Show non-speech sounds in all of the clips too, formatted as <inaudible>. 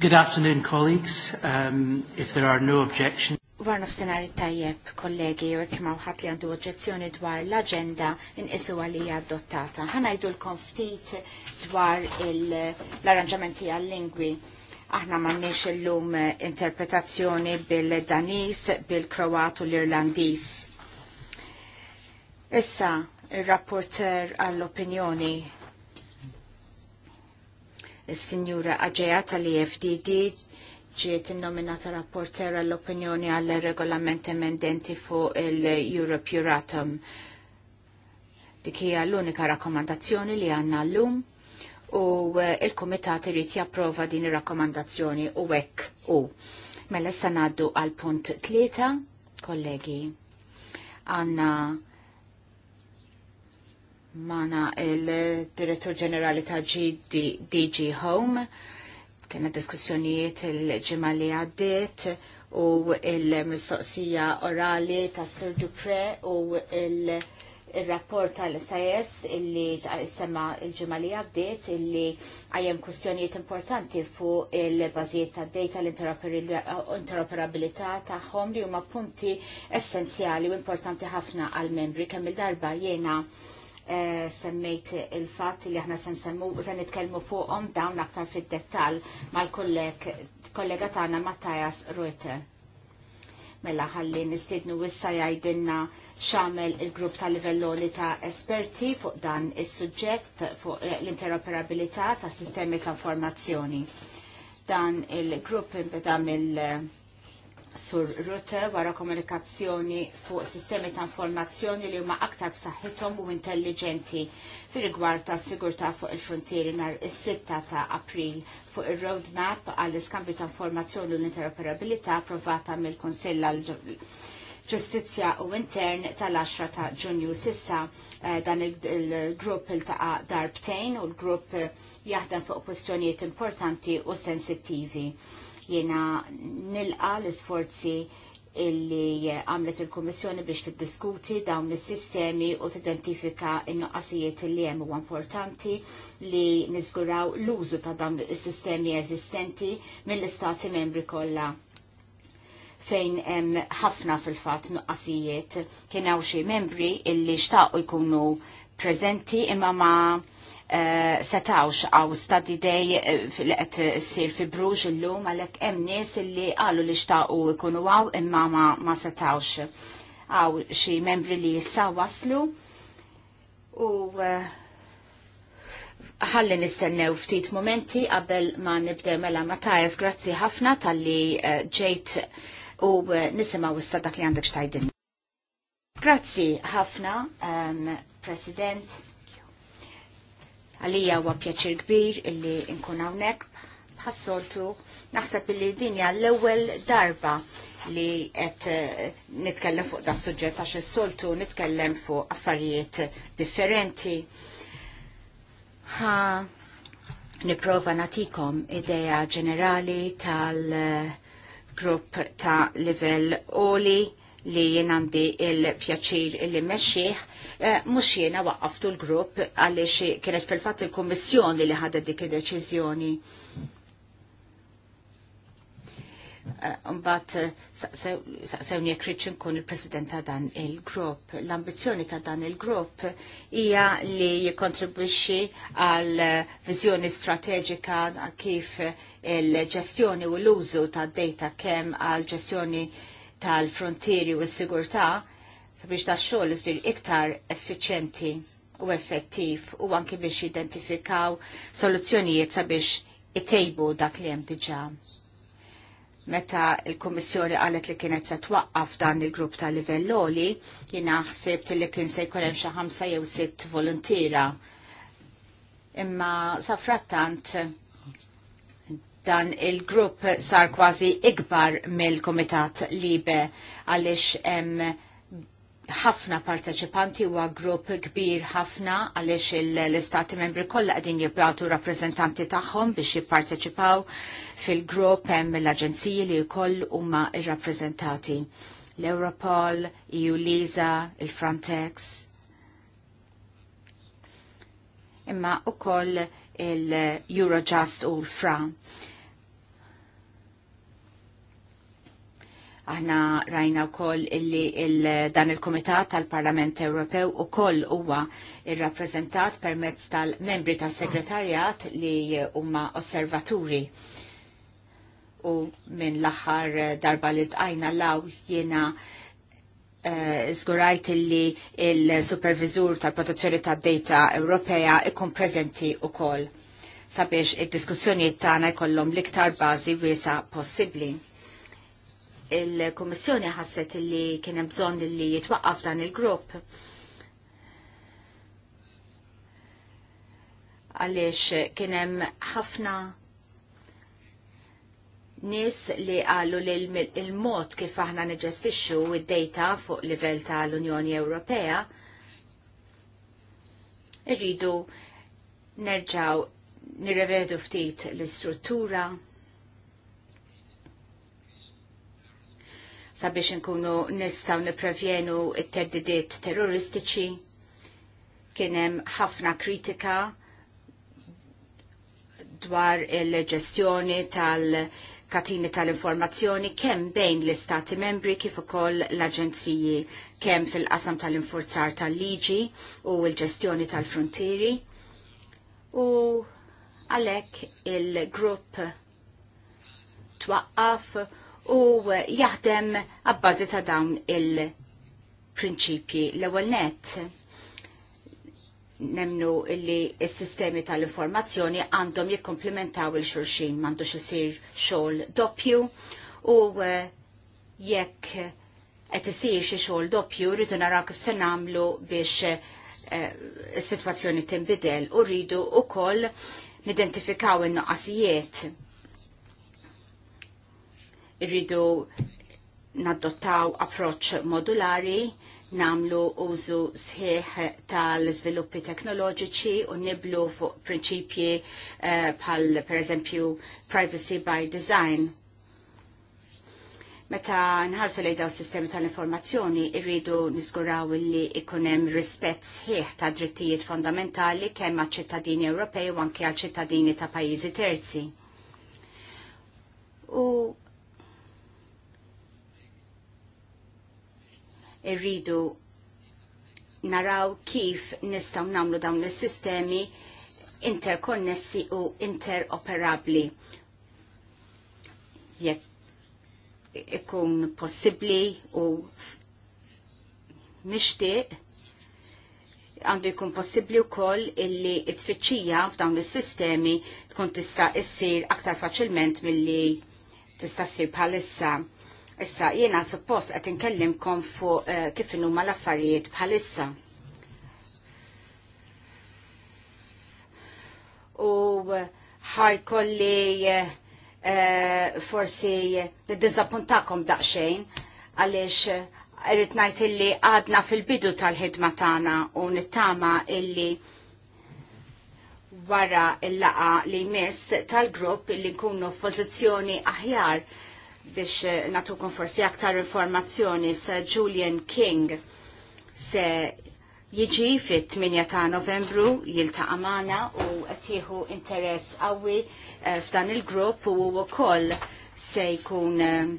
Good afternoon, colleagues. Um, if there are no objections. Warna f-senari tajjeb, kollegi, u ekk ma li għandu oġġezzjoni dwar l-agenda inqisu għalija adottata. Ħanajdu l-konftit dwar l-arranġamenti għal-lingwi. Aħna mannix l-lum interpretazzjoni bil-Danis, bil-Kroat u l-Irlandis. Issa, il-rapporter għall-opinjoni il-Sinjura Aġeja tal-EFDD ġiet innominata rapportera l-opinjoni għall regolament emendenti fuq il-Europe Euratom. Dik hija l-unika rakkomandazzjoni li għandna llum u eh, il-Kumitat irid japprova din ir-rakkomandazzjoni u hekk u. Mela se ngħaddu għal punt tlieta, kollegi. Għandna mana il-direttur ġenerali ta' DG Home. Kena diskussjonijiet il-ġimma li għaddiet u il-mistoqsija orali ta' Sir Dupre u il-rapport tal-SIS illi sema il-ġimma li għaddiet illi għajem kustjonijiet importanti fu il-bazijiet ta' data l-interoperabilità tagħhom li huma punti essenzjali u importanti ħafna għal-membri kemm il-darba jena Eh, semmejt il-fat li aħna sen semmu u sen nitkelmu fuqhom dawn aktar fid-dettall mal-kollega tagħna Mattajas Reuter. Mela ħalli nistednu wissa jgħidilna xamel il-grupp ta' livello li ta' esperti fuq dan is-suġġett fuq l-interoperabilità ta' sistemi ta' informazzjoni. Dan il-grupp imbeda mill- Sur Rutte wara komunikazzjoni fuq sistemi ta' informazzjoni li huma aktar b'saħħithom u intelligenti fir rigward ta' sigurtà fuq il-frontieri nhar is sitta ta' April fuq ir-roadmap għall iskambju ta' informazzjoni u l-interoperabilità approvata mill-Kunsill ġustizzja u intern tal-10 ta' ġunju sissa eh, dan il-grupp il-taqa darbtejn u l-grupp eh, jaħdem fuq kwestjonijiet importanti u sensittivi Jena nilqa l-isforzi illi għamlet il-Kommissjoni biex tiddiskuti dawn is-sistemi u tidentifika in-nuqqasijiet li hemm huwa importanti li niżguraw l-użu ta' dawn is-sistemi eżistenti mill-istati membri kollha fejn hemm ħafna fil-fatt nuqqasijiet kien hawn xi membri illi xtaqgħu jkunu preżenti imma ma' Eh, setawx għaw study day eh, li qed issir fi Bruġ illum għalhekk hemm nies illi qalu li xtaqu ikunu għaw imma ma setawx għaw xi membri li jissa waslu u eh, ħalli nistennew ftit momenti qabel ma nibdew mela Matajas grazzi ħafna tal-li ġejt u nisimaw issa dak li għandek xtajdin. Grazzi ħafna, um, President. Għalija huwa pjaċir kbir illi nkun hawnhekk bħassoltu naħseb illi din hija l-ewwel darba li qed eh, nitkellem fuq da suġġett għax is-soltu nitkellem fuq affarijiet differenti. Ha, niprofa natikom ideja ġenerali tal-grupp ta' livell oli li jien għandi il-pjaċir il-li meċxieħ Eh, mhux jiena waqqaftu l-grupp għaliex kienet fil-fatt il-Kummissjoni li ħadet dik il deċiżjoni eh, Mbagħad eh, saqsewni kriċ kun il-President ta' dan il-grupp. L-ambizzjoni ta' dan il-grupp hija li jikkontribwixxi għal viżjoni strateġika għal kif il-ġestjoni u l-użu ta' data kemm għal ġestjoni tal-frontieri u s-sigurtà biex da xogħol isir iktar effiċjenti u effettiv u anki biex jidentifikaw soluzzjonijiet sabiex itejbu dak li hemm diġà meta il kummissjoni għalet li kienet se twaqqaf dan il-grupp ta' livelloli, jina ħsibt li kien se jkun hemm xi ħamsa jew sitt volontira. Imma sa frattant dan il-grupp sar kważi ikbar mill-Komitat Libe għaliex hemm ħafna parteċipanti huwa għagrupp kbir ħafna għaliex l-istati membri kollha qegħdin jibgħatu rappresentanti tagħhom biex jipparteċipaw fil-grupp hemm l-aġenziji li jkoll huma rrappreżentati. L-Europol, EU Lisa, il-Frontex. Imma koll il eurojust u l fra Aħna rajna wkoll illi il dan il-Kumitat tal-Parlament Ewropew ukoll huwa per permezz tal-membri tas-segretarjat li huma osservaturi u minn l-aħħar darba li tqajna law jena zgurajt eh, illi il-supervizur tal-protezzjoni tad data Ewropea ikkun prezenti u koll. sabiex id-diskussjoni tagħna jkollhom l-iktar bażi wiesa possibbli il-Kommissjoni ħasset li kien hemm bżonn li jitwaqqaf dan il-grupp. Għaliex kien hemm ħafna nis li għallu li il-mod kif aħna neġestixxu id-data fuq livell tal-Unjoni Ewropea irridu nerġaw nirrevedu ftit l-istruttura sabiex nkunu nistaw niprevjenu it-teddidiet terroristiċi. Kienem ħafna kritika dwar il-ġestjoni tal-katini tal-informazzjoni kemm bejn l-istati membri kif ukoll l-aġenziji kemm fil-qasam tal-infurzar tal-liġi u l-ġestjoni tal-frontieri. U għalhekk il-grupp twaqqaf u jaħdem għabbażi ta' dawn il-prinċipji l-ewwel net nemnu li s-sistemi tal-informazzjoni għandhom jikkomplementaw il-xurxin, mandu isir xogħol doppju u eh, jekk qed isir xi xogħol doppju rridu naraw kif se nagħmlu biex is-sitwazzjoni eh, tinbidel u rridu wkoll nidentifikaw in nuqasijiet Irridu nadottaw approċ modulari namlu użu sħiħ tal-sviluppi teknoloġiċi u niblu fuq prinċipji uh, eh, pal per eżempju privacy by design. Meta nħarsu lejn daw sistemi tal-informazzjoni irridu nisguraw li ikunem rispett sħiħ ta' drittijiet fondamentali kemm għal ċittadini Ewropej u anke għal ċittadini ta' pajjiżi terzi. U irridu naraw kif nistaw namlu dawn is-sistemi interkonnessi u interoperabli. Jekk ikun possibbli u mixtieq għandu jkun possibbli wkoll illi t-tfittxija f'dawn is-sistemi tkun tista' issir aktar faċilment milli tista' ssir bħalissa Issa, jiena suppost qed inkellimkom fuq uh, kif huma l-affarijiet bħalissa. U eh, ħajkolli uh, eh, uh, forsi diżappuntakom daqsxejn għaliex irrit ngħid illi għadna fil-bidu tal-ħidma tagħna u nittama illi wara il-laqa li jmiss tal-grupp illi nkunu f'pożizzjoni aħjar biex eh, natukum forsi aktar informazzjoni se Julian King se jiġi fit-8 ta' novembru jilta' amana u qed interess qawwi eh, f'dan il-grupp u wkoll se jkun eh,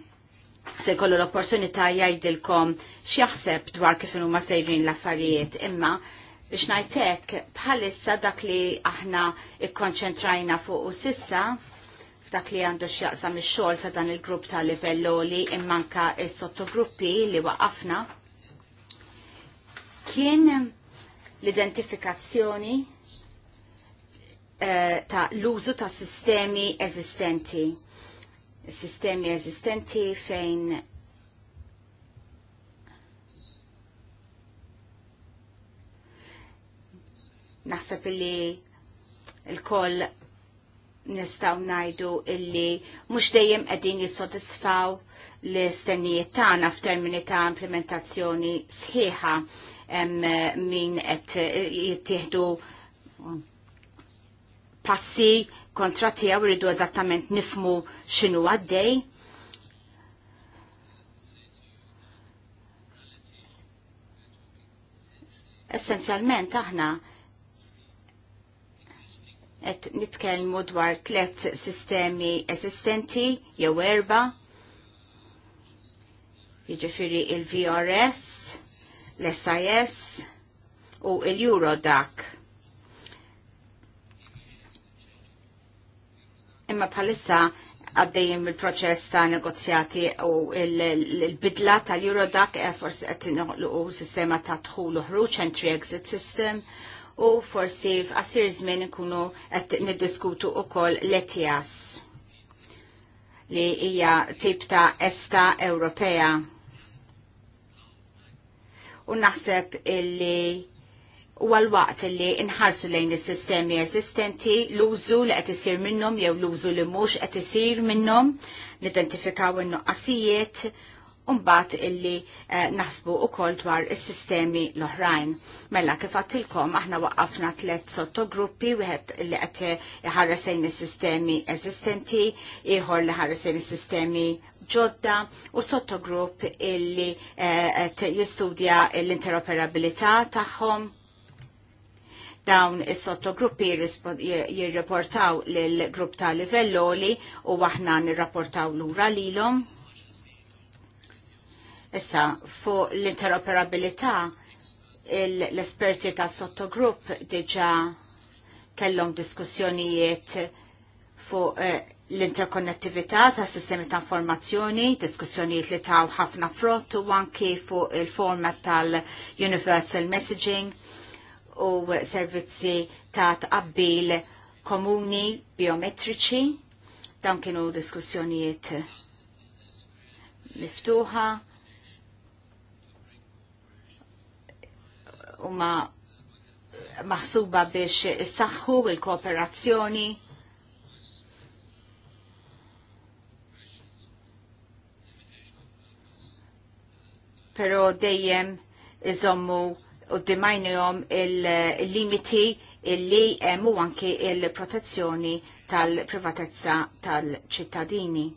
se jkollu l-opportunità jgħidilkom x'jaħseb dwar kif huma sejrin l-affarijiet imma biex najtek bħalissa dak li aħna ikkonċentrajna fuq u sissa Dak li għandu x'jaqsam ix-xogħol ta' dan il-grupp ta' livelloli immanka s-sottogruppi li waqafna kien l-identifikazzjoni eh, ta' l-użu ta' sistemi eżistenti. Sistemi eżistenti fejn naħseb li l-koll nistaw najdu illi mux dejjem qegħdin jissodisfaw l-istennijiet tagħna f'termini ta' implementazzjoni sħiħa min qed eh, jittieħdu passi kontra tiegħu rridu eżattament nifmu x'inhu għaddej. Essenzjalment aħna et nitkelmu dwar tlet sistemi esistenti jew erba jiġifieri il-VRS, l-SIS u il-Eurodac. Imma bħalissa għaddejjem il-proċess ta' negozjati u il-bidla tal-Eurodac eh, forse qed noħluqu sistema ta' tħul uħru, ħruġ entry exit system u forsi f'qasir żmien ikunu qed niddiskutu wkoll l-ETIAS li hija tip ta' esta Ewropea. U naħseb illi huwa l waqt li nħarsu lejn is-sistemi eżistenti l-użu li qed isir minnhom jew l-użu li mhux qed isir minnhom, nidentifikaw in-nuqqasijiet umbat illi eh, naħsbu u kol dwar il-sistemi l-oħrajn. Mella kif għattilkom, aħna waqqafna tlet sottogruppi, wieħed li qed eh, iħarresejn is-sistemi eżistenti, ieħor li ħarresejn is-sistemi ġodda u sottogrupp illi eh, jistudja l-interoperabilità tagħhom dawn is sottogruppi jirreportaw l-grupp ta' livelloli u waħna nirrapportaw l-ura lilom. Issa, fuq l-interoperabilità, l-esperti ta' sottogrupp diġa kellhom diskussjonijiet fuq eh, l-interkonnettività ta' sistemi ta' informazzjoni, diskussjonijiet li ta' ħafna frott u anki fuq il-format tal-universal messaging u servizzi ta' tqabbil komuni biometriċi. Dan kienu diskussjonijiet miftuħa huma maħsuba biex issaħħu il-kooperazzjoni pero dejjem iżommu u dimajnijom il-limiti illi jemmu anki il-protezzjoni tal-privatezza tal-ċittadini.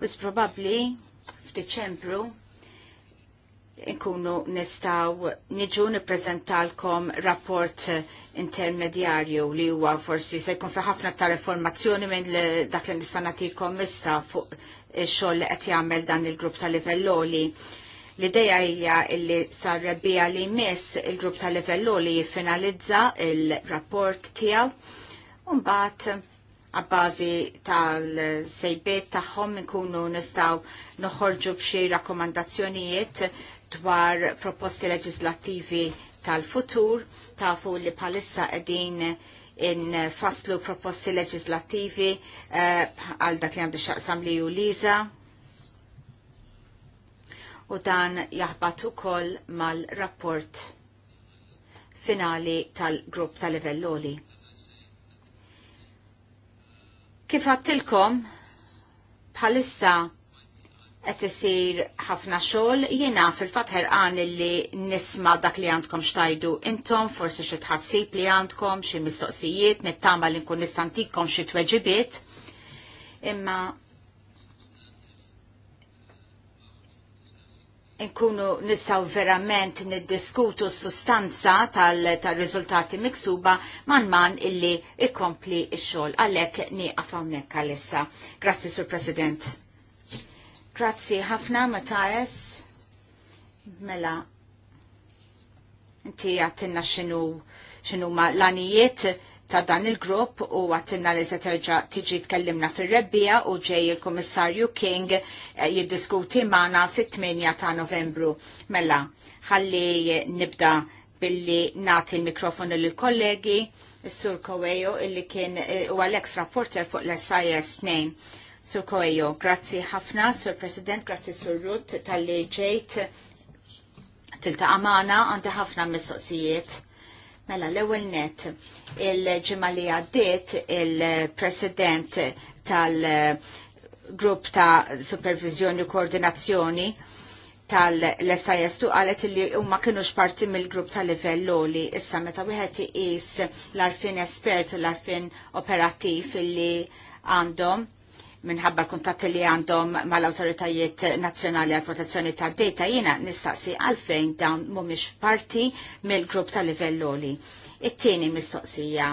Wis probabli f'Diċembru nkunu nistaw niġu niprezentalkom rapport intermedjarju li huwa forsi se jkun fi ħafna ta' informazzjoni minn dak li nista' nagħtikom issa fuq ix-xogħol li qed jagħmel dan il-grupp ta' livelloli. L-ideja hija li sar rebbija li miss il-grupp ta' livelloli jiffinalizza il-rapport tiegħu u mbagħad għabbażi tal-sejbiet tagħhom nkunu nistgħu noħorġu b'xi rakkomandazzjonijiet dwar proposti leġislattivi tal-futur, tafu li palissa qegħdin in faslu proposti leġislattivi eh, għal dak li għandu xaqsam li u liza. U dan jaħbat ukoll mal-rapport finali tal-grupp tal-livelloli. Kif għattilkom bħalissa qed isir ħafna xogħol jiena fil-fatt ħerqan li nisma' dak li għandkom xtajdu intom, forsi xi tħassib li għandkom, xi mistoqsijiet, nittama li nkun nistantikkom xi tweġibiet. Imma nkunu nistaw verament niddiskutu s-sustanza tal-rizultati tal miksuba man man illi ikompli xol għalek ni għafawnek għalissa. Grazzi, Sur President. Grazzi, ħafna, Matthias. Mela, inti għattinna xinu xinu ma l-anijiet ta' dan il-grupp u għattinna li se terġa tiġi tkellimna fil-rebbija u ġej il-Komissarju King eh, jiddiskuti maħna fit-8 ta' novembru. Mela, ħalli nibda billi nati il-mikrofonu l-kollegi, Sur Kowejo, illi kien eh, u għal-ex rapporter fuq l-SIS 2. Sur Kowejo, grazzi ħafna, Sur President, grazzi Sur Rut, tal-li ġejt tilta' amana, għandi ħafna mistoqsijiet Mela, l ewwel net, il ġimali li għaddiet il-president tal-grupp ta' supervizjoni u koordinazzjoni tal-SIS tu għalet li huma kienux parti mill-grupp tal-livell loli issa meta wieħed iqis l-arfin espert u l-arfin operattiv illi għandhom minħabba l-kuntatti li għandhom mal-autoritajiet nazzjonali għal protezzjoni ta' data jina nistaqsi għalfejn dawn mumiex parti mill-grupp ta' livelloli. It-tieni mistoqsija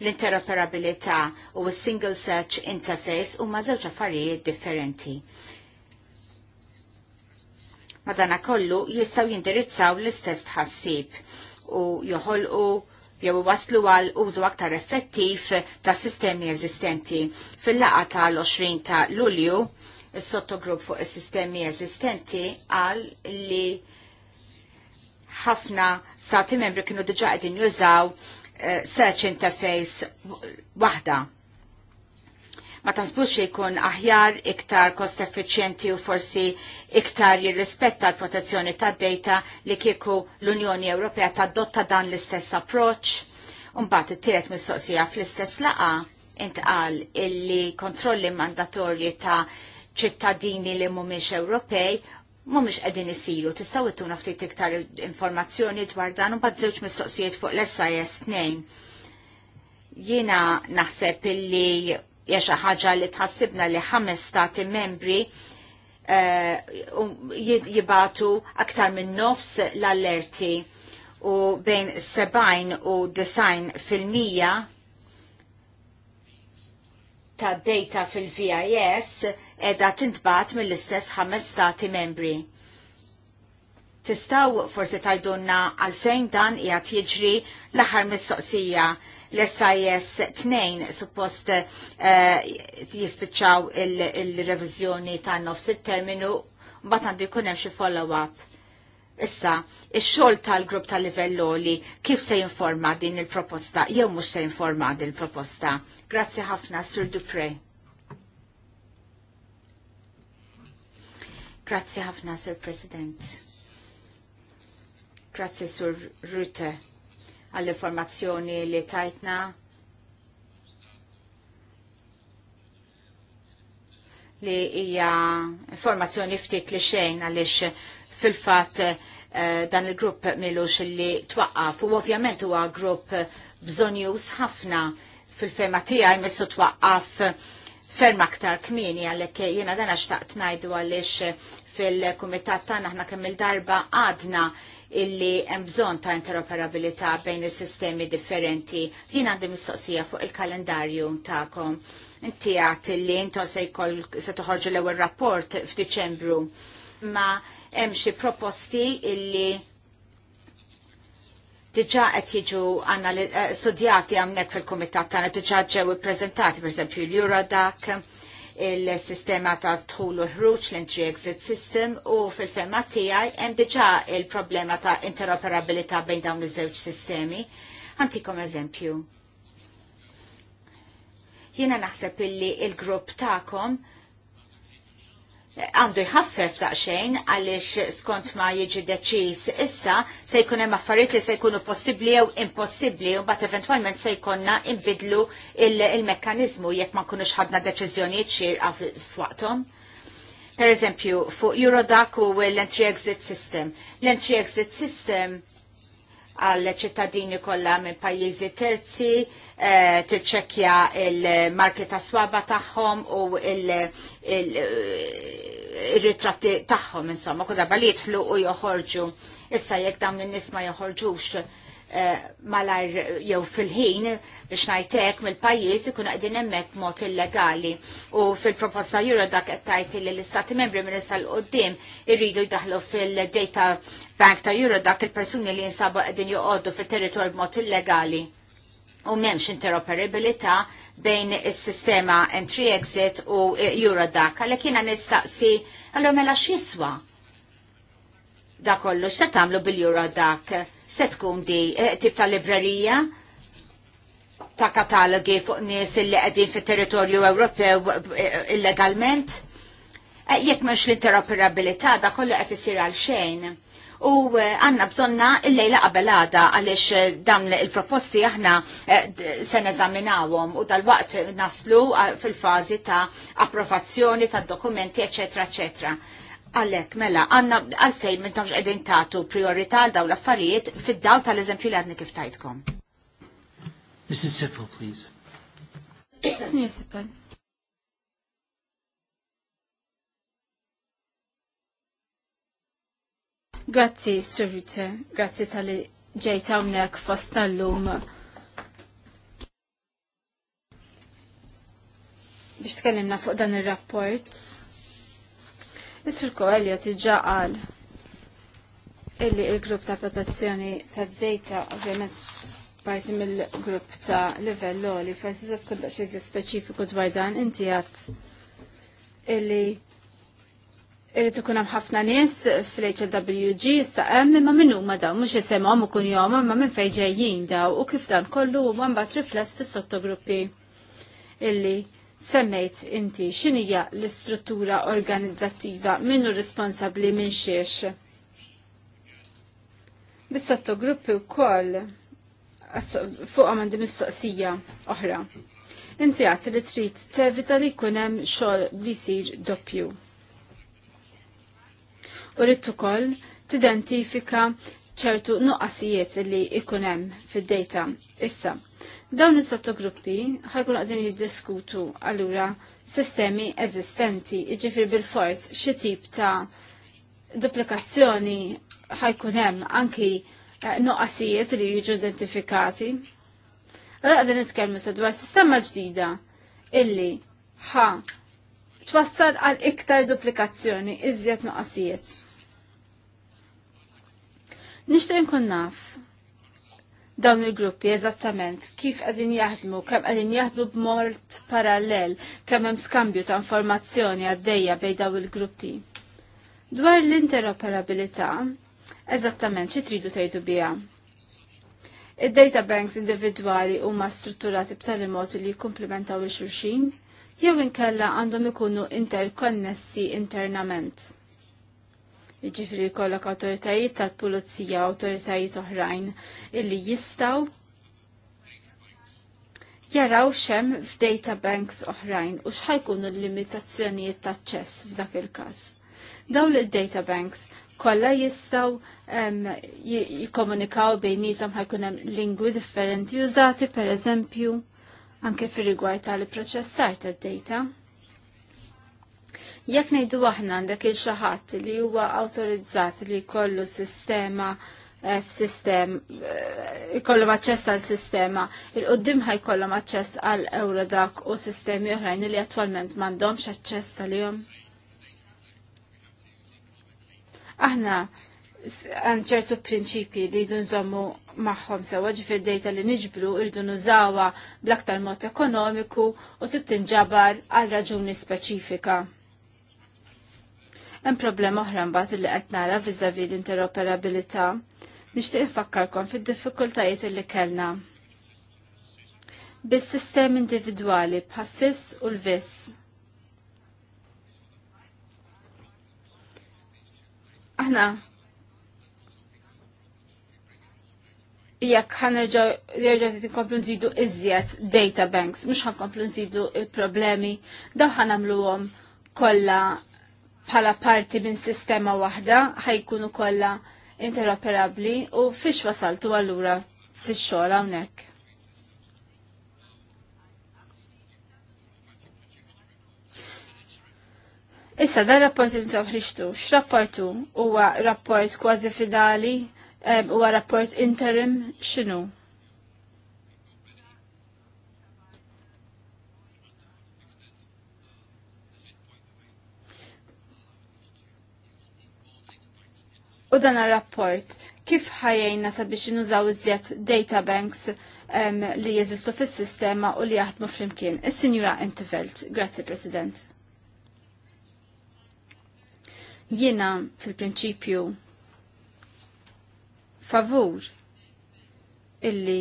l-interoperabilità u s-single search interface u ma' żewġ affarijiet differenti. Madana kollu jistaw jindirizzaw l-istess tħassib u joħolqu jew waslu għal użu aktar effettiv ta' sistemi eżistenti. Fil-laqa tal-20 ta' Lulju, il-sottogrupp fuq is-sistemi eżistenti għal li ħafna stati membri kienu diġa qegħdin jużaw eh, search interface waħda ma tasbux jkun aħjar iktar kost effiċjenti u forsi iktar jirrispetta l-protezzjoni tad data li kieku l-Unjoni Ewropea tadotta dan l-istess approċ. Umbat it-tielet mistoqsija fl-istess laqa intqal illi kontrolli mandatorji ta' ċittadini li mhumiex Ewropej mhumiex qegħdin isiru. Tistgħu ittuna ftit iktar informazzjoni dwar dan u bad żewġ mistoqsijiet fuq l-SIS 2. Jiena naħseb illi xi ħaġa li tħassibna li ħames stati membri eh, um, jibatu aktar minn nofs l-allerti u bejn 70 u 90 fil-mija ta' data fil-VIS edha tintbat mill-istess ħames stati membri. Tistaw forsi tajdunna għalfejn dan jgħat jiġri l-aħħar mis-soqsija l-SIS 2 suppost eh, jispiċċaw il-revizjoni ta' nofs il-terminu mbagħad għandu jkun hemm xi follow-up. Issa, ix-xogħol tal-grupp tal-livelloli kif se jinforma din il-proposta jew mhux se jinforma din il-proposta. Grazzi ħafna Sur Dupre. Grazzi ħafna Sur President. Grazzi Sur Rute għall-informazzjoni li tajtna. li hija informazzjoni ftit li xejn għaliex fil-fatt eh, dan il-grupp milux li twaqqaf u ovvjament huwa grupp bżonjus ħafna fil-fema tiegħi missu twaqqaf ferm aktar kmini jiena dan dana xtaqt ngħidu għaliex fil kumitat tagħna aħna kemm il-darba għadna illi hemm bżonn ta' interoperabilità bejn is-sistemi differenti. Jien għandi mistoqsija fuq il-kalendarju tagħkom. Inti għat illi intom se jkoll se toħorġu l-ewwel rapport f'Diċembru. Ma hemm xi proposti illi diġa qed jiġu eh, studjati hawnhekk fil-kumitat tagħna diġà ġew ippreżentati pereżempju l-Eurodac il-sistema ta' tħul u ħruġ l-entry exit system u fil-femma tiegħi hemm diġà il-problema ta' interoperabilità bejn dawn iż-żewġ sistemi. Antikom eżempju. Jiena naħseb illi il-grupp ta'kom għandu jħaffef daqxejn għaliex skont ma jiġi deċiż issa se jkun hemm affarijiet li se jkunu possibbli jew impossibbli u bat eventwalment se jkollna inbidlu il-mekkaniżmu jekk ma nkunux ħadna deċiżjonijiet xierqa f'waqthom. Per eżempju, fuq Eurodac u l-Entry Exit System. L-Entry Exit System għal ċittadini kollha minn pajjiżi terzi eh, tiċċekkja il-marki ta' swaba tagħhom u il-ritratti tagħhom insomma kull darba li jidħlu u joħorġu. Issa jekk dawn in-nies ma joħorġux Eh, malajr jew fil-ħin biex najtek mill-pajjiż ikun qegħdin hemmhekk mod illegali. U fil-proposta Euro dak qed li l-Istati Membri minn issa l qoddim irridu jdaħlu fil-data bank ta' Euro dak il-persuni li jinsabu qegħdin joqogħdu fit territor b'mod illegali. U m'hemmx interoperabilità bejn is-sistema entry exit u Eurodac. Għalhekk jiena nistaqsi għallu mela x'jiswa da kollu se tagħmlu bil-jura dak se tkun di eh, tip ta' librerija ta' katalogi fuq nies li qegħdin fit-territorju Ewropew eh, illegalment. Eh, jekk mhux l-interoperabilità da kollu qed isir għal xejn. U għanna bżonna il-lejla qabelada għalix dan il-proposti aħna se neżaminawhom u dal-waqt naslu fil-fazi ta' approvazzjoni ta' dokumenti, eccetera, eccetera Għallek, mela, għanna għalfejn minn tamx edin tatu priorità għal daw l-affarijiet fid-daw tal-eżempju li għadni kif tajtkom. Mrs. Sippel, please. Signor Sippel. Grazzi, Survite. Grazzi tal-li ġejta unnek fost tal-lum. Biex tkellimna fuq dan il-rapport. Mr. Koelio tiġa qal illi il-grupp ta' protezzjoni ta' dejta ovvjament parti mill-grupp ta' livello li forsi se tkun daqs iżjed speċifiku dwar dan inti għat illi irrid ikun hemm ħafna nies fl-HLWG issa hemm imma min huma dawn mhux isemhom ikun jom imma minn fejn ġejjin daw u kif dan kollu huma mbagħad rifless fis-sottogruppi illi semmejt inti xinija l-istruttura organizzattiva minnu responsabli minn xiex. bis gruppi u koll fuq għandi mistoqsija oħra. Inti għat li trid tevita li kunem xogħol li jsir doppju. U rrid ukoll tidentifika ċertu nuqqasijiet li ikunem fid-data. Issa, Dawn is-sottogruppi ħajkun għadin jiddiskutu allura sistemi eżistenti, iġifir bil-fors xi tip ta' duplikazzjoni ħajkun hemm anki eh, noqasijiet li jiġu identifikati. Għadha għadin nitkellmu dwar sistema ġdida illi ħa twassal għal iktar duplikazzjoni iżjed noqasijiet. Nixtieq nkun naf dawn il-gruppi eżattament kif qegħdin jaħdmu, kemm qegħdin jaħdmu b'mort parallel, kemm hemm skambju ta' informazzjoni għaddejja bejn dawn il-gruppi. Dwar l-interoperabilità, eżattament xi tridu tgħidu biha. Id-data banks individwali huma strutturati b'tali mod li jikkumplimentaw il-xulxin, jew inkella għandhom ikunu interkonnessi internament. Iġifri kollok autoritajiet tal-pulizija, autoritajiet oħrajn illi jistaw jaraw xem f'data banks oħrajn u xħajkunu l-limitazzjonijiet ta' ċess f'dak il-kas. Dawn il-data banks kolla jistaw um, jikomunikaw bejnietom ħajkun hemm lingwi differenti użati per eżempju anke fir rigward tal-proċessar tad-data. Jekk ngħidu aħna għandek il xi ħadd li huwa awtorizzat li jkollu sistema eh, f'sistem, eh, jkollhom aċċess għal sistema, il-qoddim ħajkollhom aċċess għal Eurodac u sistemi oħrajn li attwalment m'għandhomx aċċess għalihom. Aħna għan ċertu prinċipji li jdu nżommu magħhom sewa ġifir dejta li niġbru irdu nużawa bl-aktar mod ekonomiku u tittinġabar għal raġuni speċifika. Hemm problema oħra mbagħad li qed nara viżavi l-interoperabilità. Nixtieq ifakkarkom fid-diffikultajiet li kellna. Bis-sistem individwali bħassis u l-vis. Aħna jekk ħanerġaw jerġa' inkomplu nżidu iżjed data banks, mhux ħankomplu nżidu il-problemi, daw ħanamluhom kollha bħala parti minn sistema waħda ħajkunu kollha interoperabbli u fiex wasaltu allura fix-xogħol hawnhekk. Issa dan rapport li nġaw ħriġtu, x'rapportu huwa rapport kważi fidali, huwa rapport interim x'inhu? U dan rapport kif ħajjejna sabiex nużaw iżjed data banks um, li jeżistu fis-sistema u li jaħdmu flimkien. Is-Sinjura Entivelt, grazzi President. Jiena fil-prinċipju favur illi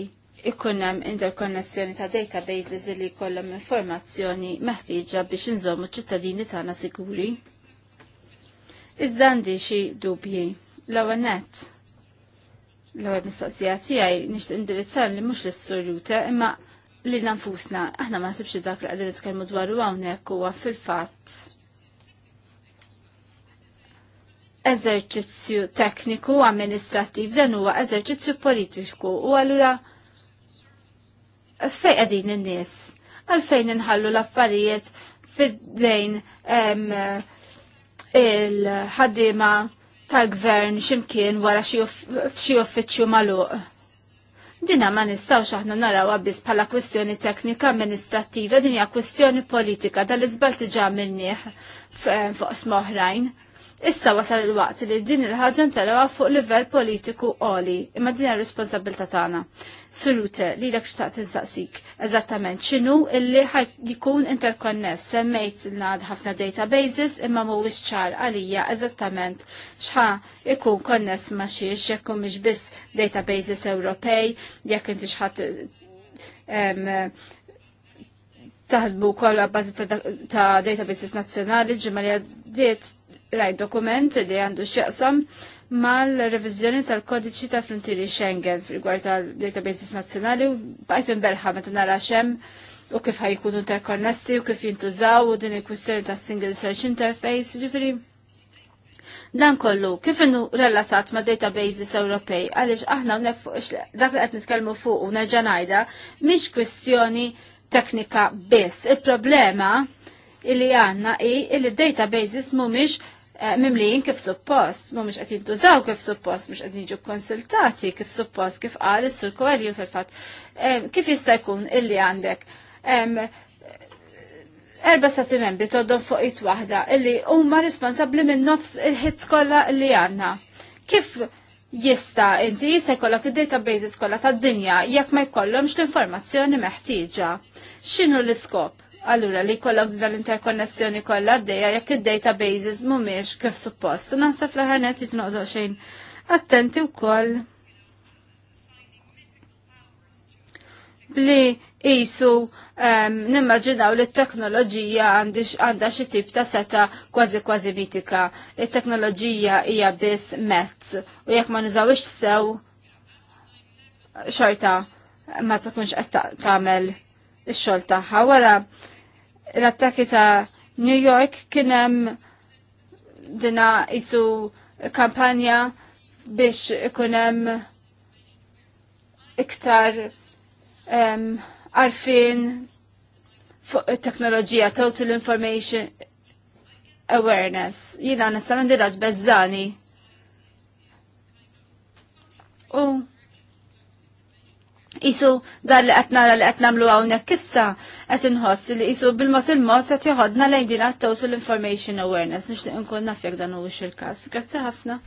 ikun hemm interkonnessjoni ta' databases illi jkollhom informazzjoni meħtieġa biex inżommu ċittadini tagħna siguri. Iżda għandi xi dubji L-ewwel nett. L-ewwel mistoqsija tiegħi nixtieq indirizzan li mhux lis sorjuta imma li nfusna aħna ma nsibx dak li qegħdin nitkellmu dwaru hawnhekk huwa fil-fatt eżerċizzju tekniku amministrattiv dan huwa eżerċizzju politiku u allura fej għadin in-nies għalfejn inħallu l-affarijiet fid-dejn il-ħaddiema tal-gvern ximkien wara xi uffiċċju magħluq. Dina ma nistaw aħna naraw biss bħala kwestjoni teknika amministrattiva, din hija kwestjoni politika dal-iżbal tiġa minniħ fuq smoħrajn. Issa wasal il-waqt li din il-ħagġa ntelewha fuq livell politiku għoli, imma din ir-responsabilità tagħna. Sulute, li lek xtaqt insaqsik eżattament x'inhu illi jkun interkonness semmejt il-nad ħafna databases imma mhuwiex ċar għalija eżattament x'ħa ikun konness ma' xiex jekk mhix biss databases Ewropej, jekk inti xħat taħdmu kollha bażi ta' databases nazzjonali ġimgħa li għaddiet rajt dokument li għandu x'jaqsam mal-revizjoni tal-kodiċi tal-frontieri Schengen fil-gwar tal-databases nazzjonali u bajt imberħa meta nara xem u kif ħajkunu interkonnessi u kif jintużaw u din il-kwistjoni ta' single search interface, ġifiri. Dan kollu, kif innu relatat ma' databases Ewropej, għaliex aħna unnek fuq dak li qed nitkellmu fuq u nerġa' ngħidha, mhix kwistjoni teknika biss. Il-problema illi għanna i illi databases mumiex Eh, mimlijin kif suppost, ma mux għet dużaw kif suppost, mux għet jiġu konsultati kif suppost, kif għal sur kolju fil-fat, eh, kif jista' jkun illi għandek erba sati membri toddon fuq it waħda illi huma responsabbli minn nofs il ħitz kolla illi għandna. Kif jista' inti jista' jkollok id-databases kollha tad-dinja jekk ma jkollhomx l-informazzjoni meħtieġa. X'inhu l-iskop? Allura li kollok dal-interkonnessjoni kollha għaddejja jekk id-databases mhumiex kif suppost. U naħseb l aħħar net jitnoqdu xejn attenti wkoll li qisu ehm, nimmaġinaw li t-teknoloġija għandha xi tip ta' seta kważi kważi mitika. It-teknoloġija hija biss mezz u jekk ma nużawx sew xorta ma tkunx qed tagħmel ix-xogħol tagħha wara l-attakki ta' New York kienem dina jisu kampanja biex kunem iktar um, arfin fuq teknoloġija total information awareness. Jina nistamendi raġ bezzani. U Isu dar li qed li qed nagħmlu hawnhekk issa qed inħoss li isu bil-mos il-mos qed joħodna lejn għat total information awareness nixtieq inkun naf jekk dan huwiex il-każ. Grazzi ħafna.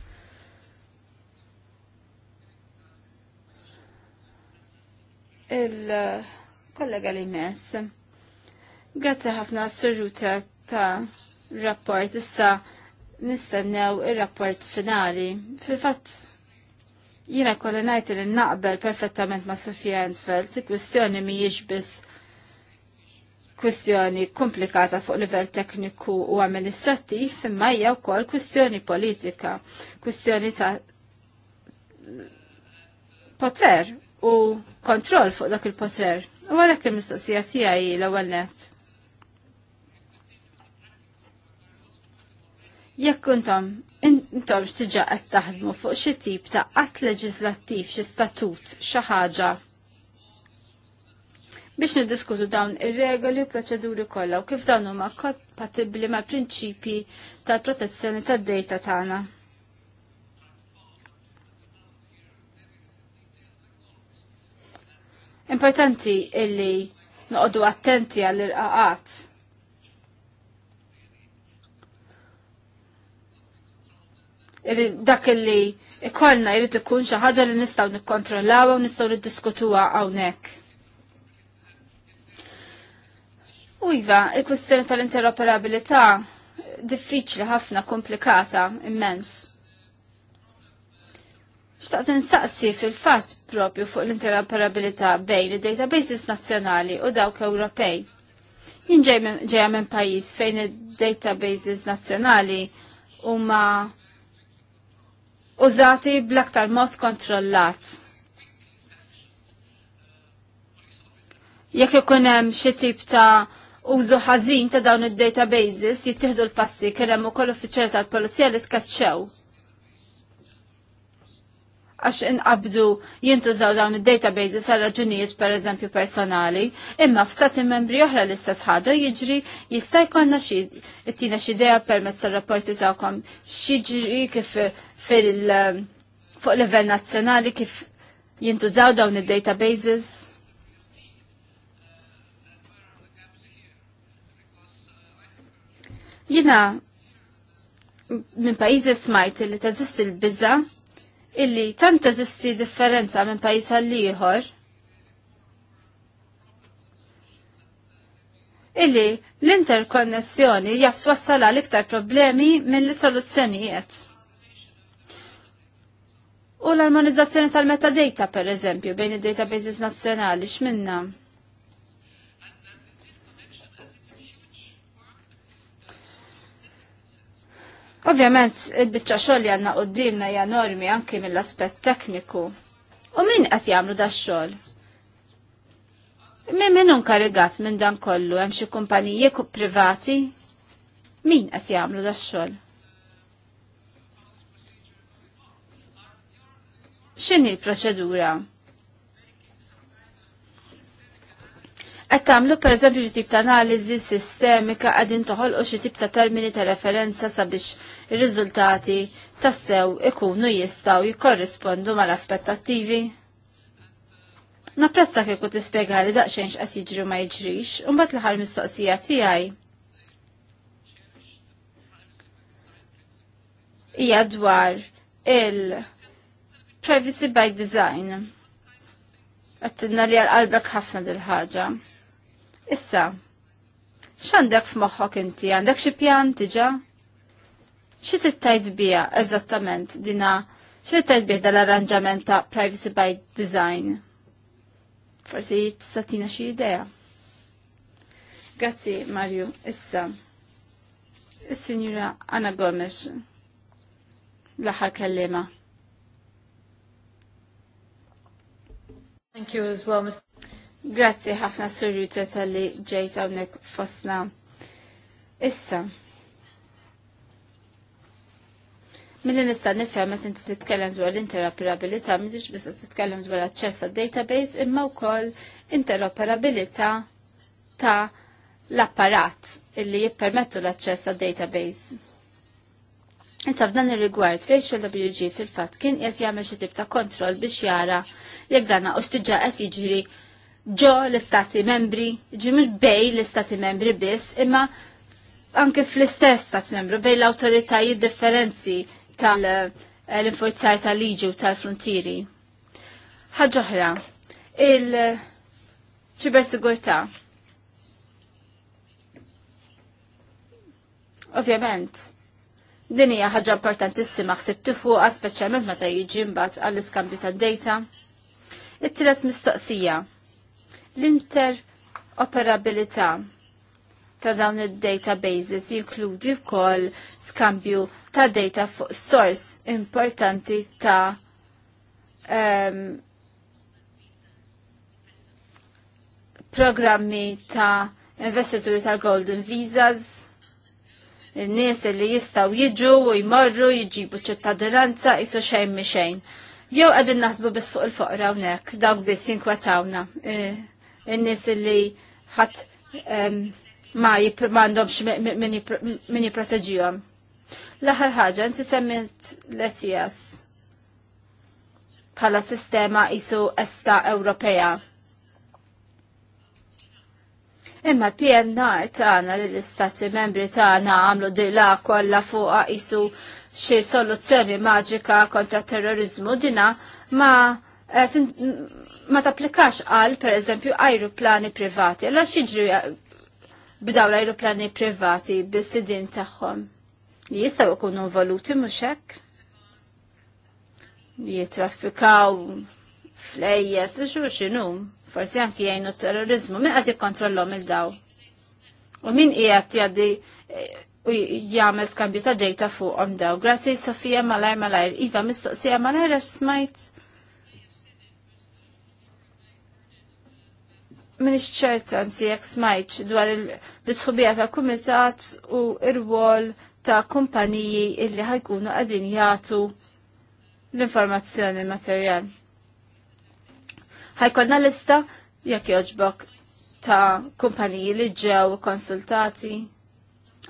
Il-kollega li mess. Grazzi ħafna s-surruta ta' rapport issa nistennew ir-rapport finali. Fil-fatt Jiena kolli najt li naqbel perfettament ma' Sofia Entfeld, kwistjoni mhijiex biss kwistjoni komplikata fuq livell tekniku u amministrattiv, imma hija wkoll kwistjoni politika, kwistjoni ta' poter u kontroll fuq dak il-poter. U għalhekk il-mistoqsija tiegħi l-ewwel net. Jekk intom intom x'tiġa qed taħdmu fuq xi tip ta' qatt leġislattiv, xi statut, xi ħaġa biex niddiskutu dawn ir-regoli u proċeduri kollha u kif dawn huma kompatibbli ma' prinċipji tal-protezzjoni tad-dejta tagħna. Importanti illi noqogħdu attenti għall-irqaqat dak li ikollna jrid ikun xi ħaġa li nistgħu nikkontrollawha u nistgħu niddiskutuha hawnhekk. U iva, il-kwistjoni tal-interoperabilità diffiċli ħafna, komplikata, immens. Xtaqt nistaqsi fil-fatt propju fuq l-interoperabilità bejn id-databases nazzjonali u dawk Ewropej. Jien ġejja minn pajjiż fejn id-databases nazzjonali huma użati bl-aktar mod kontrollat. Jekk ikun hemm xi tip ta' użu ħażin ta' dawn id-databases jittieħdu l-passi kien hemm ukoll uffiċjali tal-Polizija li tkaċċew għax inqabdu jintużaw dawn id-databases għal raġunijiet per eżempju personali, imma f'stati membri oħra l-istess ħaġa jiġri jista' jkollna xi tina xi idea permezz tar-rapporti tagħkom x'jiġri kif fil fuq livell nazzjonali kif jintużaw dawn id-databases. Jina minn pajjiżi smajt li teżisti l-biża' illi tant teżisti differenza minn pajjiż għal ieħor illi l-interkonnessjoni jaf twassal l iktar problemi minn li soluzzjonijiet. U l-armonizzazzjoni tal-metadata, per eżempju, bejn id-databases nazzjonali x'minna? Ovvjament, il-bicċa xogħol li għandna qudiemna hija normi anki mill-aspett tekniku. U min qed jagħmlu da xogħol? Min min unkarigat minn dan kollu hemm xi kumpaniji privati? Min qed jagħmlu da xogħol? X'inhi l-proċedura? Qed tagħmlu pereżempju xi tip ta' analiżi sistemika qegħdin toħolqu xi tip ta' termini ta' referenza sabiex ir-riżultati tassew ikunu jistgħu jikkorrispondu mal-aspettattivi. Napprezza kieku tispjega li daqsxejn x'qed jiġri ma jiġrix, u mbagħad l-aħħar mistoqsija tiegħi. Hija dwar il-privacy by design għattinna li għal-qalbek ħafna dil-ħagġa. Issa, x'għandek f'moħħok inti? Għandek xi pjan diġà? Xi tittajt bija eżattament dina xi tittajt bija dal-arranġament ta' privacy by design? Forsi t-satina xi idea. Grazzi Marju, issa. Is-Sinjura Anna Gomes l-aħħar kellima. Thank you as well, Mr. Grazzi ħafna surju tal-li ġejt għawnek fosna. Issa. Mill-li nista' nifhem meta inti titkellem dwar l-interoperabilità m'intix biss titkellem dwar aċċess għad-database imma wkoll interoperabilità ta' l-apparat illi jippermettu l-aċċess database Issa f'dan ir-rigward fejn WG fil-fatt kien qed jagħmel xi tip ta' kontroll biex jara jekk dana u stiġa qed jiġri ġo l-istati membri, ġi mux bej l-istati membri biss, imma anke fl-istess stat membru bej l-autoritajiet differenzi tal-infurzar eh, tal-liġi u tal frontiri Ħagġoħra, il-ċibersigurta. Ovvjament, din hija ħaġa importantissima ħsib tifuqha speċjalment meta jiġi mbagħad għall-iskambju tad-data. It-tielet mistoqsija L-interoperabilità ta' dawn id-databases jinkludi wkoll skambju ta' data fuq source importanti ta' um, programmi ta' investituri ta' Golden Visas, n-nies li jistaw jiġu u jmorru jiġibu ċittadinanza jisu xejn mi xejn. Jew għadin naħsbu bis fuq il-foqra unek, dawk bis jinkwatawna. Eh, n-nis li ħat ma għandhom min jiprotegġijom. L-aħħar ħaġa, inti semmit l-ETS bħala sistema jisu esta Ewropea. Imma PNR tagħna li l-istati membri tagħna għamlu dila kollha fuqha isu xi soluzzjoni maġika kontra terrorizmu dina ma ma tapplikax għal per eżempju ajruplani privati. Għalla xieġri eh, b'daw l-ajruplani privati bis-sidin tagħhom li jistgħu jkunu valuti mhux hekk? Jitraffikaw flejjes xu xinu? forsi anki jgħinu terrorizmu, min qed jikkontrollhom il-daw. U min qiegħed jgħaddi eh, u jgħamil skambju ta' dejta fuqhom daw. Grazie Sofija malajr malajr, Iva mistoqsija malajr għax smajt minix ċerta għanzi jek smajċ dwar l-tħubija ta' kumitat u ir-wol ta' kumpaniji illi ħajkunu għadin jgħatu l-informazzjoni materjal. Ħajkonna lista jekk joġbok ta' kumpaniji li ġew konsultati.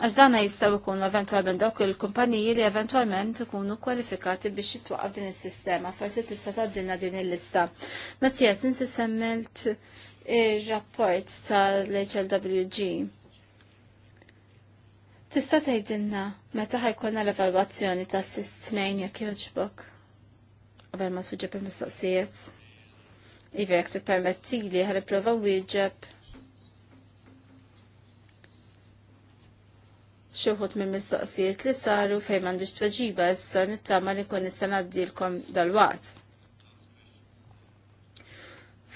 Għax dana jistaw ikunu eventualment dawk il-kumpaniji li eventualment ikunu kwalifikati biex jitwaqaf din is-sistema, forsi tista' tgħaddilna din il-lista. Mattias, insi semmelt il-rapport tal-HLWG. Tista' tgħidilna meta ħajkonna l-evalwazzjoni ta' s snejn jekk jogħġbok Għabel ma twiġġeb il-mistoqsijiet. Iva jekk li għal prova wieġeb Xuħut minn mistoqsijiet li saru fejn m'għandix tweġiba issa nittama li kun nista' ngħaddilkom dal-waqt.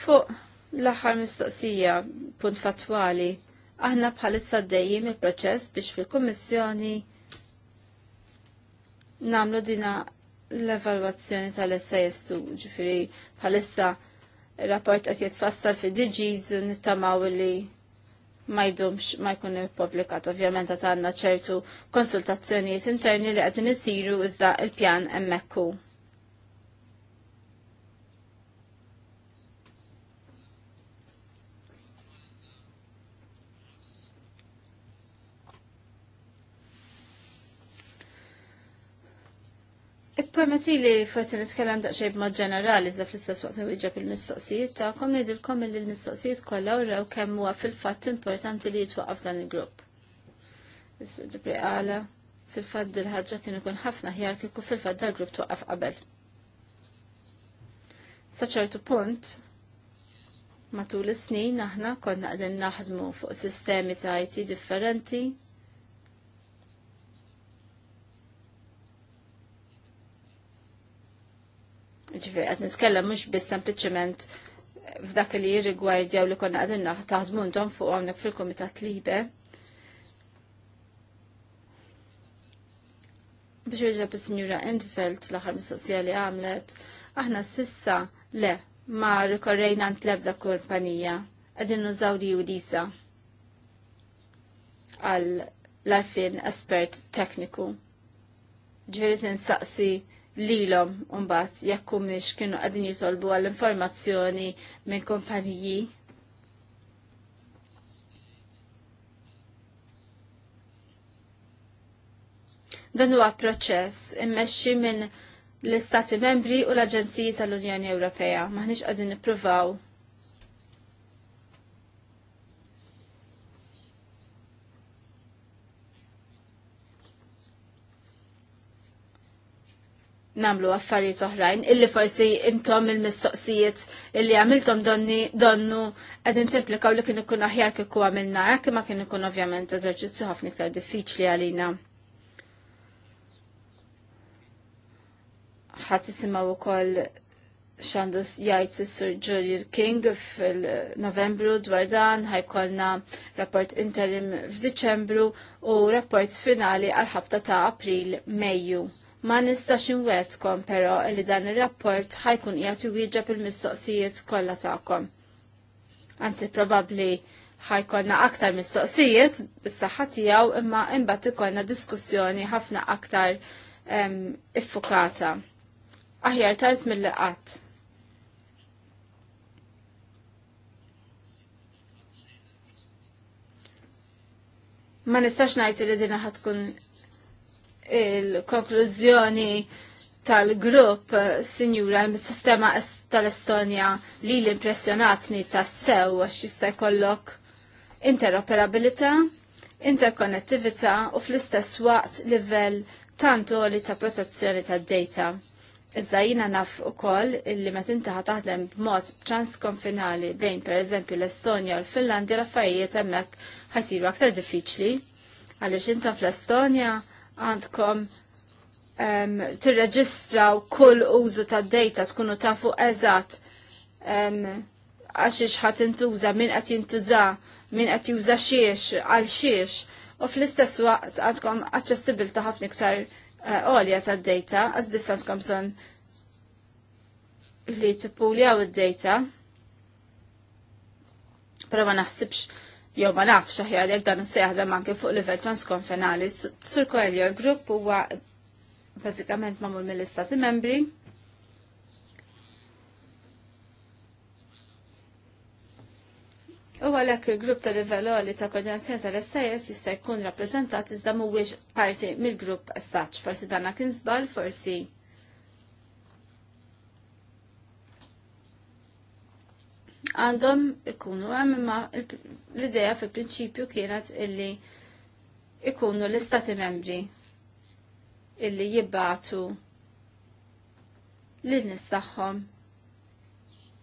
Fuq L-aħħar mistoqsija, punt fatwali, aħna bħalissa d-dajjim il-proċess biex fil-Kummissjoni namlu dina l-evalwazzjoni tal-SIS2, ġifiri bħalissa rapport qed jitfassal fi DGs nittamaw li ma jdumx ma jkunu ippubblikat. Ovvjament għat għanna ċertu konsultazzjonijiet interni li qegħdin isiru iżda l-pjan hemmhekk Ippermetti li forsi niskellem daqsxejn b'mod ġenerali iżda fl-istess waqt nwieġeb il-mistoqsijiet tagħkom jidilkom li l-mistoqsijiet kollha wrew kemm huwa fil-fatt importanti li jitwaqaf dan il-grupp. Is-suġġibri għala fil-fatt dil-ħaġa kien ikun ħafna ħjar kieku fil-fatt dal-grupp twaqqaf qabel. Sa ċertu punt, matul is-snin aħna konna qegħdin naħdmu fuq sistemi ta' IT differenti, ġifiri, qed niskella mhux biss sempliċement f'dak li jirrigwardjaw li konna għadinna taħdmu intom fuq għamnek fil-Komitat Libe. Biex jirġa bis-Sinjura Endfeld l-aħħar mistoqsija li għamlet, aħna sissa le ma rikorrejna ntleb da kumpanija għadin nużaw li disa għal l-arfin espert tekniku. Ġveri insaqsi lilhom mbagħad jekk mhix kienu għadin jitolbu għall-informazzjoni minn kumpaniji. Dan huwa proċess immexxi minn l-Istati Membri u l-Aġenziji tal-Unjoni Ewropea. Maħniex qegħdin nippruvaw namlu affarijiet oħrajn illi forsi intom il-mistoqsijiet illi għamiltom donni donnu għedin timplikaw li kien ikun aħjar kiku għamilna hekk ma kien ikun ovvjament eżerċizzju ħafna iktar diffiċli għalina. Ħadd isimgħu wkoll x'għandu jgħid s sur Julian King fil-Novembru dwar dan ħajkolna rapport interim f'Diċembru u rapport finali għal ħabta ta' April Mejju Ma nistax inwetkom però li dan ir-rapport ħajkun qiegħed iwieġeb il-mistoqsijiet kollha tagħkom. Anzi probabbli ħajkonna aktar mistoqsijiet bis-saħħa tiegħu imma imbagħad ikollna diskussjoni ħafna aktar iffukata. Aħjar tard mill qatt. Ma nistax ngħid li din ħadd tkun il-konklużjoni tal-grupp, sinjura, il-sistema tal-Estonja li l-impressjonatni tas-sew għax jista' jkollok interoperabilità, interkonnettività u fl-istess waqt livell tanto li ta' protezzjoni tad-data. Iżda jina naf u koll illi ma tintaħa taħdem b'mod transkonfinali bejn per eżempju l-Estonja u l-Finlandja l-affarijiet hemmhekk ħasiru aktar diffiċli. Għaliex intom fl-Estonja għandkom um, tirreġistraw kull użu ta' data tkunu tafu eżatt għax um, ħat intuża, min qed jintuża, min qed juża xiex, għal xiex. U fl-istess waqt għandkom aċċessibil ta' ħafna iktar eh, għolja uh, ta' data, għaz biss għandkom son li tippuljaw id-data. Prova ma naħsibx jew ma nafx aħjar jekk dan se jaħdem anke fuq livell transkonfenali. Sur Coelho, il-grupp huwa bażikament magħmul mill-istati membri. U għalek il-grupp ta' livello li ta' koordinazzjoni tal sas jista' jkun rappreżentat iżda mhuwiex parti mill-grupp as Forsi dan kien żball, forsi għandhom ikunu hemm imma l-idea fil-prinċipju kienet illi ikunu l-istati membri illi jibbatu l-nis tagħhom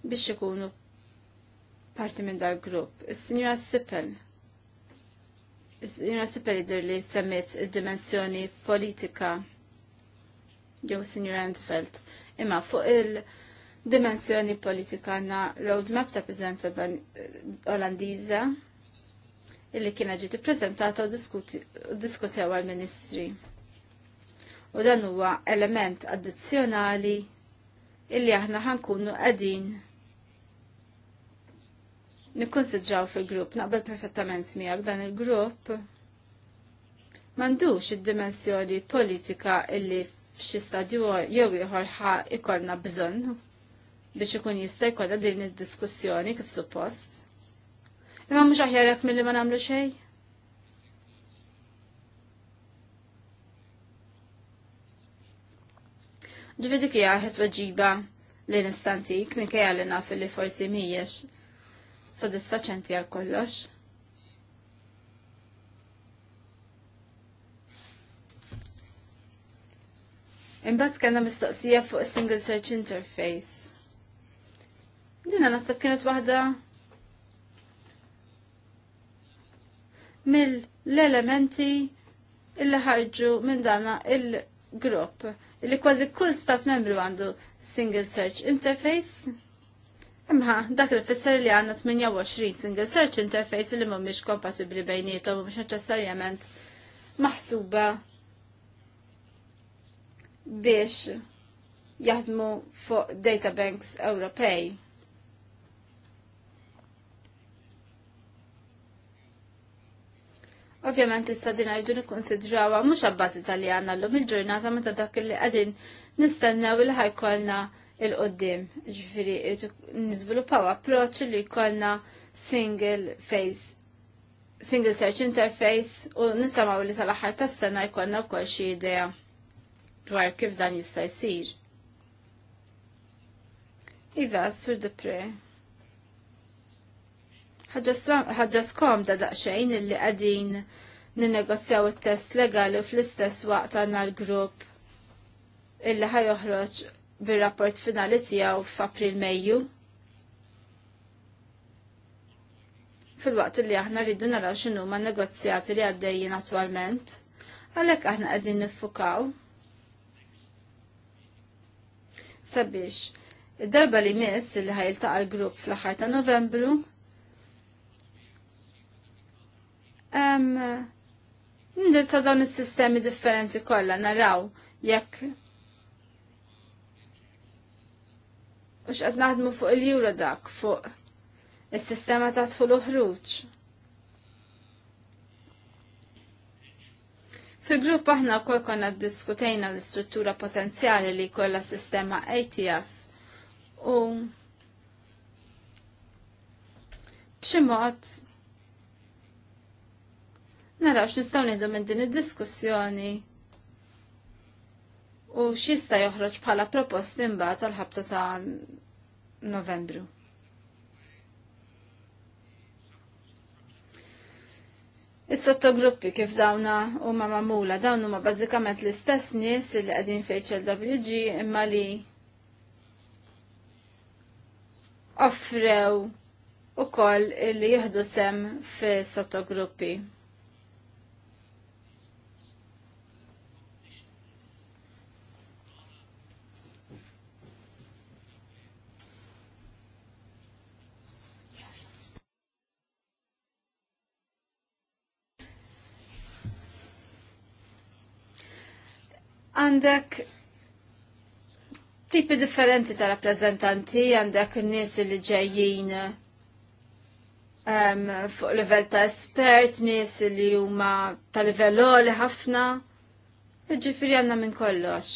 biex ikunu parti minn dal grupp. is sinjura Sippel. is sinjura Sippel idir li semmiet id-dimensjoni politika jew Sinjora Entfeld. Imma fuq il- dimensjoni politika għanna roadmap ta' prezenza eh, olandiza illi kiena ġiti prezentata u diskutew għal-ministri. U dan huwa element addizzjonali illi aħna ħankunu qegħdin nikkonsidraw fil-grupp naqbel perfettament miegħek dan il-grupp m'għandux id-dimensjoni politika illi f'xi stadju jew ieħor ħa ikolna bżonn biex ikun jista' jkollha din id-diskussjoni kif suppost. Imma mhux aħjar hekk milli ma nagħmlu xejn. Ġifidi kija ħet weġiba li nistantik minkejja li naf li forsi mhijiex sodisfaċenti għal kollox. Imbagħad kellna mistoqsija fuq single search interface. Dina naħseb kienet waħda mill-elementi illi ħarġu minn dana il-grupp illi kważi kull stat membru għandu single search interface. Imma dak li fisser li għanna 28 single search interface li mhumiex kompatibbli bejnietom u mhux neċessarjament maħsuba biex jaħdmu fuq databanks Ewropej. Ovvjament issa din rridu nikkunsidrawha mhux abbażi tal-li llum il-ġurnata meta dak li qegħdin nistennew li ħajkollna il-qoddim. Ġifieri niżviluppaw approċċ li jkollna single face single search interface u nisamaw li tal-aħħar tas-sena jkollna wkoll xi idea dwar kif dan jista' jsir. Iva, Sur Dupre ħagġa skomda daqxejn illi qegħdin ninnegozjaw it-test legali fl-istess waqt għandna l-grupp illi ħajuħroċ bir-rapport finali tiegħu f'April Mejju. Fil-waqt li aħna rridu naraw xinu ma' negozjati li għaddejjin attualment, għalhekk aħna qegħdin niffukaw. Sabiex, id-darba li miss li ħajltaqa' l-grupp fl-aħħar ta' Novembru, Ndir ta' dawn il sistemi differenzi kollha naraw jekk u x'qed naħdmu fuq il-juro dak fuq is-sistema ta' l uħruċ Fil-grupp aħna wkoll konna ddiskutejna l-istruttura potenzjali li kolla sistema ATS u b'xi mod narax nistaw ngħidu minn din id-diskussjoni u xista joħroġ bħala propost imbagħad tal-ħabta ta' Novembru. Is-sottogruppi kif dawna huma magħmula dawn huma bażikament l-istess nies li qegħdin f'HLWG imma li offrew ukoll li jieħdu sem fi sottogruppi. għandek tipi differenti ta' rappresentanti, għandek n-nies li ġejjin um, fuq livell ta' espert, nies li huma ta' livell li ħafna, ġifiri għanna minn kollox.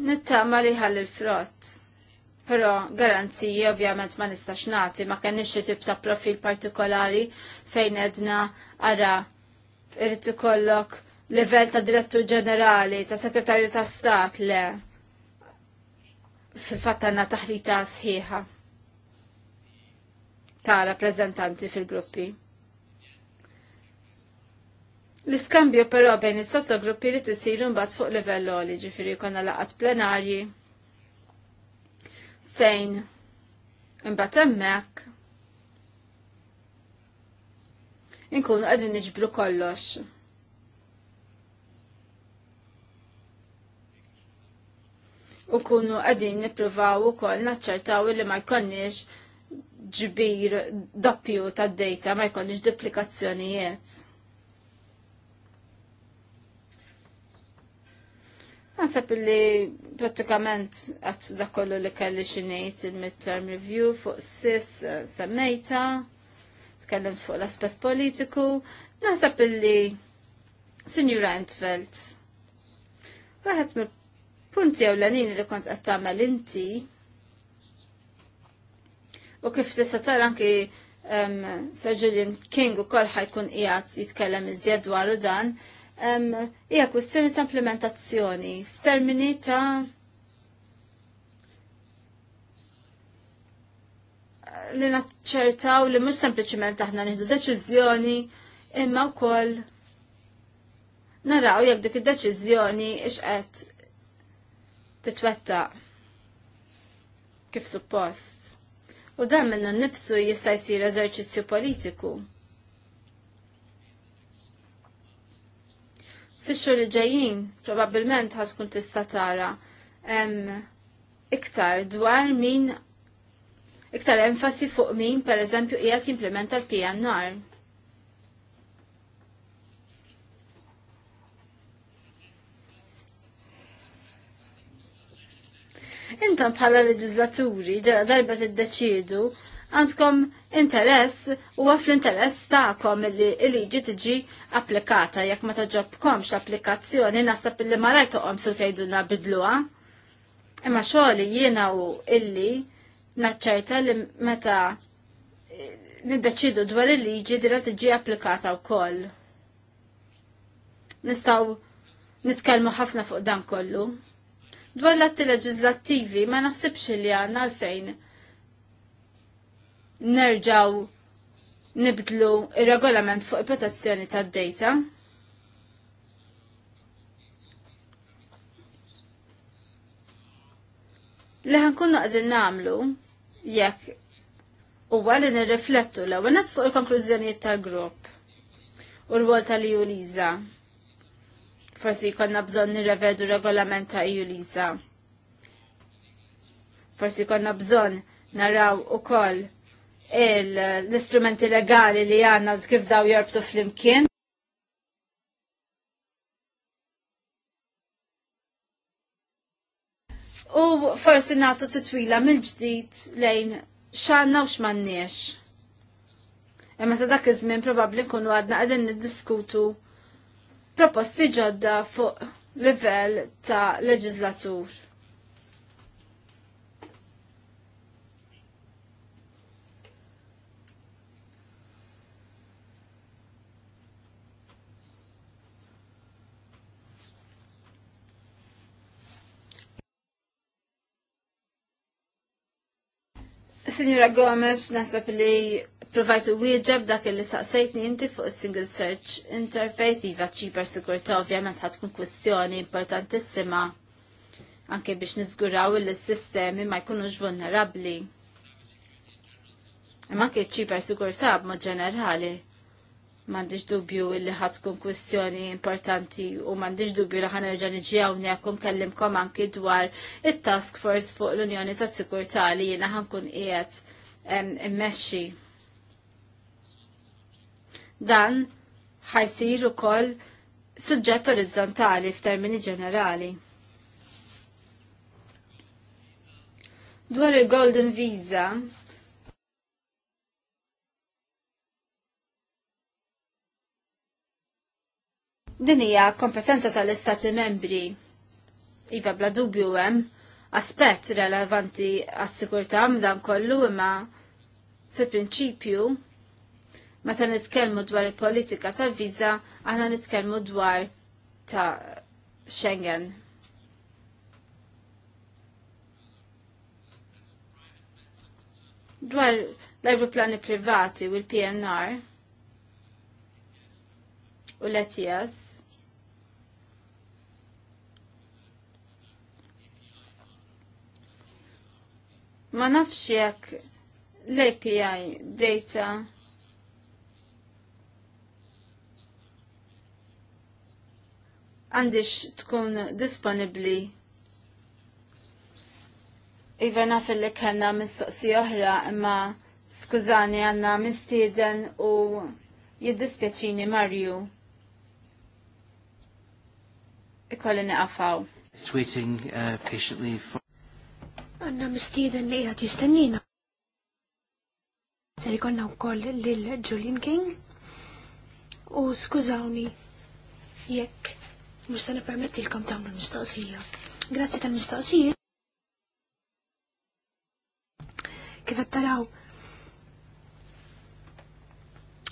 Nittama li ħall frott Però garanziji ovvjament ma nistax nagħti ma kenniex xi tip ta' profil partikolari fejn edna ara irid ikollok livell ta' direttur ġenerali, ta' sekretarju ta' stat le fil-fatt taħlita sħiħa ta' rappreżentanti fil-gruppi. L-iskambju però bejn is-sottogruppi li isiru mbagħad fuq livell oli, ġifieri jkollna laqat plenarji fejn imbagħad hemmhekk inkunu qegħdin niġbru kollox. U kunu qegħdin nippruvaw ukoll naċċertaw li ma jkonniġ ġbir doppju tad-dejta, ma jkollniex duplikazzjonijiet. Nasab li pratikament għat dakollu li kelli xinejt il-midterm review fuq sis eh, semmejta, tkellimt fuq l-aspet politiku, nasab li Signora Entfeld. Waħat mill punti għaw l-għanin li kont għat tamel inti u kif tista tara anki Sir Julian King u kol ħajkun jgħat jitkellem iżjed dwaru dan, hija kwistjoni ta' implementazzjoni f'termini ta' li naċċertaw li mhux sempliċiment aħna nieħdu deċiżjoni imma wkoll naraw jekk dik id-deċiżjoni x'qed titwettaq kif suppost. U dan minnu nnifsu jista' jsir eżerċizzju politiku. Fix-xhur li ġejjin probabbilment kun tista' tara iktar dwar min iktar enfasi fuq min pereżempju qiegħed jimplementa l-PNR. Intom bħala leġislaturi ġara darba tiddeċiedu għandkom interess u għaf l-interess ta'kom li liġi tiġi applikata jekk ma taġobkomx applikazzjoni nasab li ma għom sew tgħidulna bidluħa. Imma xogħli jiena u illi naċċerta li meta eh, niddeċidu dwar il-liġi dira tiġi applikata wkoll. Nistgħu nitkellmu ħafna fuq dan kollu. Dwar l-atti leġislattivi ma naħsibx li l għalfejn nerġaw nibdlu il regolament fuq il-protezzjoni tad-data. Li ħankun għadin namlu jekk huwa li nirriflettu l-ewwel fuq il-konklużjonijiet tal-grupp u l-wol tal-Ju Liza. Forsi konna bżon nirrevedu regolament ta' Ju Liza. Forsi konna bżon naraw u koll l-istrumenti legali li għanna kif daw jarbtu fl-imkien. U forsi natu titwila mill-ġdid lejn xanna u x'mannniex. Imma ta' dak iż-żmien probabbli nkunu għadna qegħdin niddiskutu proposti ġodda fuq livell ta' leġislatur. Signora Gomes, nasab li u wieġeb dak li saqsejtni inti fuq il-Single Search Interface iva ċiber sigurta ovvjament ħad tkun kwestjoni importantissima anke biex nizguraw li sistemi ma jkunux vulnerabli. Imma kieċi per sigurta b'mod ġenerali M'għandix dubju li ħadd tkun kwestjoni importanti u m'għandix dubju li ħanerġa' niġi hawnhekk u nkellimkom anki dwar it-task force fuq l-Unjoni tas Sikurta li jiena kun qiegħed immexxi. Dan ħajsir koll suġġett orizzontali f'termini ġenerali. Dwar il-Golden Visa, Din hija kompetenza tal-Istati membri. Iva bla dubju hemm aspett relevanti għas-sigurtà dan kollu imma fi prinċipju meta nitkellmu dwar il-politika ta' viża aħna nitkellmu dwar ta' Schengen. Dwar l ajruplani privati u l-PNR, u l-ETS. Ma nafx jekk l-API data għandix tkun disponibli Iva naf li kena mistoqsi oħra imma skużani għanna mistieden u jiddispjaċini Marju ikolli niqafaw. Just uh, patiently for... Għanna mistiden li għat jistennina. Ser ikonna u koll lil Julian King. U skużawni jekk mux l-kom ta' tagħmlu mistoqsija. Grazzi tal-mistoqsija. Kif taraw,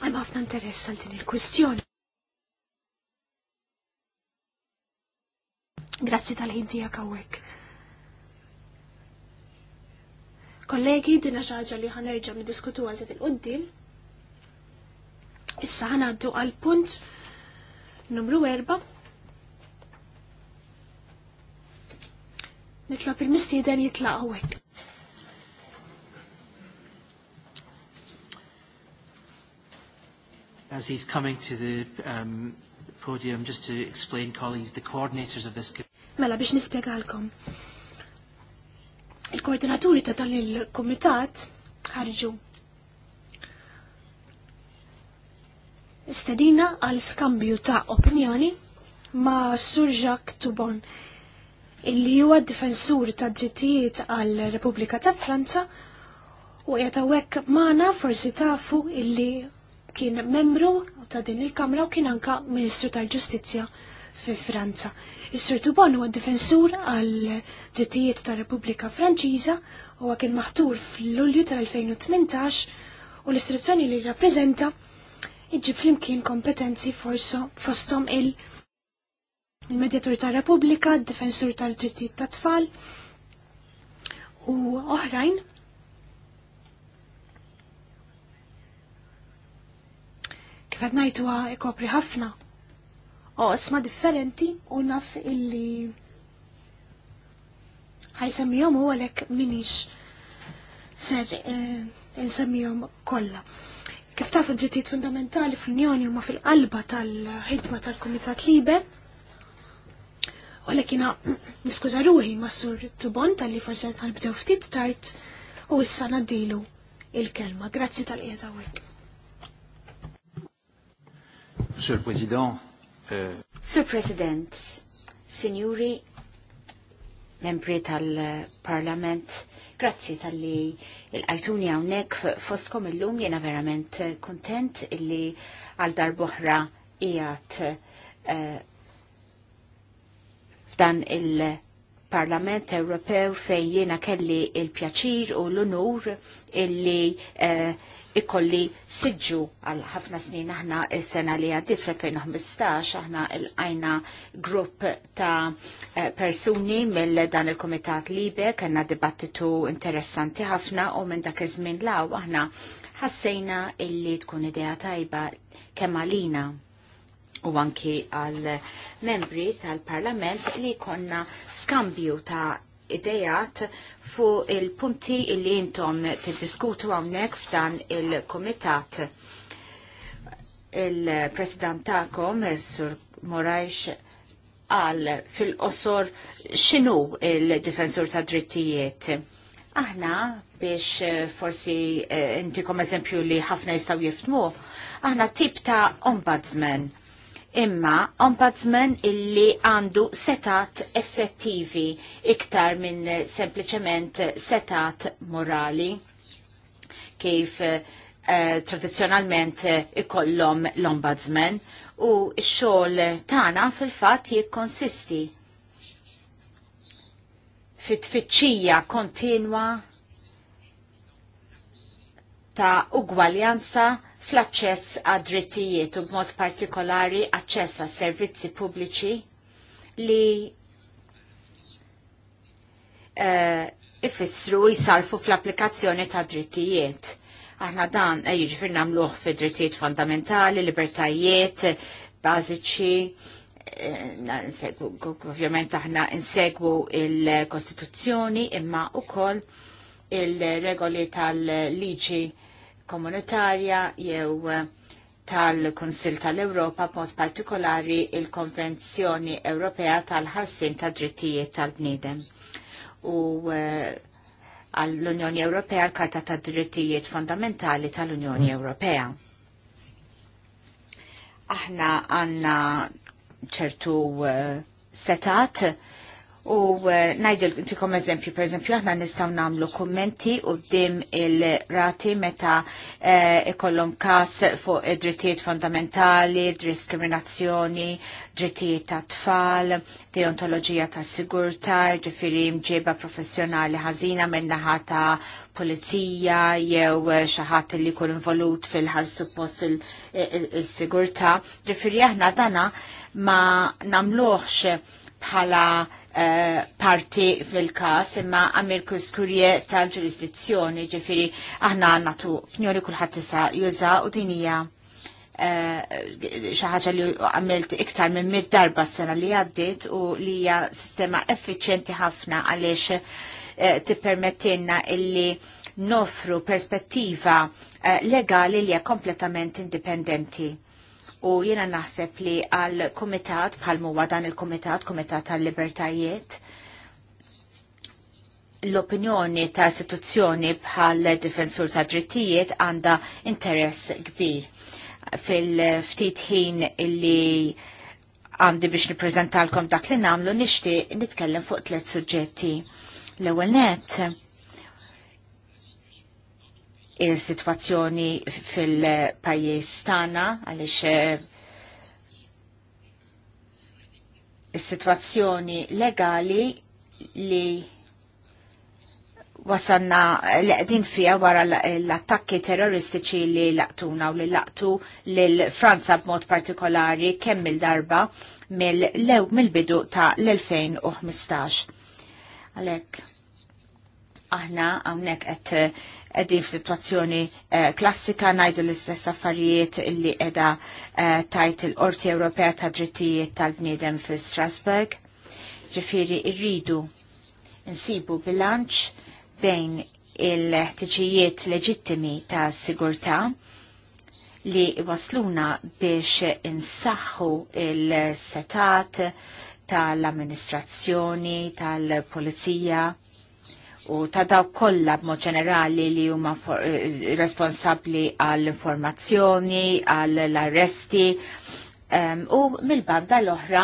għem għafna interess għal din il-kwistjoni. Grazzi tal-ħintija kawek. Kollegi, dina xaġa li ħanerġa nidiskutu għazet il-qoddim. Issa ħanaddu għal punt numru 4. Nitlob il-mistieden jitlaq għawek. As he's coming to the um, podium just to explain, colleagues, the coordinators of this Mela biex nispjegalkom. Il-koordinaturi ta' dan il-komitat ħarġu istedina għal skambju ta' opinjoni ma' Sur Jacques Toubon illi huwa difensur ta' drittijiet għal Repubblika ta' Franza u jgħatawek mana forsi tafu illi kien membru ta' din il-Kamra u kien anka Ministru tal-Ġustizzja fi Franza. Is-Sir Dubon huwa difensur għal drittijiet ta' Repubblika Franċiża u kien maħtur fl-Lulju tal-2018 u l-istruzzjoni li rappreżenta iġib flimkien kompetenzi forso fostom il- il-Medjatur tar Repubblika, Difensur tal-Drittijiet tat Tfal u oħrajn Kifat najtu ah, ikopri ħafna. O, isma differenti u naf illi semmijom u għalek minix ser eh, insemmijom kolla. Kif taf id-drittijiet fundamentali fl-Unjoni huma fil-qalba tal-ħidma tal-Kumitat Libe, u jina niskuza ruħi mas-sur Tubon tal-li forse għalbdew ftit tajt u issa nadilu il-kelma. Grazzi tal-qiegħda għek. Monsieur le Président. Euh, Sir President, Signori, membri tal-Parlament, Grazzi tal-li il-għajtuni għawnek fostkom il-lum jena verament kontent illi għal darboħra ijat uh, f'dan il-Parlament Ewropew fej jena kelli il-pjaċir u l-onur illi uh, ikolli siġu għal ħafna snin aħna s-sena li għaddi fl-2015 aħna l-għajna grupp ta' eh, persuni mill dan il-Komitat Libe kena dibattitu interessanti ħafna u minn dak iż-żmien law aħna ħassejna illi tkun idea tajba kemm għalina u anki għal membri tal-Parlament li konna skambju ta' idejat Fu il-punti illi intom tiddiskutu hawnhekk f'dan il-Kumitat il-President tagħkom, Sur Morajx, għal fil-qosor xinu il-difensur ta' drittijiet. Aħna biex eh, forsi eh, intikom eżempju li ħafna jistaw jiftmu, aħna tip ta' ombudsman imma ombudsman illi għandu setat effettivi iktar minn sempliċement setat morali kif uh, eh, tradizjonalment ikollhom l-ombudsman u x-xogħol tagħna fil-fatt jikkonsisti fit-tfittxija kontinwa ta' ugwaljanza fl-aċċess għad drittijiet u b'mod partikolari aċċess għad servizzi pubbliċi li uh, ifissru jisalfu fl-applikazzjoni ta' drittijiet. Aħna dan eh, jiġifier nagħmluh fi drittijiet fondamentali, libertajiet, bażiċi, eh, ovvjament aħna insegwu il-Kostituzzjoni imma koll il-regoli tal-liġi komunitarja jew eh, tal-Konsil tal-Europa mod partikolari il-Konvenzjoni Ewropea tal-ħarsin ta' drittijiet tal-bniedem. U eh, għall-Unjoni Ewropea l-Karta ta' drittijiet fondamentali tal-Unjoni Ewropea. Aħna għanna ċertu eh, setat U eh, najdil tikom eżempju, per eżempju, aħna nistaw namlu kommenti u dim il-rati meta eh, ikollom kas fuq drittijiet fondamentali, diskriminazzjoni, drittijiet ta' tfal, deontologija ta' sigurta, ġifiri mġiba professjonali ħazina minna ta' polizija, jew eh, xaħat li kun involut fil-ħarsu post il-sigurta. Ġifiri aħna dana ma namluħx bħala eh, parti fil-kas imma għamil kurskurje tal-ġurisdizzjoni ġifiri aħna tu pnjoni kullħat tisa juża u dinija eh, xaħġa li għamilt iktar minn mid darba s-sena li għaddit u li hija sistema effiċjenti ħafna għaliex eh, tippermettilna illi nofru perspettiva legali li hija kompletament indipendenti u jiena naħseb li għal komitat bħal muwa dan il-komitat, komitat tal-libertajiet, l-opinjoni ta' istituzzjoni bħal difensur ta' drittijiet għanda interess kbir fil-ftit ħin illi għandi biex niprezentalkom dak li namlu nishti nitkellem fuq tliet suġġetti. L-ewwel net, il-situazzjoni fil-pajis tana għalix eh, il-situazzjoni legali li wasanna li qegħdin fija wara l-attakki terroristiċi li laqtuna u li laqtu lil Franza b'mod partikolari kemm il-darba mill-lew mill-bidu ta' l-2015. Għalhekk aħna hawnhekk qed eh, edin f-situazzjoni eh, klassika najdu l-istess affarijiet illi edha eh, tajt il-Qorti Ewropea ta' drittijiet tal-bniedem fi Strasburg. Ġifiri irridu nsibu bilanċ bejn il-ħtiġijiet leġittimi ta' sigurta' li wasluna biex insaħħu il-setat tal-amministrazzjoni, tal-polizija, u ta' daw kollha b'mod ġenerali li huma eh, responsabbli għall-informazzjoni, għall-arresti, um, u mill-banda l-oħra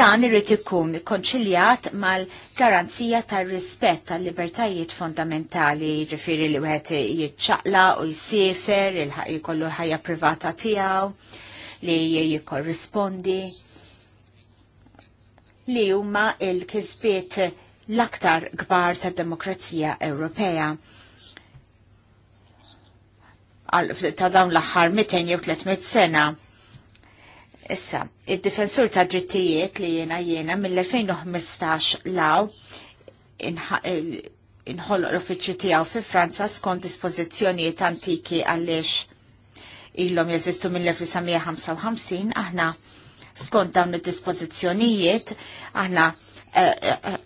dan irrid ikun konċiljat mal-garanzija tar-rispett tal-libertajiet fondamentali, ġifiri li wieħed jiċċaqla u jsifer, jkollu ħajja privata tiegħu li jikkorrispondi li huma il-kisbiet l-aktar gbar tad-demokrazija Ewropea ta' dawn l axar 200 jew 300 sena. Issa, il-difensur ta' drittijiet li jena jena mill-2015 law inħolq l-uffiċċju tiegħu fi Franza skont dispożizzjonijiet antiki għaliex ilhom jeżistu mill-1955 aħna skont dawn id-dispożizzjonijiet aħna eh, eh,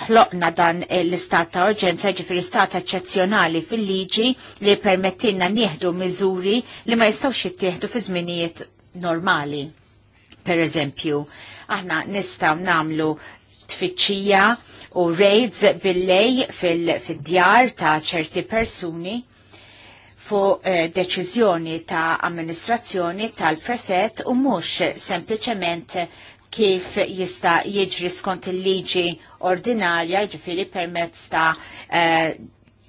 ħloqna dan l-istat ta' urġenza ġifiri stat eccezzjonali fil-liġi li permettilna nieħdu miżuri li ma jistawx jittieħdu fi żminijiet normali. Per eżempju, aħna nistaw namlu tfittxija u raids bil bil-lej fil-djar ta' ċerti persuni fuq eh, deċiżjoni ta' amministrazzjoni tal-prefett u mhux sempliċement kif jista jiġri skont il-liġi ordinarja, ġifiri permezz ta' eh,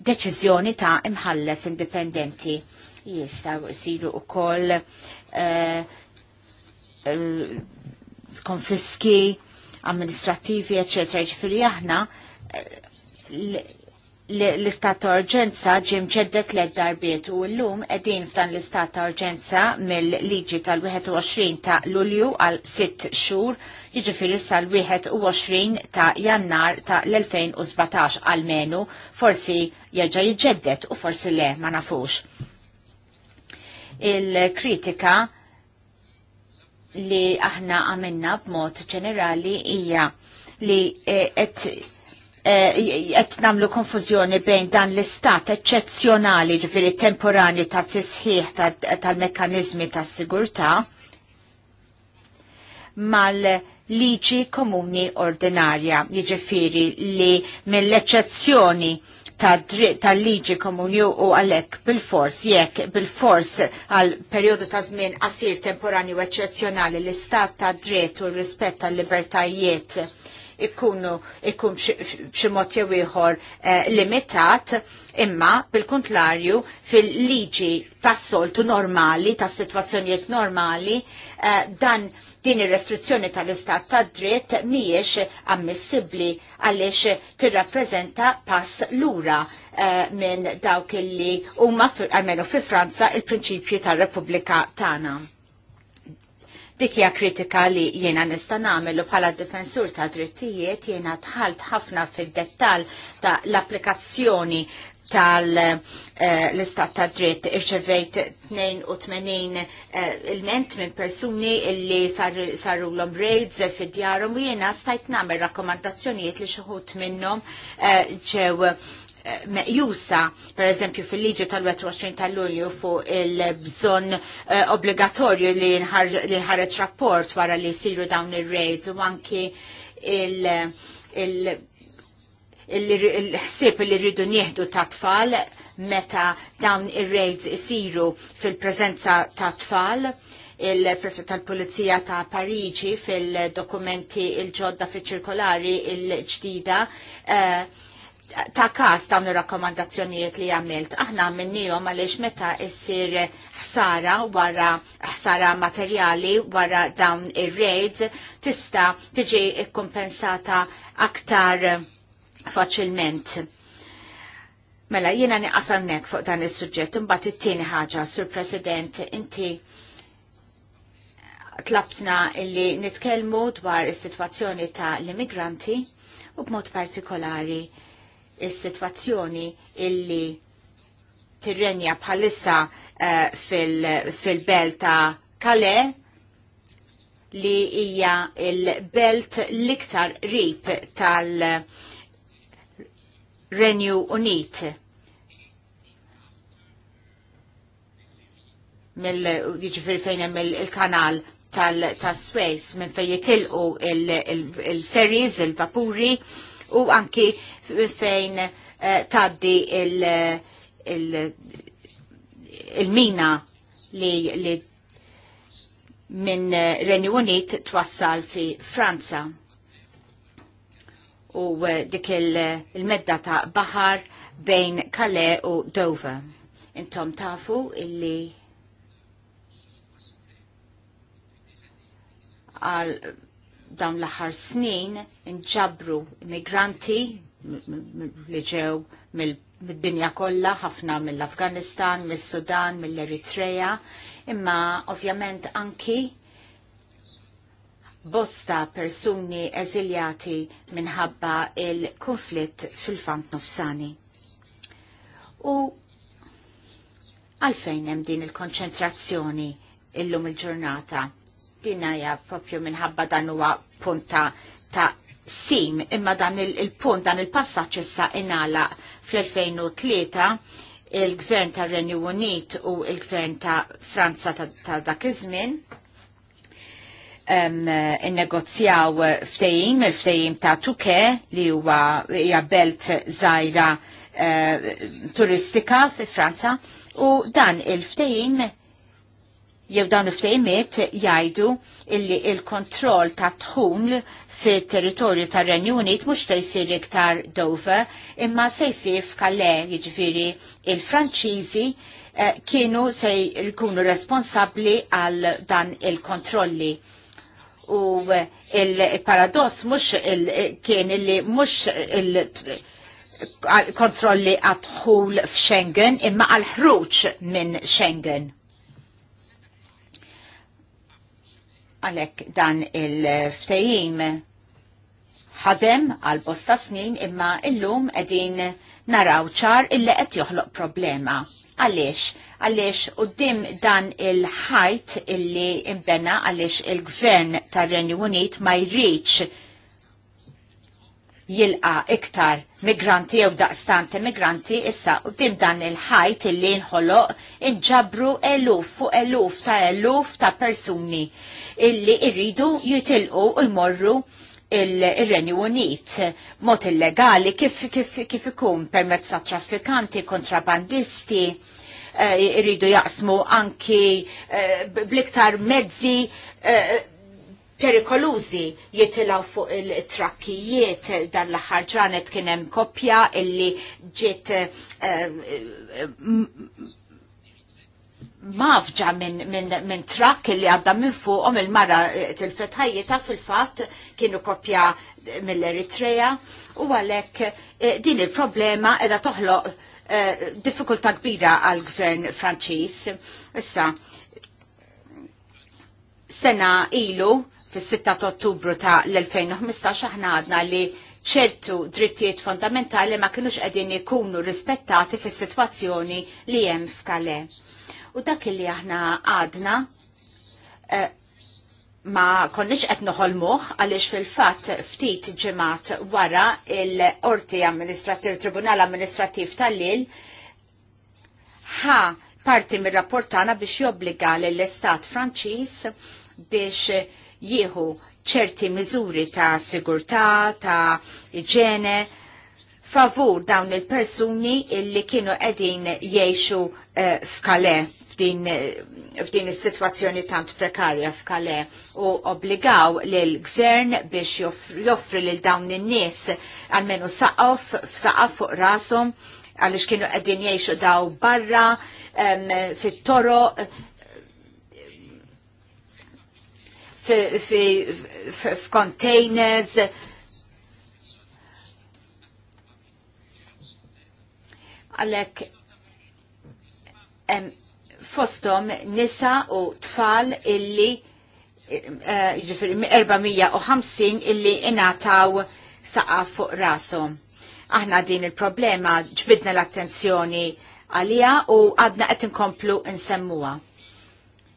deċizjoni ta' imħallef indipendenti. Jista siru u koll eh, konfiski amministrativi, eccetera, ġifiri aħna eh, l-istat ta' urġenza ġim ġeddet led darbiet u l-lum edin f'dan l-istat ta' urġenza mill-liġi tal-21 ta' Lulju għal 6 xhur jiġifieri sal-21 ta' Jannar ta' l-2017 għal menu forsi jerġa' jiġġeddet u forsi le ma nafux. Il-kritika li aħna għamilna b'mod ġenerali hija li qed eh, Eh, qed namlu konfużjoni bejn dan l-istat eċċezzjonali ġifieri temporani ta' tisħiħ tal-mekkaniżmi ta' sigurtà mal-liġi komuni ordinarja, jiġifieri li mill-eċċezzjoni tal-liġi komuni u għalek bil-fors, jekk bil-fors għal periodu ta' żmien qasir u eċċezzjonali l-istat ta' dritt u rispett tal-libertajiet ikkunu ikun b'xi jew ieħor eh, limitat imma bil-kontlarju fil-liġi tas-soltu normali, tas-sitwazzjonijiet normali, eh, dan din ir-restrizzjoni tal-istat ta' dritt mhijiex ammissibbli għaliex tirrappreżenta pass lura eh, minn dawk illi huma almenu fi Franza il-prinċipji tar-Repubblika tagħna. Dikja kritika li jiena nista' nagħmel bħala difensur ta' drittijiet jiena tħalt ħafna fid-dettall ta' l-applikazzjoni tal-istat eh, ta' dritt irċevejt 82 eh, il-ment minn persuni illi saru l-om raids fid-djarum u jena stajt namer rakkomandazzjonijiet li xuħut minnom eh, ġew meqjusa, per eżempju fil-liġi tal-21 tal-Lulju fuq il-bżon eh, obbligatorju li nħarreċ rapport wara li siru dawn ir-rejds u anki il- il-ħsib li rridu nieħdu ta' tfal meta dawn ir-rejds isiru fil-preżenza ta' tfal il-prefet tal-Polizija ta' Pariġi fil-dokumenti il-ġodda fil-ċirkolari il-ġdida uh, ta' kas ta' rakkomandazzjonijiet li għamilt. Aħna minnijom għalix meta jessir ħsara wara ħsara materjali wara dawn ir-raids tista' tiġi kompensata aktar faċilment. Mela, jiena niqafemnek fuq dan is-suġġett imbagħad it-tieni ħaġa, Sur President, inti tlabtna illi nitkellmu dwar is-sitwazzjoni ta' l-immigranti u b'mod partikolari is-sitwazzjoni illi tirrenja bħalissa uh, fil-belt fil ta' Kale li hija il-belt l-iktar rib tal-Renew Unit. mill jiġifieri fejn hemm il-kanal tal-Swejs minn fejn jitilqu il-ferries, il-vapuri, il ferries il vapuri u anki fejn eh, taddi il-mina li minn eh, Renju Unit twassal fi Franza. U eh, dik il-medda ta' bahar bejn Calais u Dover. Intom tafu illi għal dawn l-aħħar snin nġabru immigranti li ġew mid-dinja kollha ħafna mill-Afganistan, mis-Sudan, mill-Eritrea, imma ovvjament anki bosta persuni eżiljati minħabba il-konflitt fil-fant nofsani. U għalfejn hemm din il-konċentrazzjoni illum il-ġurnata? il konċentrazzjoni illum il ġurnata Dinaja propju minħabba dan huwa punta ta' sim imma dan il-punt dan il passaġġ issa inala fl-2003 il-gvern ta' Renju Unit u il-gvern ta' Franza ta', dak iż-żmien innegozjaw ftehim, il-ftehim ta' Tuke li huwa hija belt żgħira eh, turistika fi Franza u dan il-ftehim jew dawn il-ftejmiet jgħidu illi il-kontroll ta' tħun fit territorju tar renju Unit mhux se jsir iktar Dover imma se jsir f'Kalle jġviri il-Franċiżi eh, kienu se jkunu responsabbli għal dan il-kontrolli. U eh, il-paradoss mhux il eh, kien illi mhux il kontrolli għat għadħul f'Schengen imma għal ħruċ minn Schengen Għalek dan il-ftejim ħadem għal bosta snin imma illum edin naraw ċar illi qed joħloq problema. Għaliex? Għaliex dim dan il-ħajt illi imbena għaliex il-gvern tar-Renju Unit ma jriċ jilqa iktar migranti jew daqstant migranti issa u dim dan il-ħajt illi nħoloq inġabru eluf fuq eluf ta' eluf ta' persuni illi irridu jitilqu u jmorru il-Renju Unit mot illegali kif, kif, kif ikun permezz ta' traffikanti, kontrabandisti, eh, irridu jaqsmu anki eh, bliktar mezzi eh, perikolużi jitilaw fuq il-trakkijiet dan l-aħħar ġranet kien hemm koppja illi ġiet eh, eh, mafġa minn min, min trakk li għadda minn fuqhom il-mara eh, tilfet ħajjita fil-fatt kienu koppja mill-Eritrea u għalhekk din il-problema qiegħda toħloq uh, diffikultà kbira għal-gvern Franċiż. Issa, sena ilu fis-6 ta' Ottubru ta' l-2015 aħna għadna li ċertu drittijiet fondamentali ma kienux qegħdin ikunu rispettati fis-sitwazzjoni li hemm f'Kale. U dak li aħna għadna eh, ma konniex qed noħolmuh għaliex fil-fatt ftit ġimgħat wara il-Qorti Amministrattiv Tribunal Amministrattiv tal-Lil ħa parti mir-rapport biex jobbliga lill-Istat Franċiż biex jieħu ċerti miżuri ta' sigurtà, ta' iġene, favur dawn il-persuni illi kienu qegħdin jgħixu eh, f'kale f'din eh, il is-sitwazzjoni tant prekarja f'Kale u obbligaw l gvern biex joffri lil dawn in-nies għalmenu saqof f'saqaf fuq rashom għaliex kienu qegħdin jgħixu daw barra fit-toro f'containers. Għalek fostom nisa u tfal illi eh, ġifri 450 illi inataw saqa fuq rasom. Aħna din il-problema ġbidna l-attenzjoni għalija u għadna qed inkomplu nsemmuha.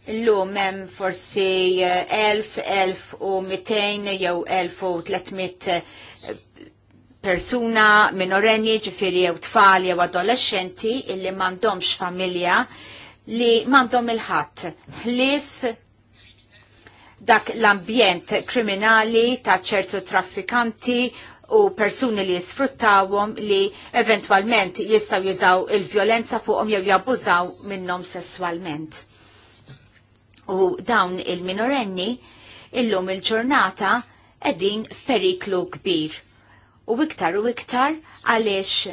L-lum hemm forsi 1000, eh, 1200 jew 1300 eh, persuna minorenji ġifiri jew tfal jew adolescenti illi m'għandhomx familja li m'għandhom il-ħadd. Ħlif dak l-ambjent kriminali ta' ċertu traffikanti u persuni li jisfruttawhom li eventualment jistaw jizaw il-vjolenza fuqhom jew jabbużaw minnhom sessualment. U dawn il-minorenni illum il-ġurnata edin f'periklu kbir. U iktar u iktar għaliex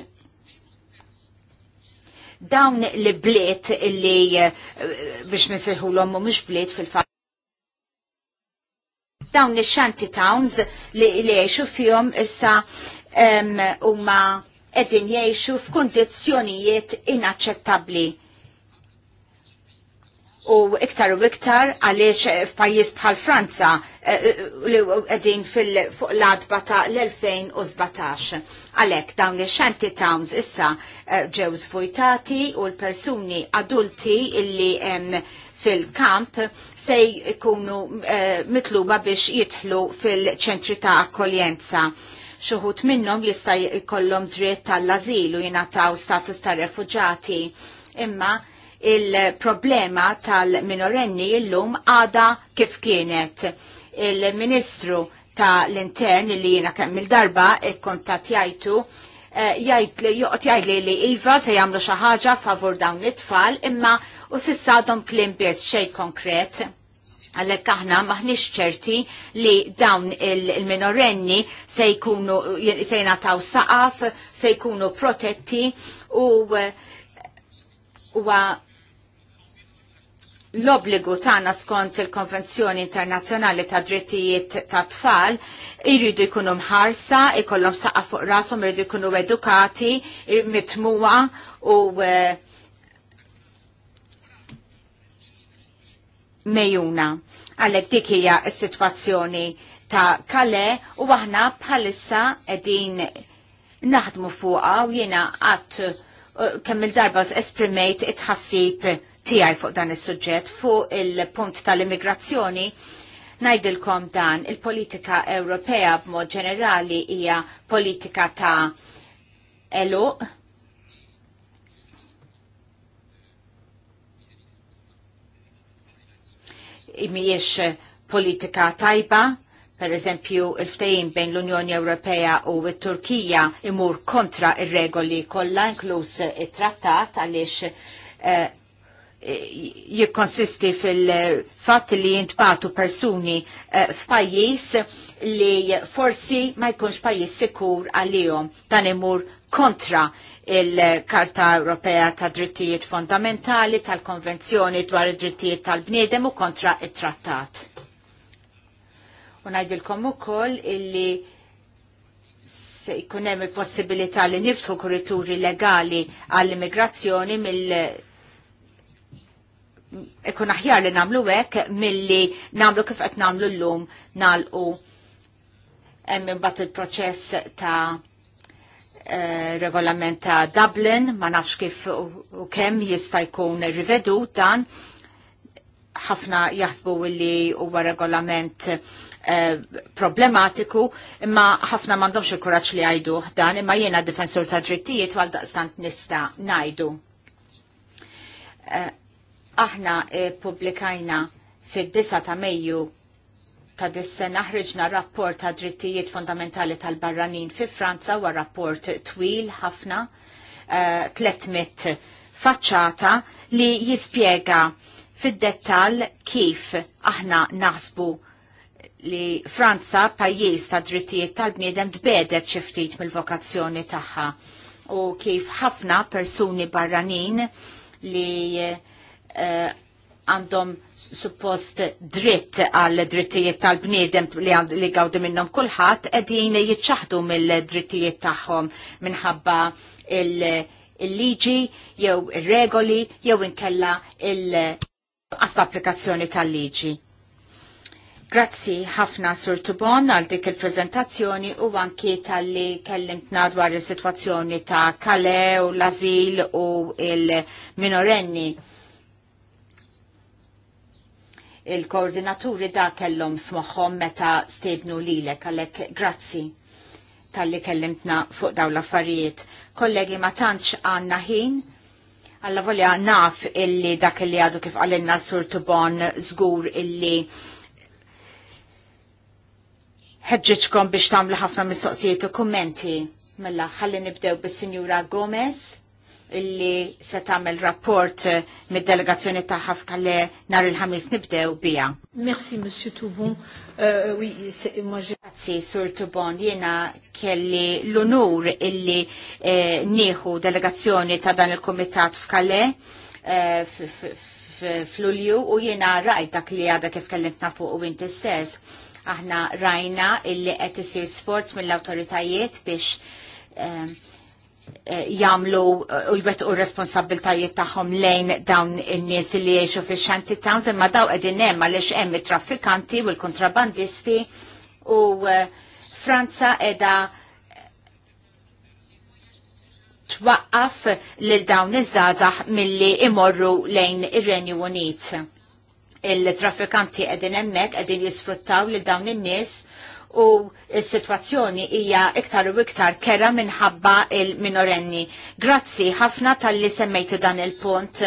dawn li bliet li eh, biex nifilħu l-ommu mux bliet fil-fat. Dawn li xanti towns li li jiexu fjom issa umma edin jiexu f'kondizjonijiet inaċċettabli u iktar u iktar għaliex eh, f'pajjiż bħal Franza eh, eh, li għedin fuq l-adba ta' l-2017. Għalek dawn li xanti towns issa ġew zvujtati u l-persuni adulti illi fil-kamp se jkunu mitluba biex jitħlu fil-ċentri ta' akkoljenza. Xuħut minnom jista' jkollhom dritt tal-azilu jingħataw status ta' refuġati imma il-problema tal-minorenni illum għada kif kienet. Il-Ministru tal-Intern li jiena kemm il-darba ikkontattjajtu eh, jgħid li joqgħod jgħid li iva se jagħmlu xi ħaġa favur dawn it-tfal imma u sissa dom klim biss xejn konkret. Għallek aħna maħniex ċerti li dawn il-minorenni se jkunu se jnataw saqaf, se jkunu protetti u eh, u l-obligu tagħna skont il-Konvenzjoni Internazzjonali ta' Drittijiet ta' Tfal jridu jkunu mħarsa, ikollhom saqa' fuq rashom, jridu jkunu edukati, mitmuwa u eh, mejuna. Għalhekk dik hija s-sitwazzjoni ta' kale u aħna bħalissa qegħdin naħdmu fuqha u jiena qatt eh, kemm il-darba esprimejt it-ħassib tiegħi fuq dan is-suġġett fuq il-punt tal-immigrazzjoni ngħidilkom dan il-politika Ewropea b'mod ġenerali hija politika ta' eluq Imiex politika tajba, per eżempju il-ftejim bejn l-Unjoni Ewropea u t-Turkija imur kontra ir-regoli kollha inkluż it-trattat għaliex eh, jikkonsisti fil-fatt li jintbatu persuni eh, f'pajjiż li forsi ma jkunx pajjiż sikur għalihom dan imur kontra il-Karta Ewropea ta' Drittijiet Fondamentali tal-Konvenzjoni dwar id-Drittijiet tal-Bniedem u kontra it-Trattat. Unajdilkom ukoll illi se jkun hemm il-possibilità li niftħu kurituri legali għall-immigrazzjoni mill- ikun aħjar li namlu hekk milli namlu kif qed namlu llum nalqu hemm imbagħad il-proċess ta' eh, regolament ta' Dublin, ma nafx kif u kemm jista' jkun rivedu dan ħafna jaħsbu li huwa regolament eh, problematiku, imma ħafna m'għandhomx il-kuraġġ li għajdu dan, imma jiena difensur ta' drittijiet għal daqstant nista' ngħidu. Eh, Aħna eh, publikajna fid-9 ta' Mejju ta' dis-sena ħriġna rapport ta' drittijiet fundamentali tal-barranin fi Franza wa rapport twil ħafna uh, eh, 300 faċċata li jispjega fid-dettal kif aħna naħsbu li Franza pajjiż ta' drittijiet tal-bniedem tbedet xi ftit mill-vokazzjoni tagħha u kif ħafna persuni barranin li uh, Eh, għandhom suppost dritt għal drittijiet tal-bniedem li, li għawdu minnom kullħat edin jitċaħdu mill-drittijiet tagħhom minħabba il-liġi jew il-regoli jew inkella il applikazzjoni tal-liġi. Grazzi ħafna Sur Tubon għal dik il-prezentazzjoni u anki tal-li kellimtna dwar is-sitwazzjoni ta' Kale u l-azil u il-minorenni. il minorenni il-koordinaturi da kellhom f'moħħhom meta stednu lilek għalhekk grazzi tal-li kellimtna fuq daw l-affarijiet. Kollegi ma tantx għandna ħin, għalla volja naf illi dak li għadu kif għalinna sur tubon zgur illi ħedġiċkom biex tamlu ħafna mistoqsijiet u kommenti. Mella, ħalli nibdew bis-Sinjura Gomez illi se tagħmel rapport eh, mid-delegazzjoni ta' tagħha f'kalle nhar il-ħamis nibdew biha. Merci Monsieur Toubon. Uh, Grazzi Sur Toubon, jiena kelli l-unur illi eh, nieħu delegazzjoni ta' dan il-kumitat f'kalle eh, f'Lulju u jiena rajt dak li għadha kif kellimtna fuq u inti stess. Aħna rajna illi qed isir sforz mill-awtoritajiet biex eh, Eh, jamlu eh, u jwettqu responsabiltajiet tagħhom lejn dawn in-nies li jgħixu fix xanti towns imma daw qegħdin hemm għaliex hemm it-traffikanti u l-kontrabandisti u eh, Franza qiegħda twaqqaf lil dawn iż-żgħażagħ milli imorru lejn ir-Renju Unit. Il-traffikanti qegħdin hemmhekk qegħdin jisfruttaw lil dawn in-nies u s-situazzjoni hija iktar u iktar kera minħabba il-minorenni. Grazzi ħafna tal-li semmejti dan il-punt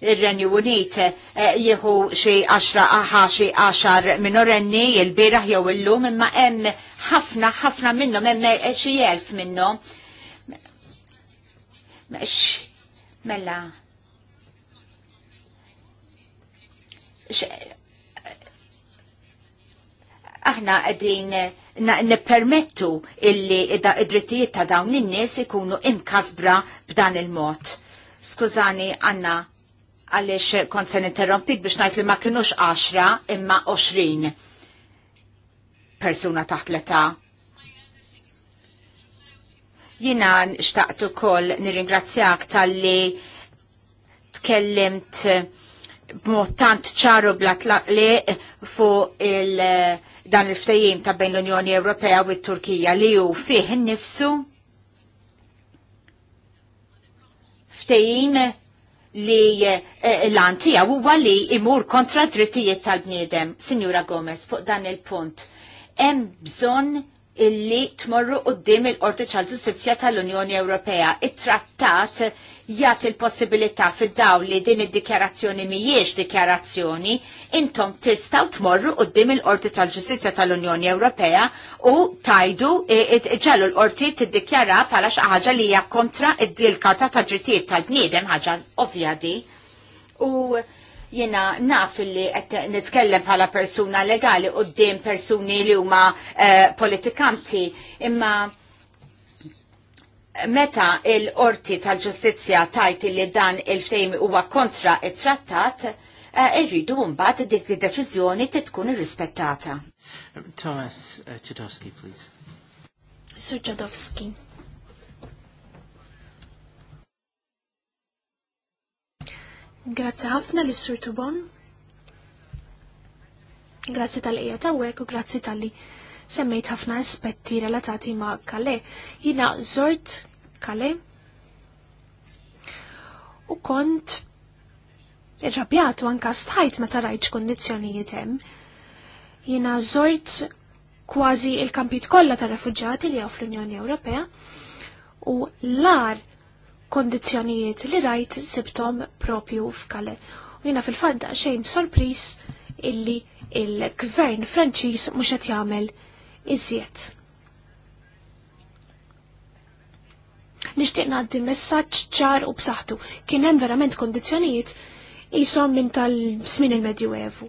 il-Renju Unit eh, jieħu xi 10 aħa xi għaxar minorenni il-biraħ jew illum imma hemm ħafna ħafna minnhom hemm xi elf minnhom. Mela aħna qegħdin nippermettu illi id-drittijiet ta' dawn in-nies ikunu imkasbra b'dan il-mod. Skużani, Anna, għaliex kont se ninterrompik biex ngħid li ma kinux 10 imma 20 persuna taħt l-età jina xtaqtu kol nirringrazzjak tal-li tkellimt b'mod tant ċaru bla tlaqli fuq il- dan il-ftajim ta' bejn l-Unjoni Ewropea u t-Turkija li ju fih nifsu ftajim li eh, l-antija huwa li imur kontra drittijiet tal-bniedem. Signora Gomez, fuq dan il-punt, hemm bżonn illi tmorru qoddim il-Qorti tal-Ġustizzja tal-Unjoni Ewropea. It-trattat jagħti l-possibilità fid-daw li din id-dikjarazzjoni mhijiex dikjarazzjoni, intom tistgħu tmorru qoddim il-Qorti tal-Ġustizzja tal-Unjoni Ewropea u tajdu e, e, ġallu l-Qorti t bħala xi ħaġa li hija kontra id-karta ta' drittijiet tal-bniedem ħaġa ovvja di. U Jena naf li qed nitkellem bħala persuna legali qudiem persuni li huma uh, politikanti, imma meta il-qorti tal-ġustizzja tajt li dan il-fejm huwa kontra it-trattat, eh, irridu mbagħad dik id-deċiżjoni tkun irrispettata. Thomas uh, eh, Chudowski, please. Sir Chudowski. Grazzi ħafna li sur Tubon. Grazzi tal ta' tawek u grazzi tal-li semmejt ħafna aspetti relatati ma' Kale. Jina zort Kale u kont irrabjat u anka stħajt meta tarajċ kondizzjonijiet hemm. Jina zort kważi il-kampit kollha ta' refugġati li hawn fl-Unjoni Ewropea u l-ar kondizjonijiet li rajt sibtom propju f'Kale. U jina fil-fadda xejn sorpris illi il-gvern Franċiż mhux qed jagħmel iżjed. Nixtieq ngħaddi messaġġ ċar u b'saħħtu kien hemm verament kondizjonijiet qishom minn tal-smin il-Medjuevu.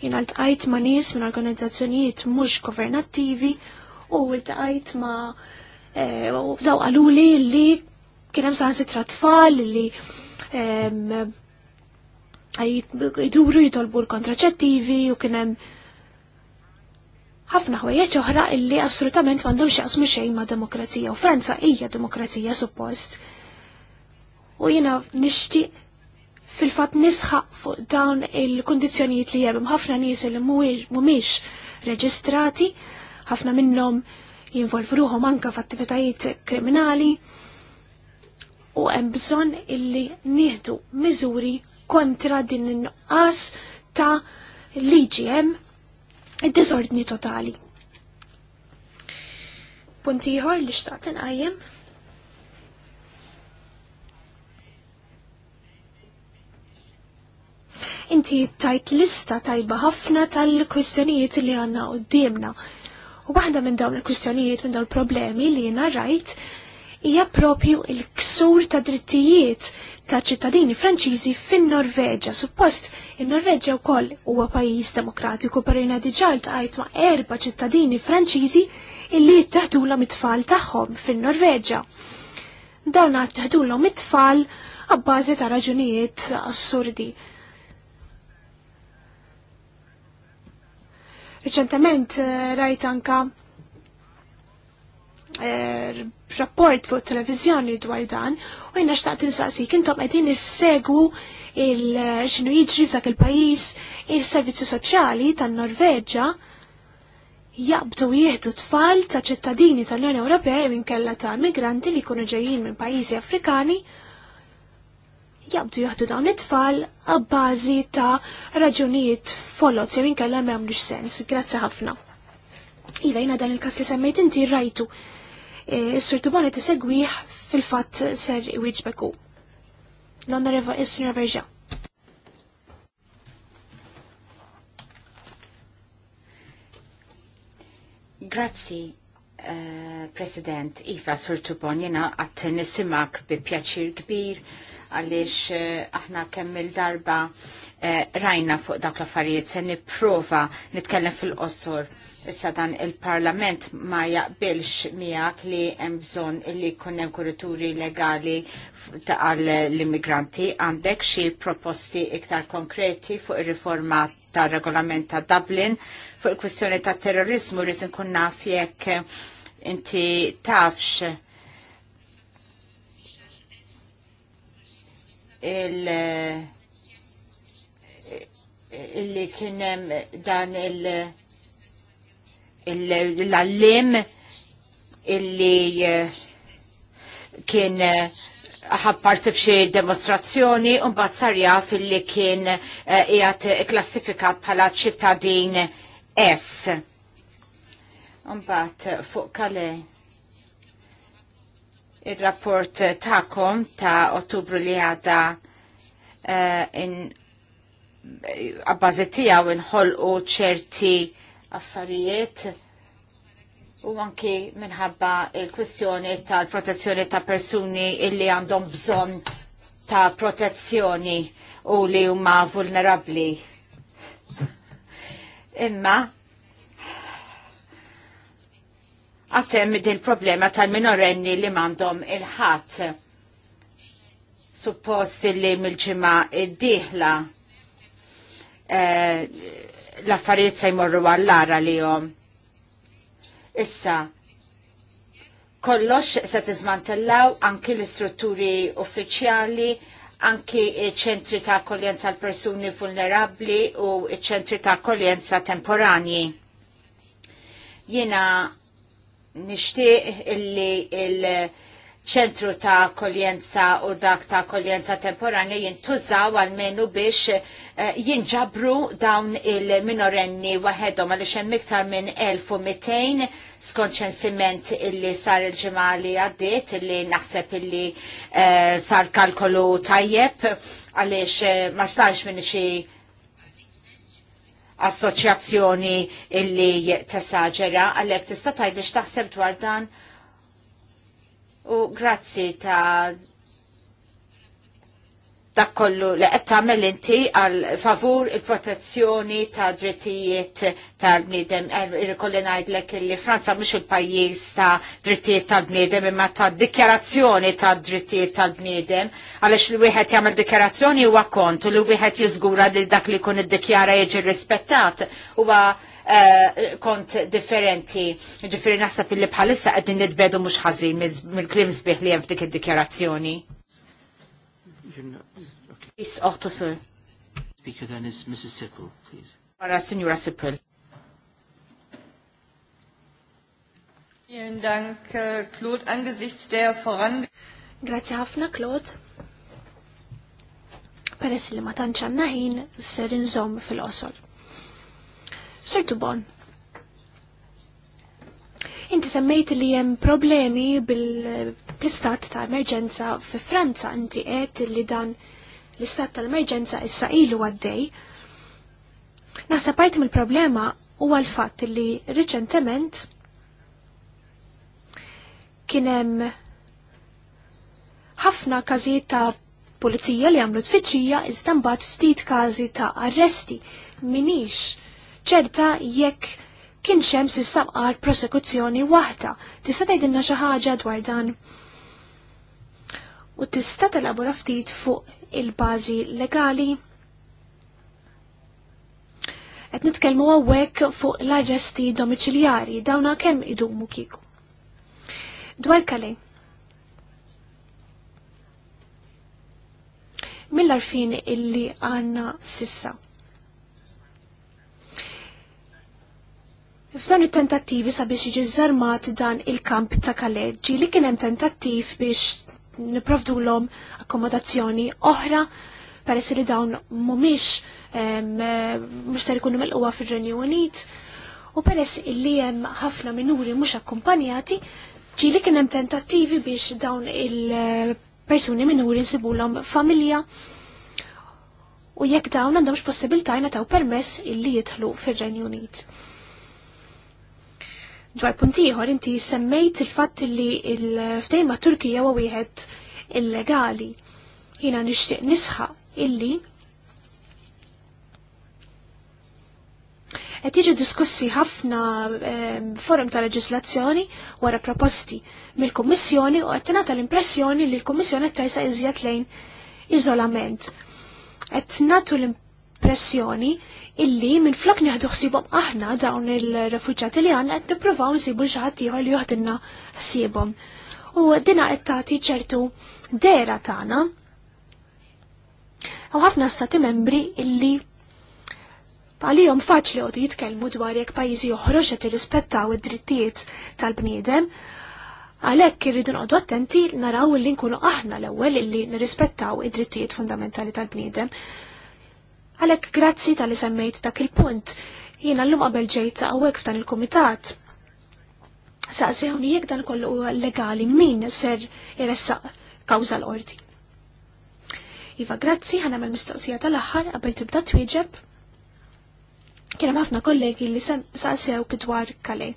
Jien għalt ma' nies minn organizzazzjonijiet mhux governattivi u l-taqajt ma e, u daw għaluli li kienem saħansitra tfal li jiduru jitolbu l-kontraċettivi u kienem ħafna ħwejjeġ oħra illi assolutament m'għandhomx jaqsmu xejn ma' demokrazija u Franza hija demokrazija suppost. U jiena nixtieq fil-fatt nisħaq fuq dawn il-kundizzjonijiet li hemm ħafna nies li mhumiex reġistrati ħafna minnhom jinvolvruhom anka f'attivitajiet kriminali u hemm bżonn illi nieħdu miżuri kontra din in-nuqqas ta' liġi hemm id-disordni totali. Punt ieħor li xtaqt inqajjem Inti tajt lista tajba ħafna tal-kwistjonijiet li għanna u d-diemna U waħda minn dawn il-kwistjonijiet minn dawn il-problemi li jiena rajt hija propju il-ksur ta' drittijiet ta' ċittadini Franċiżi fin-Norveġa. Suppost in-Norveġa wkoll huwa pajjiż demokratiku per diġal diġà ltqajt ma' erba' ċittadini Franċiżi illi jittaħdulhom it-tfal tagħhom fin-Norveġa. Dawn għad taħdulhom it-tfal għabbażi ta' raġunijiet assurdi. Reċentement eh, rajt anka eh, rapport fuq televizjoni dwar dan u jina xtaqt insaqsik intom qegħdin issegwu il-xinu eh, jiġri f'dak il-pajjiż il-servizzi soċjali tan-Norveġġa jaqbdu jieħdu tfal ta' ċittadini tal-Unjoni Ewropea minn kella ta' migranti li jkunu ġejjin minn pajjiżi Afrikani jabdu jaħdu dawn it-tfal għabbażi ta' raġunijiet folot se kalla ma sens. Grazzi ħafna. Iva jina dan il-kas li semmejt inti rajtu. E, s sur bonet segwiħ fil-fatt ser wieġbeku. L-onoreva il sinjor Verġa. Grazzi, eh, President. Iva, Sur Tubon, jena għat nisimak bi pjaċir kbir għaliex eh, aħna kemm il-darba eh, rajna fuq dak l-affarijiet se nipprova nitkellem fil-qosor. Issa dan il-Parlament ma jaqbilx miegħek li hemm bżonn illi jkun hemm kurituri legali għall l-immigranti għandek xi proposti iktar konkreti fuq ir-riforma tar-regolament ta' Dublin fuq il-kwistjoni tat terrorizmu rrid inkun naf jekk inti tafx il- illi kienem dan il- l-allim illi eh, kien eh, ħabparti f'xi demonstrazzjoni un bat sarja fil-li kien eh, jgħat klassifikat bħala ċittadin S. Un bat fuq kale Il-rapport ta'kom ta' ottubru li għadda u nħol u ċerti affarijiet u anki minħabba il-kwestjoni tal-protezzjoni ta' persuni illi għandhom bżon ta' protezzjoni u li huma vulnerabli. <laughs> Imma għatem din problema tal-minorenni li mandom il-ħat. Suppost li mil-ġimma id-dihla eh, l-affarijiet se jmorru għallara li jom. Issa, kollox se tiżmantellaw anki l-istrutturi uffiċjali, anki ċentri ta' akkoljenza għal persuni vulnerabli u ċentri ta' akkoljenza temporani. Jena nishtiq illi il-ċentru ta' kolienza u dak ta' koljenza temporanja jintużaw għalmenu biex eh, jinġabru dawn il-minorenni waħedhom għal hemm iktar minn 1200 skont ċensiment illi sar il li għaddiet illi naħseb illi eh, sar kalkolu tajjeb għaliex eh, ma sarx minn xi assoċjazzjoni illi tesaġera għalhekk tista' tgħidli taħseb dwar dan. U grazzi ta' dak kollu li qed tagħmel inti għal favur il-protezzjoni ta' drittijiet tal-bniedem. Eh, Irkolli ngħidlek li Franza mhux il-pajjiż ta' drittijiet tal-bniedem imma ta' dikjarazzjoni ta' drittijiet tal-bniedem għaliex li wieħed jagħmel dikjarazzjoni huwa kont u li wieħed jiżgura li dak li jkun iddikjara jiġi rispettat huwa Uh, kont differenti. Ġifiri naħseb li bħalissa għedin nitbedu mux ħażin mill-klim sbieħ li jem f'dik id-dikjarazzjoni. Is Ottofel. Speaker then is Mrs. Sippel, please. Para Signora Sippel. Vielen Dank, äh, Claude. Angesichts der voran... Grazie Hafna, Claude. Peress li ma tanċanna ħin, ser inżomm fil-qosor. Sir Tubon. inti semmejt li hemm problemi bil-istat ta' emerġenza fi Franza, inti qed li dan L-istat tal-emerġenza issa ilu għaddej. Naħseb parti mill-problema huwa l-fatt li riċentement kien hemm ħafna każi ta' pulizija li għamlu tfittxija iżda mbagħad ftit każi ta' arresti. Minix ċerta jekk kien xem s bqar prosekuzzjoni waħda. Tista' tgħidilna xi ħaġa dwar dan. U tista' telabora ftit fuq il-bażi legali. Qed nitkellmu hawnhekk fuq l-arresti domiciliari, dawna kemm idumu kieku. Dwar kalej. Mill-arfin illi għanna sissa. F'dan it-tentattivi sabiex jiġi żarmat dan il-kamp ta' Kaleġġi li kien hemm tentattiv biex niprovdu l-om akkomodazzjoni oħra peress li dawn mumiex mux ser ikunu mel-qwa fil-Renju Unit u peress li hemm ħafna minuri mhux akkumpanjati ġili kien hemm tentattivi biex dawn il-persuni minuri l-om familja u jekk dawn għandhomx possibilità jnataw permess illi jidħlu fir-Renju Unit. Dwar puntiħor inti semmejt il-fatt li il-ftejn ma' Turkija huwa wieħed illegali. Jiena nixtieq nisħa illi qed jiġu diskussi ħafna ehm, forum ta' leġislazzjoni wara proposti mill-Kummissjoni u qed tingħata l-impressjoni li l-Kummissjoni qed tersa' iżjed lejn iżolament. Qed nagħtu l-impressjoni illi minn flok nieħdu ħsibhom aħna dawn il-refuġġati li għandna qed nippruvaw nsibu xi ħadd ieħor li joħdilna ħsiebhom. U dina qed tagħti ċertu dera tagħna. U ħafna stati membri illi għalihom faċli għodu jitkellmu dwar jekk pajjiżi oħroġ qed irrispettaw id-drittijiet tal-bniedem, Għalek irridu noqdu attenti naraw li nkunu aħna l-ewwel illi nirrispettaw id-drittijiet fundamentali tal-bniedem. Għalek grazzi tal-li semmejt dak il-punt. Jiena l-lum qabel ġejt għawek f'dan il-komitat. Saqsewni jek dan kollu legali min ser iressaq kawza l-ordi. Iva, grazzi, ħana mal mistoqsija tal aħħar qabel tibda twieġeb. Kienem ħafna kollegi li saqsew kidwar kale.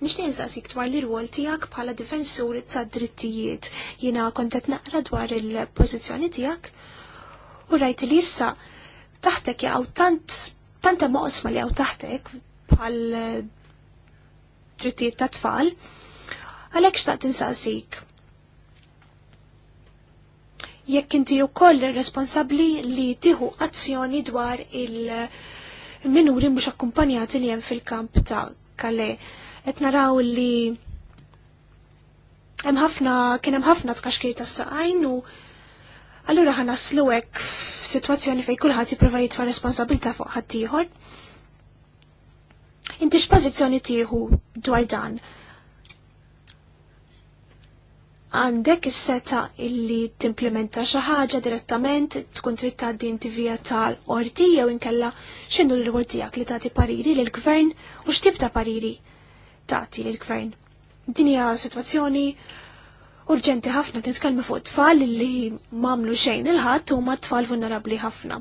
Nixtieq nsaqsik dwar l-irwol tiegħek bħala difensur ta' drittijiet. Jiena kont qed naqra dwar il-pożizzjoni tiegħek u rajt li issa taħtek jgħu tant tant hemm li jgħu taħtek bħal eh, drittijiet ta' tfal, għalhekk xtaqt insaqsik. Jekk inti wkoll responsabli li tieħu azzjoni dwar il-minuri mhux akkumpanjati li hemm fil-kamp ta' kalle, qed naraw li hemm ħafna kien hemm ħafna tkaxkir tas-saqajn u allura ħana sluwek hekk f'sitwazzjoni fejn kulħadd jipprova jitfa' responsabilità fuq ħadd ieħor. Inti x'pożizzjoni tieħu dwar dan? Għandek is-seta illi timplementa xi ħaġa direttament tkun trid tgħaddi inti via tal-qorti jew inkella x'inhu l-rwol tiegħek li tagħti pariri lill-gvern u x'tib ta' pariri tagħti lill-gvern. Din hija sitwazzjoni urġenti ħafna kien skalmi fuq tfal li mamlu xejn il-ħadd huma tfal vulnerabbli ħafna.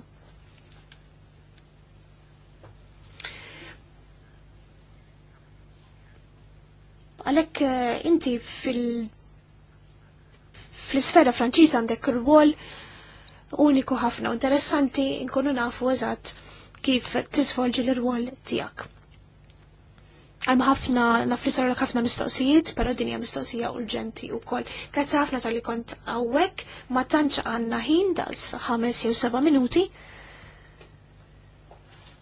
Għalhekk eh, inti fil fl-isfera Franċiża għandek rwol uniku ħafna u interessanti nkunu nafu eżatt kif tisvolġi l-rwol tiegħek. Għajm ħafna, nafisar l ħafna mistoqsijiet, pero dinja mistoqsija urġenti u koll. Grazzi ħafna tal-li kont għawek, ma tanċ għanna ħin dal ħames jew seba minuti.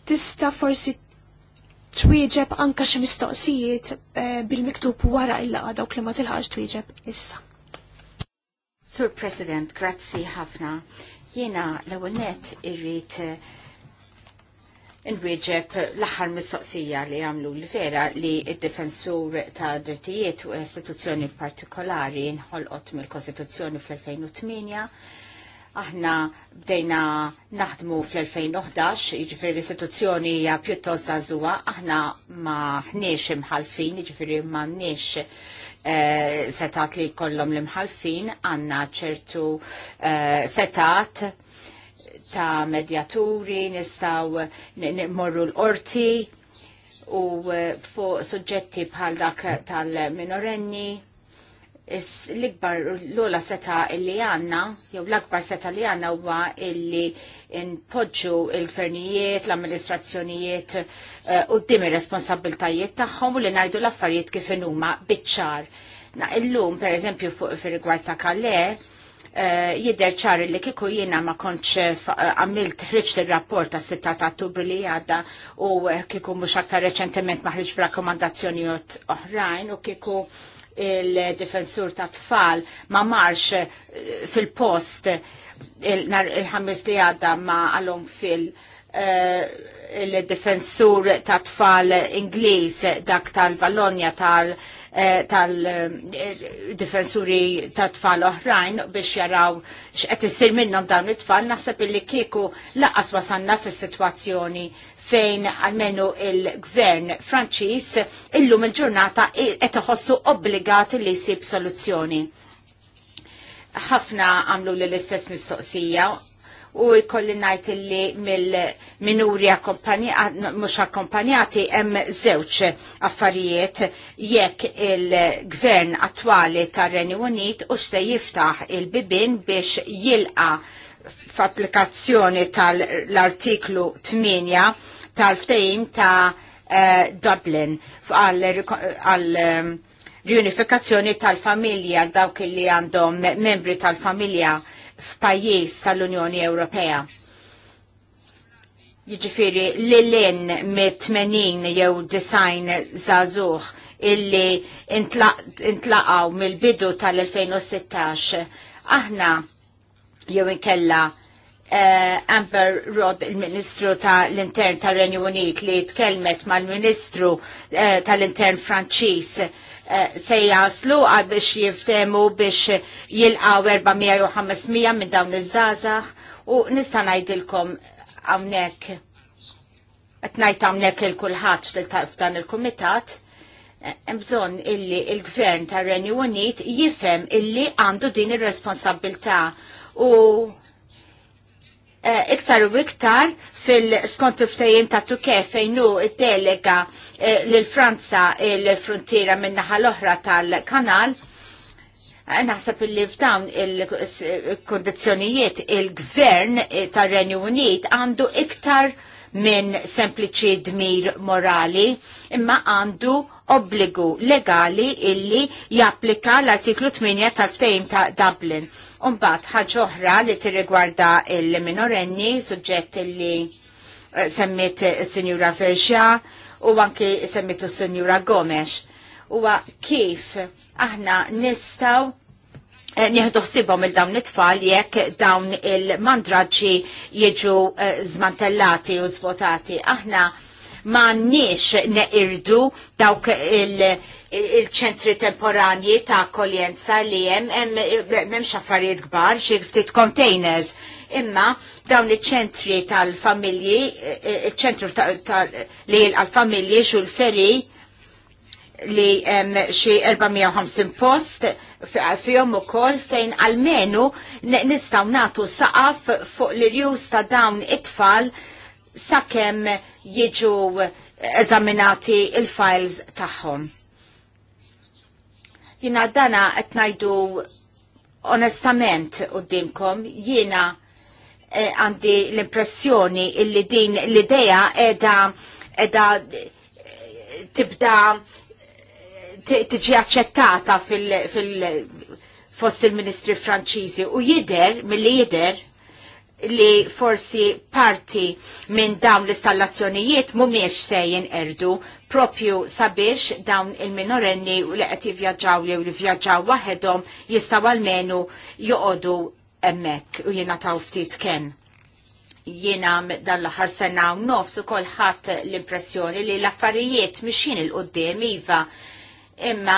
Tista forsi twieġeb anka xi mistoqsijiet eh, bil-miktub wara illa laqa dawk li ma tilħax twieġeb issa. Sur President, grazzi ħafna. Jiena l-ewwel irrit irrid eh, nwieġeb l-aħħar mistoqsija li għamlu li vera li id-difensur ta' drittijiet u istituzzjoni partikolari nħolqot mill-Kostituzzjoni fl-2008. Aħna bdejna naħdmu fl-2011, jiġifieri l-istituzzjoni hija pjuttost żagħżugħa, aħna ma ħniex imħalfin, jiġifieri m'għandniex eh, setat li kollhom l-imħalfin, għandna ċertu eh, setat ta' medjaturi, nistaw morru l-orti u eh, fuq suġġetti bħal dak tal-minorenni. L-ikbar l-ola seta illi għanna, jew l-akbar seta li għanna huwa illi npoġġu il-gvernijiet, l-amministrazzjonijiet eh, u d-dimi responsabiltajiet tagħhom u li najdu l-affarijiet kif huma biċ-ċar. Illum, per eżempju, fuq fir rigward ta' Kalle, Eh, jider ċar li kiku jiena ma konċ eh, eh, għamilt ħriċ il-rapport ta' 6 ta' ottubru li għadda u kiku mux aktar reċentement maħriċ b'rakkomandazzjoni oħrajn u kiku il-difensur ta' tfal ma marx fil-post il-ħamis li għadda ma għalom fil- il-defensur ta' tfal Ingliż dak tal-Vallonja tal-difensuri eh, eh, ta' tfal oħrajn biex jaraw x'qed isir minnhom dawn it-tfal naħseb illi kieku laqas wasanna fis-sitwazzjoni fejn almenu il-gvern Franċiż illum il-ġurnata qed iħossu obbligat li jsib soluzzjoni. Ħafna għamlu l-istess mistoqsija u jkolli najt li mill-minuri mux akkompanjati hemm żewġ affarijiet jekk il-gvern attwali tar renju Unit u se jiftaħ il-bibin biex jilqa f'applikazzjoni tal-artiklu 8 tal-ftejim ta' eh, Dublin għal eh, riunifikazzjoni tal-familja dawk li għandhom membri tal-familja f'pajjiż tal-Unjoni Ewropea. Jiġifieri lilin mit-80 jew design żagħżugħ illi intlaqgħu mill-bidu tal-2016. Aħna jew inkella uh, Amber Rod, il-Ministru tal-Intern tal-Renju Unit, li tkellmet mal-Ministru uh, tal-Intern Franċiż Eh, se jaslu għal biex jiftemu biex jilqaw 400 500 minn dawn iż-żazax u nista' ngħidilkom hawnhekk qed ngħid hawnhekk il kulħadd f'dan il-kumitat eh, bżonn illi il-gvern tar-Renju Unit jifhem illi għandu din ir-responsabilità u eh, iktar u iktar fil-skont il-ftajim ta' tuke fejnu delega eh, l-Franza il-frontiera minnaħa l-oħra tal-kanal, eh, Naħseb li f'dawn il-kondizjonijiet il-gvern eh, tal-Renju Unit għandu iktar minn sempliċi dmir morali, imma għandu obbligu legali illi japplika l-artiklu 8 tal-ftejm ta' Dublin Umbat ħagħoħra li tirrigwarda il-minorenni, suġġett li eh, semmit il-Sinjura Verxja u anki semmit il senjura Gomes. U kif aħna nistaw eh, nieħdu ħsibhom il dawn it-tfal jekk dawn il-mandraġġi jiġu eh, zmantellati u zvotati. Aħna ma nix neqirdu dawk il- il-ċentri temporanji ta' kolienza li hemm hemm affarijiet kbar xi ftit containers. Imma dawn iċ-ċentri tal-familji, iċ-ċentru li l familji xu l-feri li xi 450 post fihom ukoll fejn almenu nistgħu nagħtu saqaf fuq l-irjus ta' dawn it-tfal sakemm jiġu eżaminati il-files tagħhom. Jina dana qed ngħidu onestament dimkom, jiena eh, għandi eh, l-impressjoni illi din l-idea edha edha eh, tibda eh, tiġi accettata fil, fil fost il-ministri franċiżi u jider, mill-li jider, li forsi parti minn dawn l-installazzjonijiet mumiex se erdu propju sabiex dawn il-minorenni u li qed jivvjaġġaw jew li vjaġġaw waħedhom jistgħu għalmenu joqogħdu hemmhekk u jingħataw ftit ken. Jiena dan l-aħħar sena u nofs ukoll ħadd l-impressjoni li l-affarijiet mixin il-qudiem iva imma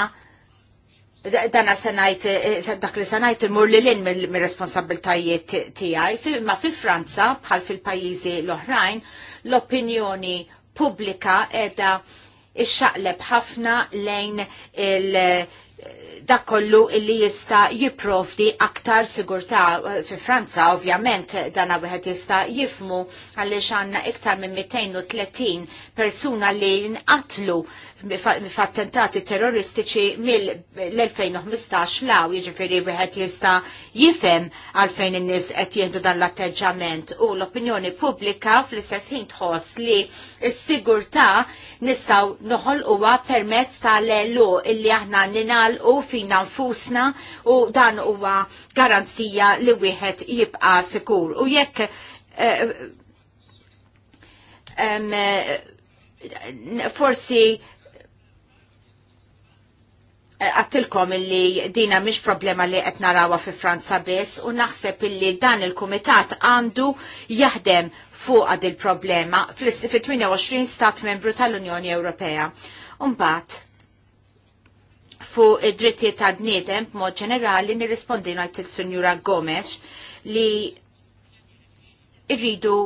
dana sanajt, eh, dak li sanajt imur li l-in mill-responsabiltajiet tijaj, ma fi Franza, bħal fil-pajizi l-oħrajn, l-opinjoni pubblika edha ixxaqleb ħafna lejn il- dak kollu illi jista jipprovdi aktar sigurtà eh, fi Franza, ovvjament dana wieħed jista jifmu għaliex għandna iktar minn 230 persuna li nqatlu f'attentati terroristiċi mill-2015 law jiġifieri wieħed jista' jifhem għalfejn in-nies qed jieħdu dan l-atteġġament u l-opinjoni pubblika fl-istess ħin tħoss li s-sigurtà nistgħu noħolquha permezz tal Lelu illi aħna ninalqu fina nfusna u dan huwa garanzija li wieħed jibqa' sikur. U jekk eh, eh, forsi Eh, għattilkom illi dina mish problema li qed narawa fi Franza biss u naħseb illi dan il-kumitat għandu jaħdem fuq għad il-problema fl-28 stat membru tal-Unjoni Ewropea. Umbat, fuq id-drittijiet tad bniedem b'mod ġenerali nirrispondina għal til-Sinjura Gomes li irridu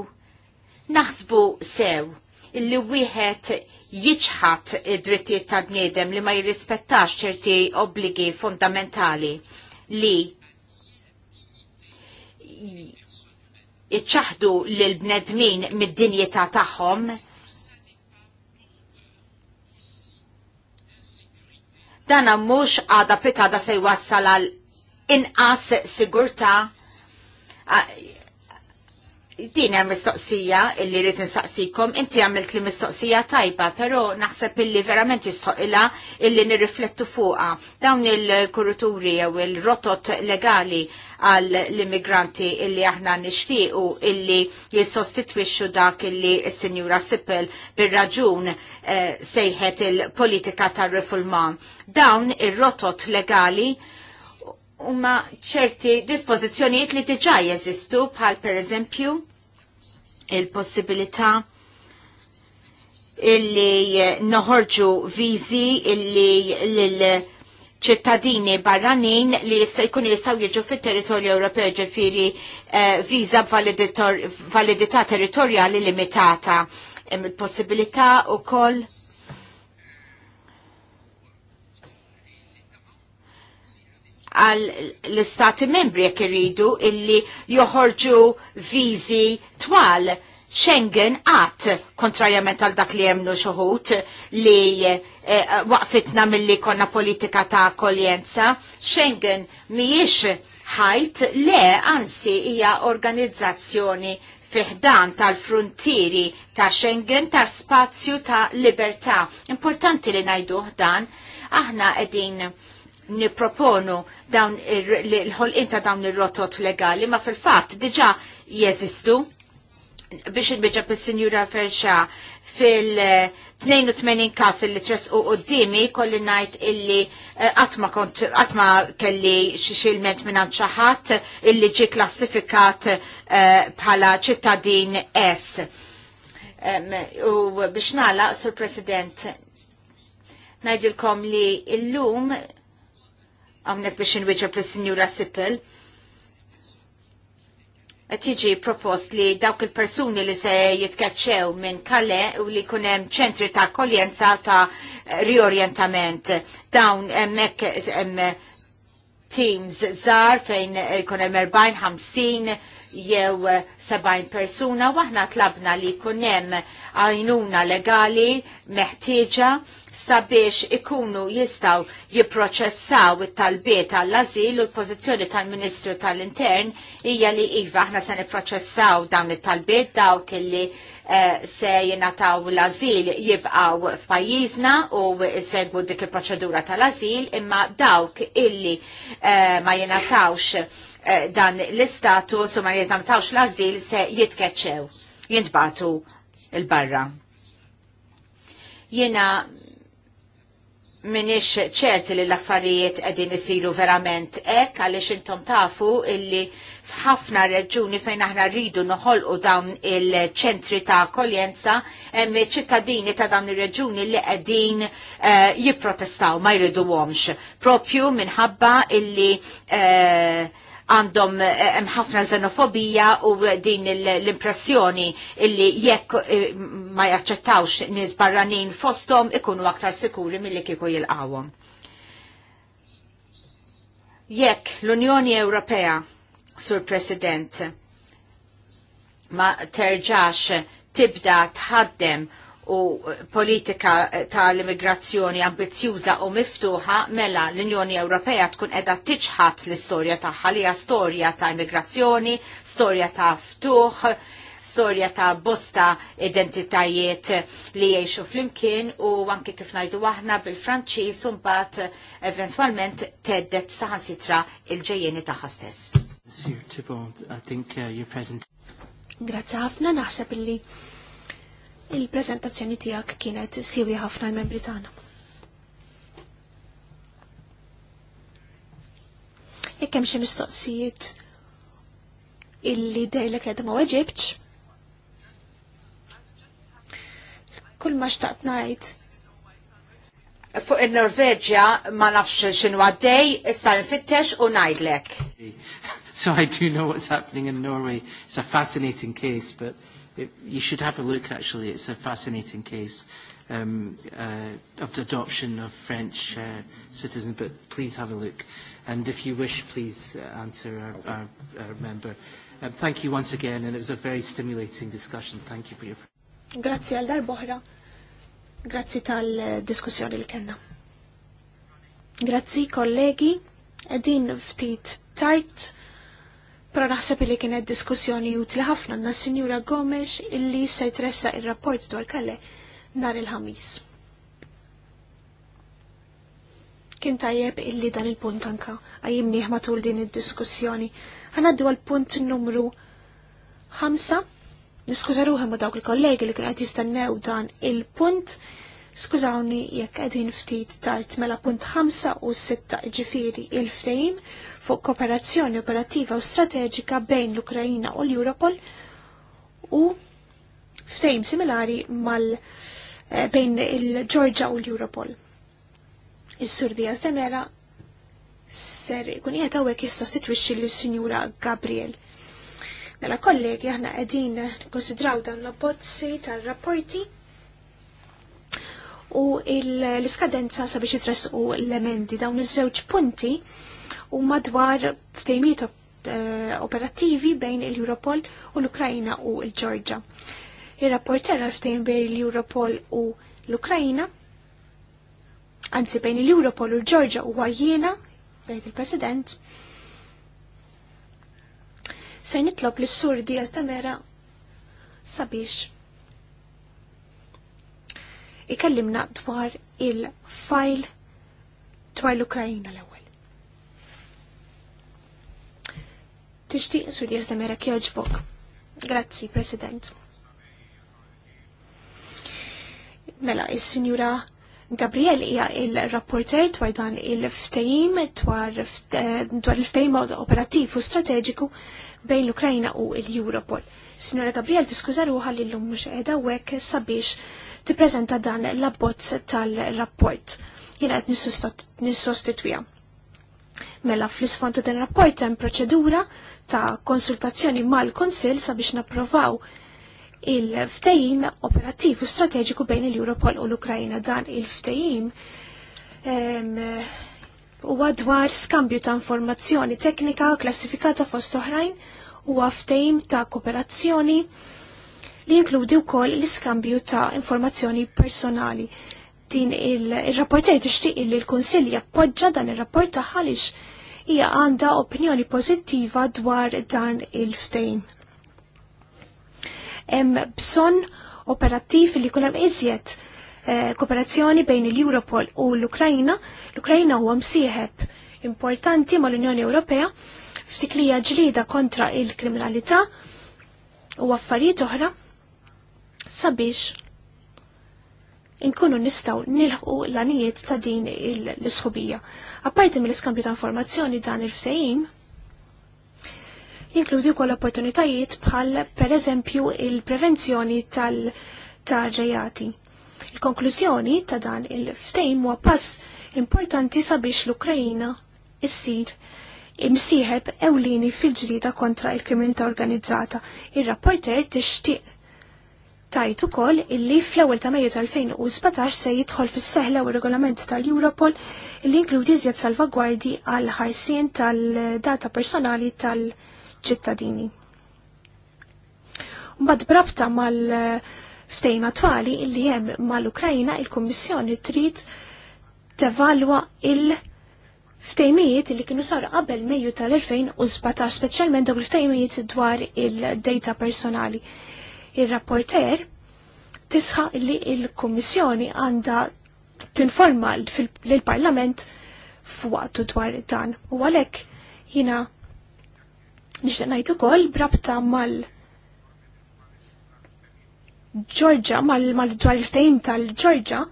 naħsbu sew illi wieħed jiċħat id-drittijiet ta' bniedem li ma jirrispettax ċerti obbligi fundamentali li iċċaħdu l-bnedmin mid-dinjeta tagħhom dan mhux għada pitada se jwassal għal inqas sigurtà din hemm mistoqsija illi rrid nistaqsikom, inti għamilt li mistoqsija tajba, però naħseb illi verament jistħoqilha illi nirriflettu fuqha dawn il-kuruturi jew il-rotot legali għal l-immigranti illi aħna nixtiequ illi jissostitwixxu dak illi s-Sinjura Sippel bir-raġun eh, sejħet il-politika tar rifulma. Dawn ir-rotot legali huma ċerti dispożizzjonijiet li diġà jeżistu bħal pereżempju il-possibilità illi noħorġu viżi illi l- ċittadini barranin li jista' jkun jistgħu jiġu fit-territorju Ewropew ġifieri eh, viża validità territorjali limitata. Hemm il-possibilità wkoll għal l-istati membri jekk iridu illi joħorġu viżi twal Schengen għat kontrarjament għal dak li jemnu xoħut li eh, waqfitna mill-li konna politika ta' akkoljenza. Schengen miex ħajt le għansi hija organizzazzjoni fiħdan tal-frontieri ta' Schengen ta' spazju ta' libertà. Importanti li najduħ dan, aħna edin niproponu dawn il-ħolqin ta' dawn ir-rotot legali, ma fil-fatt diġà jeżistu biex nbiġa bis-Sinjura Ferxa fil-82 kas li u għoddimi kolli najt illi għatma eh, kont għatma kelli xilment minan ċaħat illi ġi klassifikat eh, bħala ċittadin S. U biex nala, Sur President, najdilkom li illum lum għamnek biex nwiġab l-Sinjura Sippel. Tiġi propost li dawk il-persuni li se jitkaċċew minn Kalle u li kunem ċentri ta' koljenza ta' riorientament. Dawn emmek em, teams zar fejn kunem 40-50 jew 70 persuna waħna tlabna li kunem għajnuna legali meħtieġa sabiex ikunu jistaw jiproċessaw it-talbiet għall-azil u l-pozizjoni tal-Ministru tal-Intern hija li iva aħna se niproċessaw dawn it-talbiet dawk li eh, se jenataw l-azil jibqaw f'pajjiżna u segwu dik il-proċedura tal-azil imma dawk illi eh, ma ma jenatawx Eh, dan l istatu su ma jitantawx l-azil se jitkeċċew, jintbatu il-barra. Jena minix ċerti li l-affarijiet edin isiru verament ek, għalix intom tafu illi f'ħafna reġuni fejn aħna rridu noħolqu dawn il-ċentri ta' koljenza, emmi ċittadini ta' dawn ir-reġuni li qegħdin eh, jipprotestaw ma jridu għomx, propju minħabba illi uh, għandhom eh, hemm ħafna xenofobija u din l-impressjoni illi jekk eh, ma jaċċettawx nies barranin fosthom ikunu aktar sikuri milli kieku jilqawhom. Jekk l-Unjoni Ewropea, Sur President, ma terġax tibda tħaddem u politika tal-immigrazzjoni ambizjuża u miftuħa mela l-Unjoni Ewropea tkun edha tiċħat l-istorja tagħha li storja ta' immigrazzjoni, storja ta' ftuħ, storja ta' bosta identitajiet li jiexu flimkien u anke kif najdu waħna bil-Franċis un bat eventualment teddet saħansitra il-ġejjeni tagħha stess. Uh, Grazie ħafna naħseb illi il-prezentazzjoni tijak kienet siwi ħafna l-membri tagħna. Jekk hemm xi mistoqsijiet illi dejlek qed ma weġibx, kull ma xtaqt najt. fuq il-Norveġja ma nafx xinu għaddej, issa nfittex u najdlek. So I do know what's happening in Norway. It's a fascinating case, but it, you should have a look, actually. It's a fascinating case um, uh, of the adoption of French uh, citizens, but please have a look. And if you wish, please uh, answer our, okay. our, our member. Um, thank you once again, and it was a very stimulating discussion. Thank you for your... Grazie al darbohra. grazie tal-diskussjoni eh, li kena. grazie kollegi, edin ftit tajt Pero naħseb li kienet diskussjoni utli ħafna na Sinjura Gomes illi se jtressa il-rapport dwar kalle nar il-ħamis. Kien tajjeb illi dan il-punt anka għajimniħ matul din id-diskussjoni. Għanaddu għal-punt numru 5. Niskuża ruħem ma dawk il-kollegi li kienu qed jistennew dan il-punt. Skużawni jekk qegħdin ftit tard mela punt 5 u 6 ġifieri il-ftehim fuq kooperazzjoni operattiva u strateġika bejn l-Ukrajina u l-Europol u ftejm similari mal eh, bejn il-Georgia u l-Europol. is surdija Zdemera ser ikun qiegħed hawnhekk jissostitwixxi lis-Sinjura Gabriel. Mela kollegi aħna qegħdin nikkonsidraw dawn l-abbozzi tal-rapporti u l-iskadenza sabiex jitresqu l-emendi dawn iż-żewġ punti u madwar ftejmiet eh, operattivi bejn il-Europol u l-Ukrajina u l-Ġorġa. Il-rapporter ftejn bejn l-Europol u l-Ukrajina, anzi bejn l-Europol u l-Ġorġa u għajjena, bejt il-President, se nitlob l sur Diaz Damera sabiex. Ikellimna dwar il-fajl dwar l-Ukrajina l-ewwel. Tixtieq sur jazdamera kjoġbok. Grazzi, President. Mela, il-Sinjura Gabriel hija il-rapporter dwar dan il-ftehim dwar il-ftehim operativ u strateġiku bejn l-Ukrajna u l-Europol. Signora Gabriel diskuża u għalli l-lum mhux qiegħda hekk sabiex tippreżenta dan l-abbozz tal-rapport. Jena qed nissostitwija. Mela fl-isfond ta' din rapport hemm proċedura ta' konsultazzjoni mal-Konsil sabiex napprovaw il-ftejim operattiv u strateġiku bejn il-Europol u l ukrajina dan il-ftejim u għadwar skambju ta' informazzjoni teknika klassifikata fost oħrajn u għaftejm ta' kooperazzjoni li jinkludi wkoll l-iskambju ta' informazzjoni personali. Din il rapportajt tixtieq li l-Kunsill jappoġġa dan ir-rapport ta' ħalix hija għandha opinjoni pożittiva dwar dan il-ftejn. Hemm bżonn operattiv li hemm iżjed eh, kooperazzjoni bejn il-Europol u l ukrajina l ukrajina huwa msieħeb importanti mal-Unjoni Ewropea f'tiklija ġlida kontra il-kriminalità u affarijiet oħra sabiex inkunu nistaw nilħu l-anijiet ta' din l-isħubija. Apparti mill-iskambju ta' informazzjoni dan il-ftehim, jinkludi wkoll opportunitajiet bħal pereżempju il-prevenzjoni tal reati Il-konklużjoni ta' dan il-ftehim huwa pass importanti sabiex l-Ukrajina issir imsieħeb ewlini fil-ġlida kontra il-kriminalità organizzata. Ir-rapporter tixtieq tajt ukoll illi fl-ewwel ta' Mejju tal-2017 se jidħol fis-seħla u regolament tal-Europol illi inkludi iżjed salvagwardi għal ħarsien tal-data personali tal-ċittadini. Mbagħad brabta mal-ftejma twali illi hemm mal-Ukrajna il-Kummissjoni trid tevalwa il- ftejmijiet li kienu saru qabel Mejju tal-2017, speċjalment dawk il-ftejmijiet dwar il-data personali Il-rapporter tisħa li il-Kommissjoni għanda tinforma l-Parlament f'waqtu dwar dan. U għalek jina nixtieq ngħid ukoll brabta mal Georgia mal dwar il-ftehim tal georgia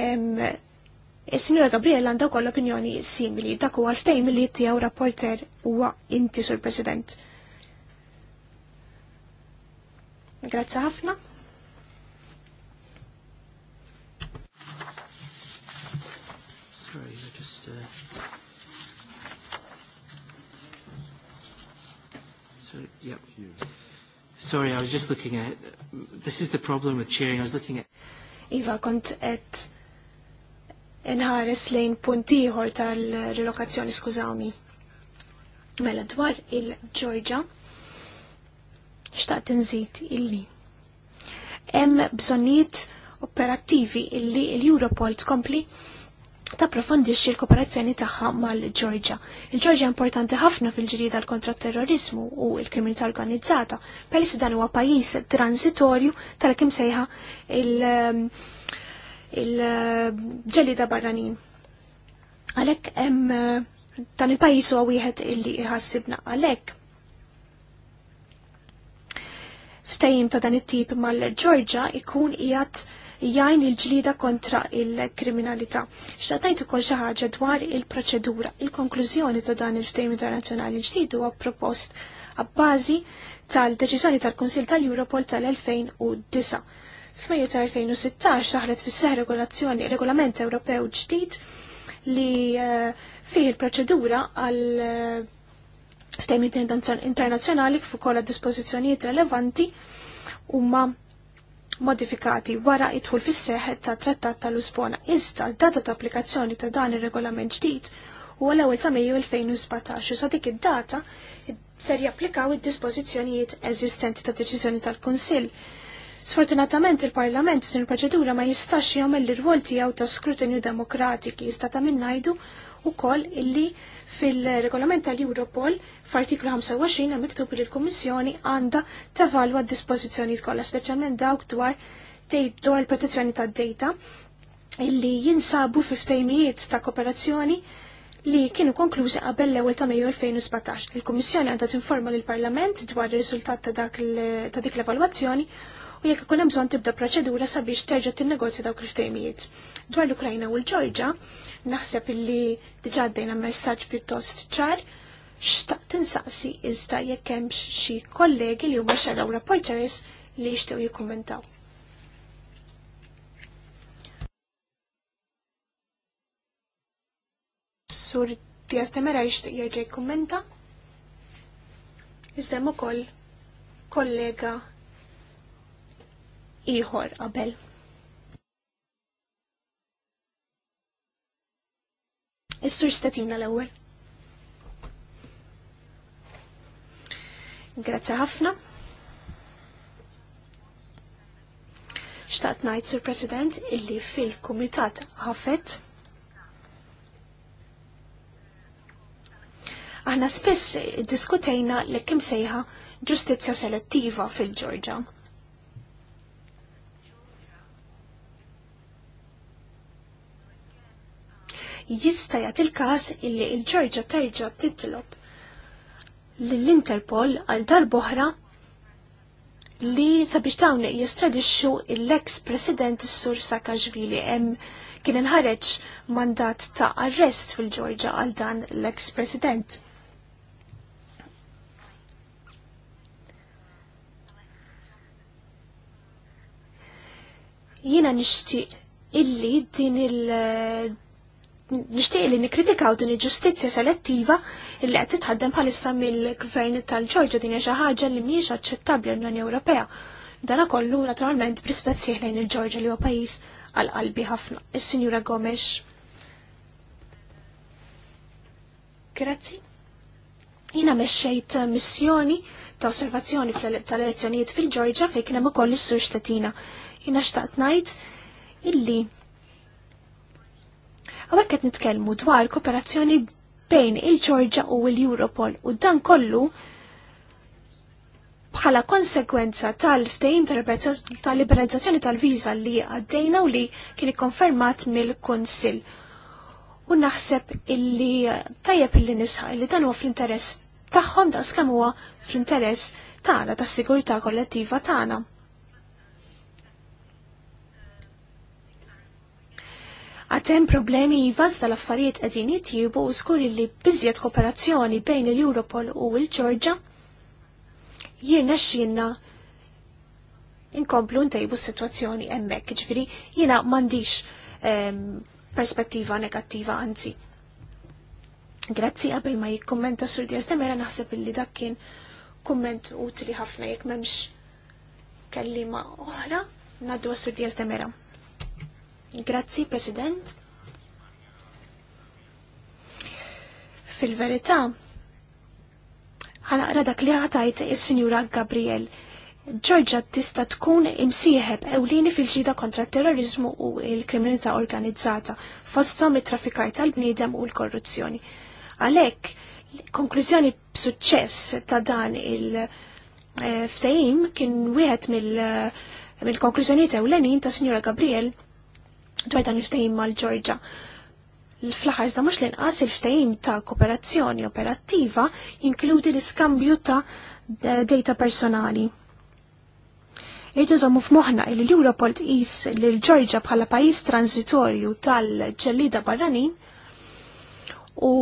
is-Sinjora Gabriela għandha wkoll opinjoni simili dak huwa l-ftehim li tiegħu rapporter huwa inti sur President. Grazie ħafna. Uh, yep. Sorry, I was just looking at, this is the problem with chairing, I was looking at... Iva, kont et inħares lejn punti tal-relokazzjoni, skużawni. Mela, dwar il georgia xtaqt nżid illi. Hemm bżonnijiet operattivi illi l-Europol tkompli ta' profondix l-kooperazzjoni tagħha mal georgia il georgia importanti ħafna fil-ġrida kontra terrorizmu u l-kriminalità organizzata, se dan huwa pajjiż transitorju tal-kim sejħa il-ġelida il barranin. Għalhekk hemm dan il-pajjiż huwa wieħed illi ħassibna għalhekk ftajim ta' dan it-tip mal-Ġorġa ikun qiegħed jgħin il-ġlida kontra il-kriminalità. Xtaqtajt u xi ħaġa dwar il-proċedura. Il-konklużjoni ta' dan il-ftehim internazzjonali ġdid huwa propost għabbażi tal-deċiżjoni tal-Kunsil tal-Europol tal-2009. F'Mejju tal 2016 saħlet fis seħħ regolazzjoni regolament Ewropew ġdid li eh, fih il-proċedura għal eh, f'temi internazzjonali kif ukoll dispożizzjonijiet relevanti huma modifikati wara jidħul fis seħħ ta' Trattat ta' Lisbona. Iżda data ta' applikazzjoni ta' dan ir-regolament ġdid huwa l-ewwel ta' Mejju 2017 u sa dik id-data ser japplikaw id-dispożizzjonijiet eżistenti ta' deċiżjoni tal-Kunsill. Sfortunatament il-Parlament din il-proċedura ma jistax jagħmel l-irwol tiegħu ta' skrutinju demokratiki iżda ta' ngħidu ukoll illi Fil-regolament tal-Europol, f'artiklu 25 miktub li l-Kommissjoni għanda tevalwa d dispożizzjonijiet kollha, speċjalment dawk dwar dwar il-protezzjoni tad-data illi jinsabu fi ta' kooperazzjoni li kienu konklużi qabel l-ewwel ta' Mejju 2017. Il-Kummissjoni għandha tinforma lill-Parlament dwar ir-riżultat ta' dik l-evalwazzjoni u jekk ikun hemm bżonn tibda proċedura sabiex terġa' tinnegozja dawk il ftehimijiet Dwar l-Ukrajna u l-Ġorġa, naħseb illi diġà għaddejna messaġġ pjuttost ċar xtaq tinsaqsi iżda jekk hemm xi kollegi li huma xedaw rapporters li jixtiequ jikkumentaw. Sur Diaz de Mera jerġa' jikkumenta. Iżda hemm ukoll kollega iħor qabel. Is-sur statina l-ewwel. Grazzi ħafna. Xtaqt ngħid sur President illi fil-Kumitat ħafet Aħna spiss diskutejna li kim sejħa ġustizzja selettiva fil-Ġorġa jista' jagħti il-każ illi l-Ġorġa terġa' titlob l-Interpol għal darboħra li sabiex dawn jistradixxu l-ex president is-sur Saakashvili hemm kien inħareġ mandat ta' arrest fil-Ġorġa għal dan l-ex president. Jiena nixtieq illi din il nixtieq li nikkritikaw din il-ġustizzja selettiva li qed titħaddem bħalissa mill-Gvern tal-Ġorġa din hija xi ħaġa li mhijiex aċċettabbli l-Unjoni Ewropea. Dan ukoll naturalment brispett sieħ lejn il-Ġorġa li huwa pajjiż għal qalbi ħafna. Is-Sinjura Gomes. Grazzi. Jina mexxejt missjoni ta' osservazzjoni tal-elezzjonijiet fil-Ġorġa fejn kien hemm ukoll is-sur Stetina. Jina xtaqt ngħid illi Għawek qed nitkellmu dwar kooperazzjoni bejn il-ġorġa u l-Europol u dan kollu bħala konsekwenza tal ftejn tal-liberalizzazzjoni tal-viza li għaddejna u li kien ikkonfermat mill-Konsil. U naħseb illi tajjeb illi nisħa illi dan huwa fl-interess tagħhom daqs huwa fl-interess tagħna tas-sigurtà kollettiva tagħna. Għatem problemi jivaz tal-affarijiet qegħdin jitjibu u skur li bizjet kooperazzjoni bejn il-Europol u l-Ġorġa jirna xinna inkomplu ntejbu s-situazzjoni emmek, ġviri jina mandiċ um, ehm, perspettiva negattiva, anzi. Grazzi qabel ma jikkommenta sur Diaz Demera naħseb illi dak kien komment utli ħafna jekk memx kellima oħra naddu sur Diaz Demera. Grazzi, President. Fil-verità, ħanaqra dak li għatajt il-Sinjura Gabriel. Ġorġa tista tkun imsieħeb ewlini fil-ġida kontra terrorizmu u il-kriminalità organizzata, fostom it trafikaj tal-bniedem u l-korruzzjoni. Għalek, konklużjoni b'suċċess ta' dan il-ftajim eh, kien wieħed eh, mill-konklużjonijiet ewlenin ta' Sinjura Gabriel dwar dan il-ftehim mal-Ġorġa. Fl-aħħar da mhux l-inqas il-ftehim ta' kooperazzjoni operattiva jinkludi l-iskambju ta' data personali. Irridu żommu f'moħħna li l-Europol tqis lil Ġorġa bħala pajjiż transitorju tal-ġellida barranin u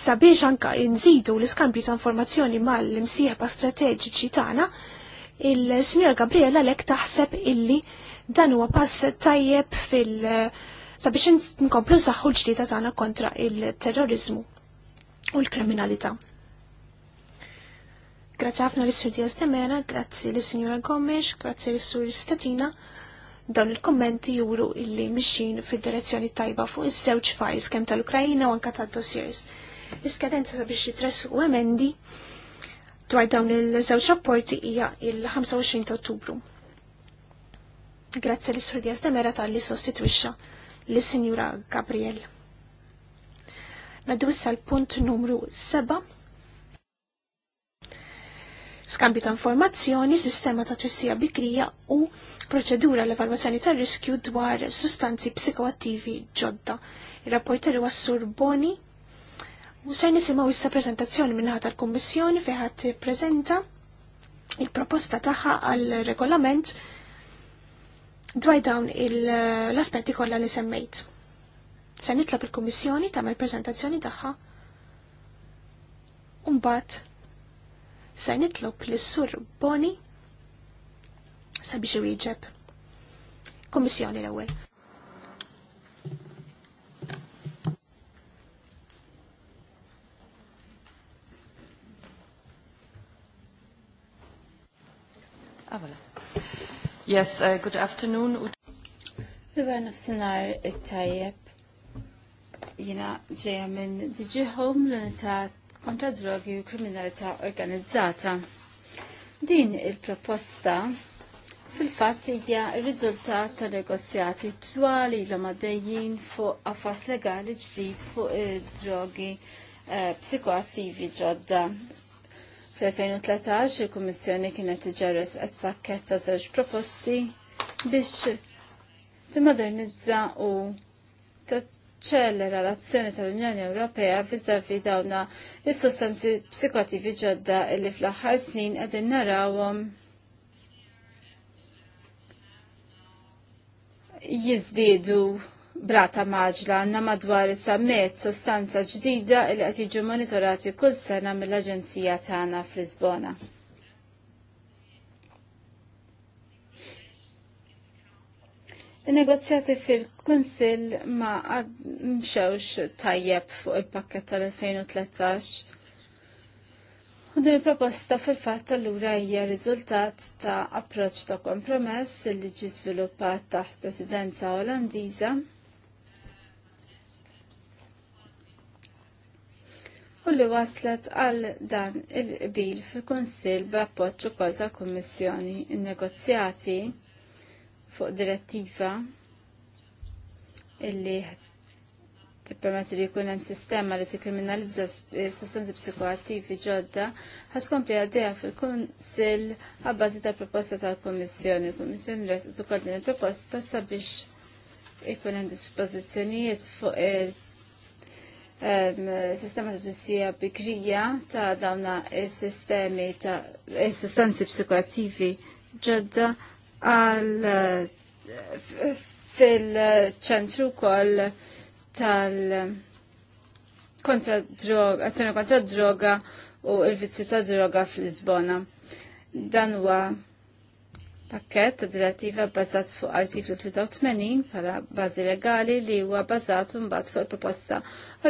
sabiex anka nżidu l-iskambju ta' informazzjoni mal-imsieħba strateġiċi tagħna, il-Sinjora Gabriela lek taħseb illi Dan huwa pass tajjeb fil- sabiex nkomplu saħħu l-ġdida tagħna kontra il-terrorizmu u l-kriminalità. Grazzi ħafna l-Sur Diaz Demera, grazzi l-Sinjora Gomes, grazzi l-Sur Statina. Dawn il-kommenti juru illi mixin fil direzzjoni tajba fuq iż-żewġ fajs kemm tal-Ukrajina u anka tad-dossiers. L-iskadenza sabiex jitressu u emendi dwar dawn il-żewġ rapporti hija il-25 ta' Ottubru. Grazzi li Sur Diaz Demera tal-li sostituisċa li Sinjura Gabriel. Naddu issa l-punt numru 7. Skambju ta' informazzjoni, sistema ta' twissija bikrija u proċedura l-evalwazzjoni tar riskju dwar sustanzi psikoattivi ġodda. Il-rapporter huwa Sur Boni. U ser nisimgħu issa preżentazzjoni minn ħadd tal-Kummissjoni fejn prezenta il-proposta tagħha għal regolament dwar dawn eh, l-aspetti kollha li semmejt. Se nitlob il-Kummissjoni tagħmel preżentazzjoni tagħha u mbagħad se nitlob lis-Sur Boni sabiex iwieġeb. Kummissjoni l-ewwel. Yes, uh, good afternoon. Ibar nafsinar it-tajjeb. Jina ġeja minn DG Home l-unità kontra drogi u kriminalità organizzata. Din il-proposta fil-fatt hija r-riżultat ta' negozjati twali l maddejjin fuq affas legali ġdid fuq id drogi eh, psikoattivi ġodda. Fl-2013 il-Kummissjoni kienet iġarres qed pakket ta' żewġ proposti biex timmodernizza u taċċellera l-azzjoni tal-Unjoni Ewropea viżavi dawna is-sostanzi psikotivi ġodda li fl-aħħar snin qegħdin narawhom jiżdiedu brata maġla għanna madwar sammet sostanza ġdida li qed jiġu monitorati kull sena mill-Aġenzija tagħna fl-Lisbona. Il-negozjati fil-Kunsill ma mxewx tajjeb fuq il-pakket tal-2013. U din proposta fil-fatt allura hija riżultat ta' approċċ ta' kompromess li ġi żviluppat taħt Presidenza Olandiża u li waslet għal dan il-qbil fil-Konsil b'appoġġ ukoll tal-Kummissjoni in-negozjati fuq direttiva illi tippermetti li jkun hemm sistema li tikkriminalizza sostanzi psikoattivi ġodda ħadd tkompli għaddejha fil-Kunsill għabbażi tal-proposta tal-Kummissjoni. Il-Kummissjoni resqet ukoll din il-proposta sabiex ikun hemm dispożizzjonijiet fuq il- sistema ta' ġinsija bikrija ta' dawna sistemi ta' sustanzi psikoattivi ġodda għal eh, fil-ċentru kol tal kontra droga, azzjoni kontra droga u il-vizzju ta' droga fl-Lisbona. Dan huwa pakket ta' direttiva bbażat fuq artiklu 83 bħala bażi legali li huwa bbażat mbagħad fuq il-proposta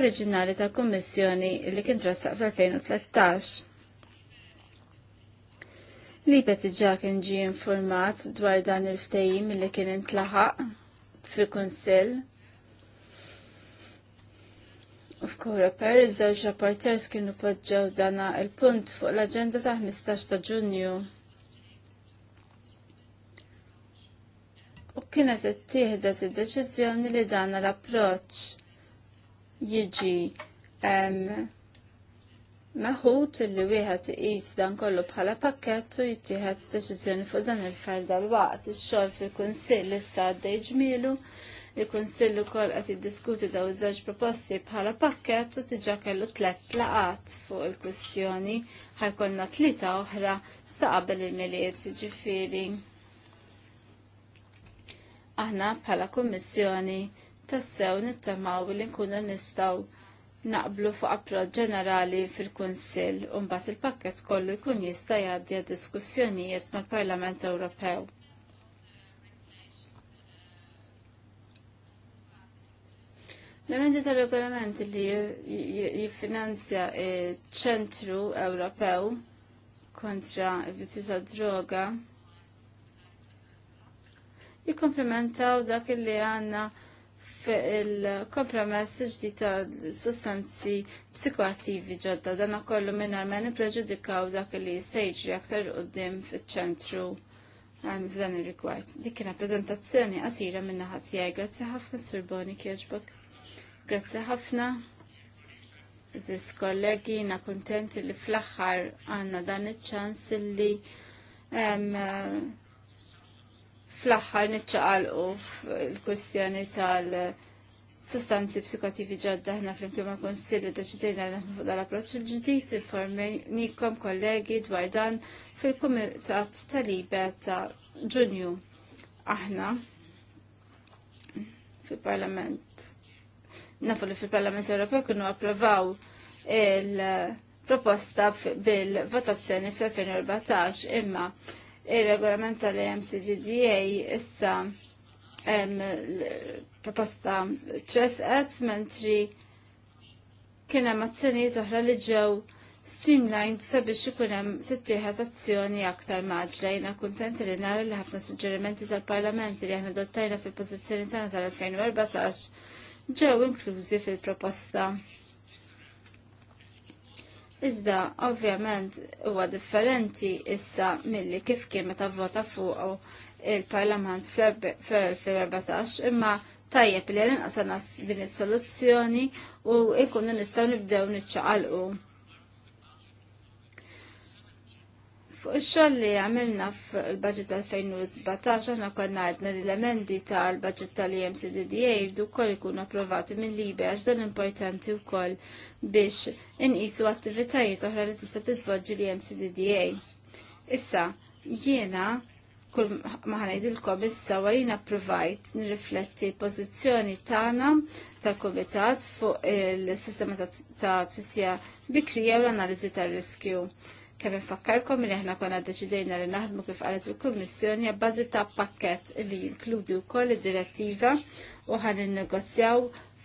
oriġinali tal-Kummissjoni li kien trassaq fl-2013. Libet diġà kien ġie infurmat dwar dan il-ftehim li kien intlaħaq fil-Kunsill Of per iż-żewġ rapporters kienu podġaw dana il-punt fuq l-agenda ta' 15 ta' Ġunju. kienet ittieħdet id-deċiżjoni li dan l-approċċ jiġi meħut li wieħed iqis dan kollu bħala pakkett u jittieħed deċiżjoni fuq dan il-far dal-waqt. Ix-xogħol fil-Kunsill issa għaddej ġmielu, il-Kunsill ukoll qed jiddiskuti daw żewġ proposti bħala pakkett u tiġà kellu tliet laqat fuq il-kwistjoni ħajkollna tlieta oħra sa qabel il-miliet ġifieri aħna bħala kummissjoni tassew nittamaw li nkunu nistaw naqblu fuq approċ ġenerali fil-Kunsill u mbagħad il-pakkett kollu jkun jista' jgħaddi diskussjonijiet mal-Parlament Ewropew. L-emendi tal-regolament li jiffinanzja ċentru Ewropew kontra il-vizju droga jikkomplementaw dak li għanna il-kompromess ġdid ta' sustanzi psikoattivi ġodda dan kollu minnar ma nippreġudikaw dak li stage aktar qudiem fiċ-ċentru f'dan ir-rigward. Dik kienet prezentazzjoni qasira minna naħa tiegħi. Grazzi ħafna Sur Boni kieġbok. Grazzi ħafna. Ziz kollegi, na kontenti li fl-aħħar għandna dan iċ-ċans li fl-axħar u fil-kwestjoni tal-sustanzi psikotivi ġodda ħna fl imkima ma' konsilli deċidejna li fuq dal approċ il-ġdid informejnikom kollegi dwar dan fil-kumitat tal-ibe ta' ġunju aħna fil-Parlament. Nafu li fil-Parlament Ewropew kienu approvaw il- proposta bil-votazzjoni fl-2014 imma il-regolament tal-MCDDA issa proposta tresqet mentri kien hemm toħra oħra li ġew streamlined sabiex ikun hemm tittieħed azzjoni aktar maġla. Jiena kuntent li nara li ħafna suġġerimenti tal-Parlament li aħna dottajna fil-pożizzjoni tagħna tal-2014 ġew inklużi fil-proposta Iżda, ovvjament, huwa differenti issa milli kif kien meta vvota fuq il-Parlament fl-2014 imma tajjeb li l-inqas nas din is-soluzzjoni u jkunu nistgħu nibdew niċċaqalqu. Fuq il xogħol li għamilna fil-budget tal-2017 aħna konna għadna li l-emendi tal-budget tal-EMCDDA jibdu wkoll ikunu approvati minn libe għax dan importanti wkoll biex inqisu attivitajiet oħra li tista' tisvolġi l-EMCDDA. Issa, jiena kull ma ħanajdilkom issa għalina provajt nirrifletti pożizzjoni tagħna tal-Kumitat fuq il-sistema ta' twissija bikrija u l-analiżi tar-riskju. Ta Kemm infakkarkom li aħna konna deċidejna li naħdmu kif qalet il-Kummissjoni għabbażi ta' pakkett li jinkludi wkoll id-direttiva u ħan innegozjaw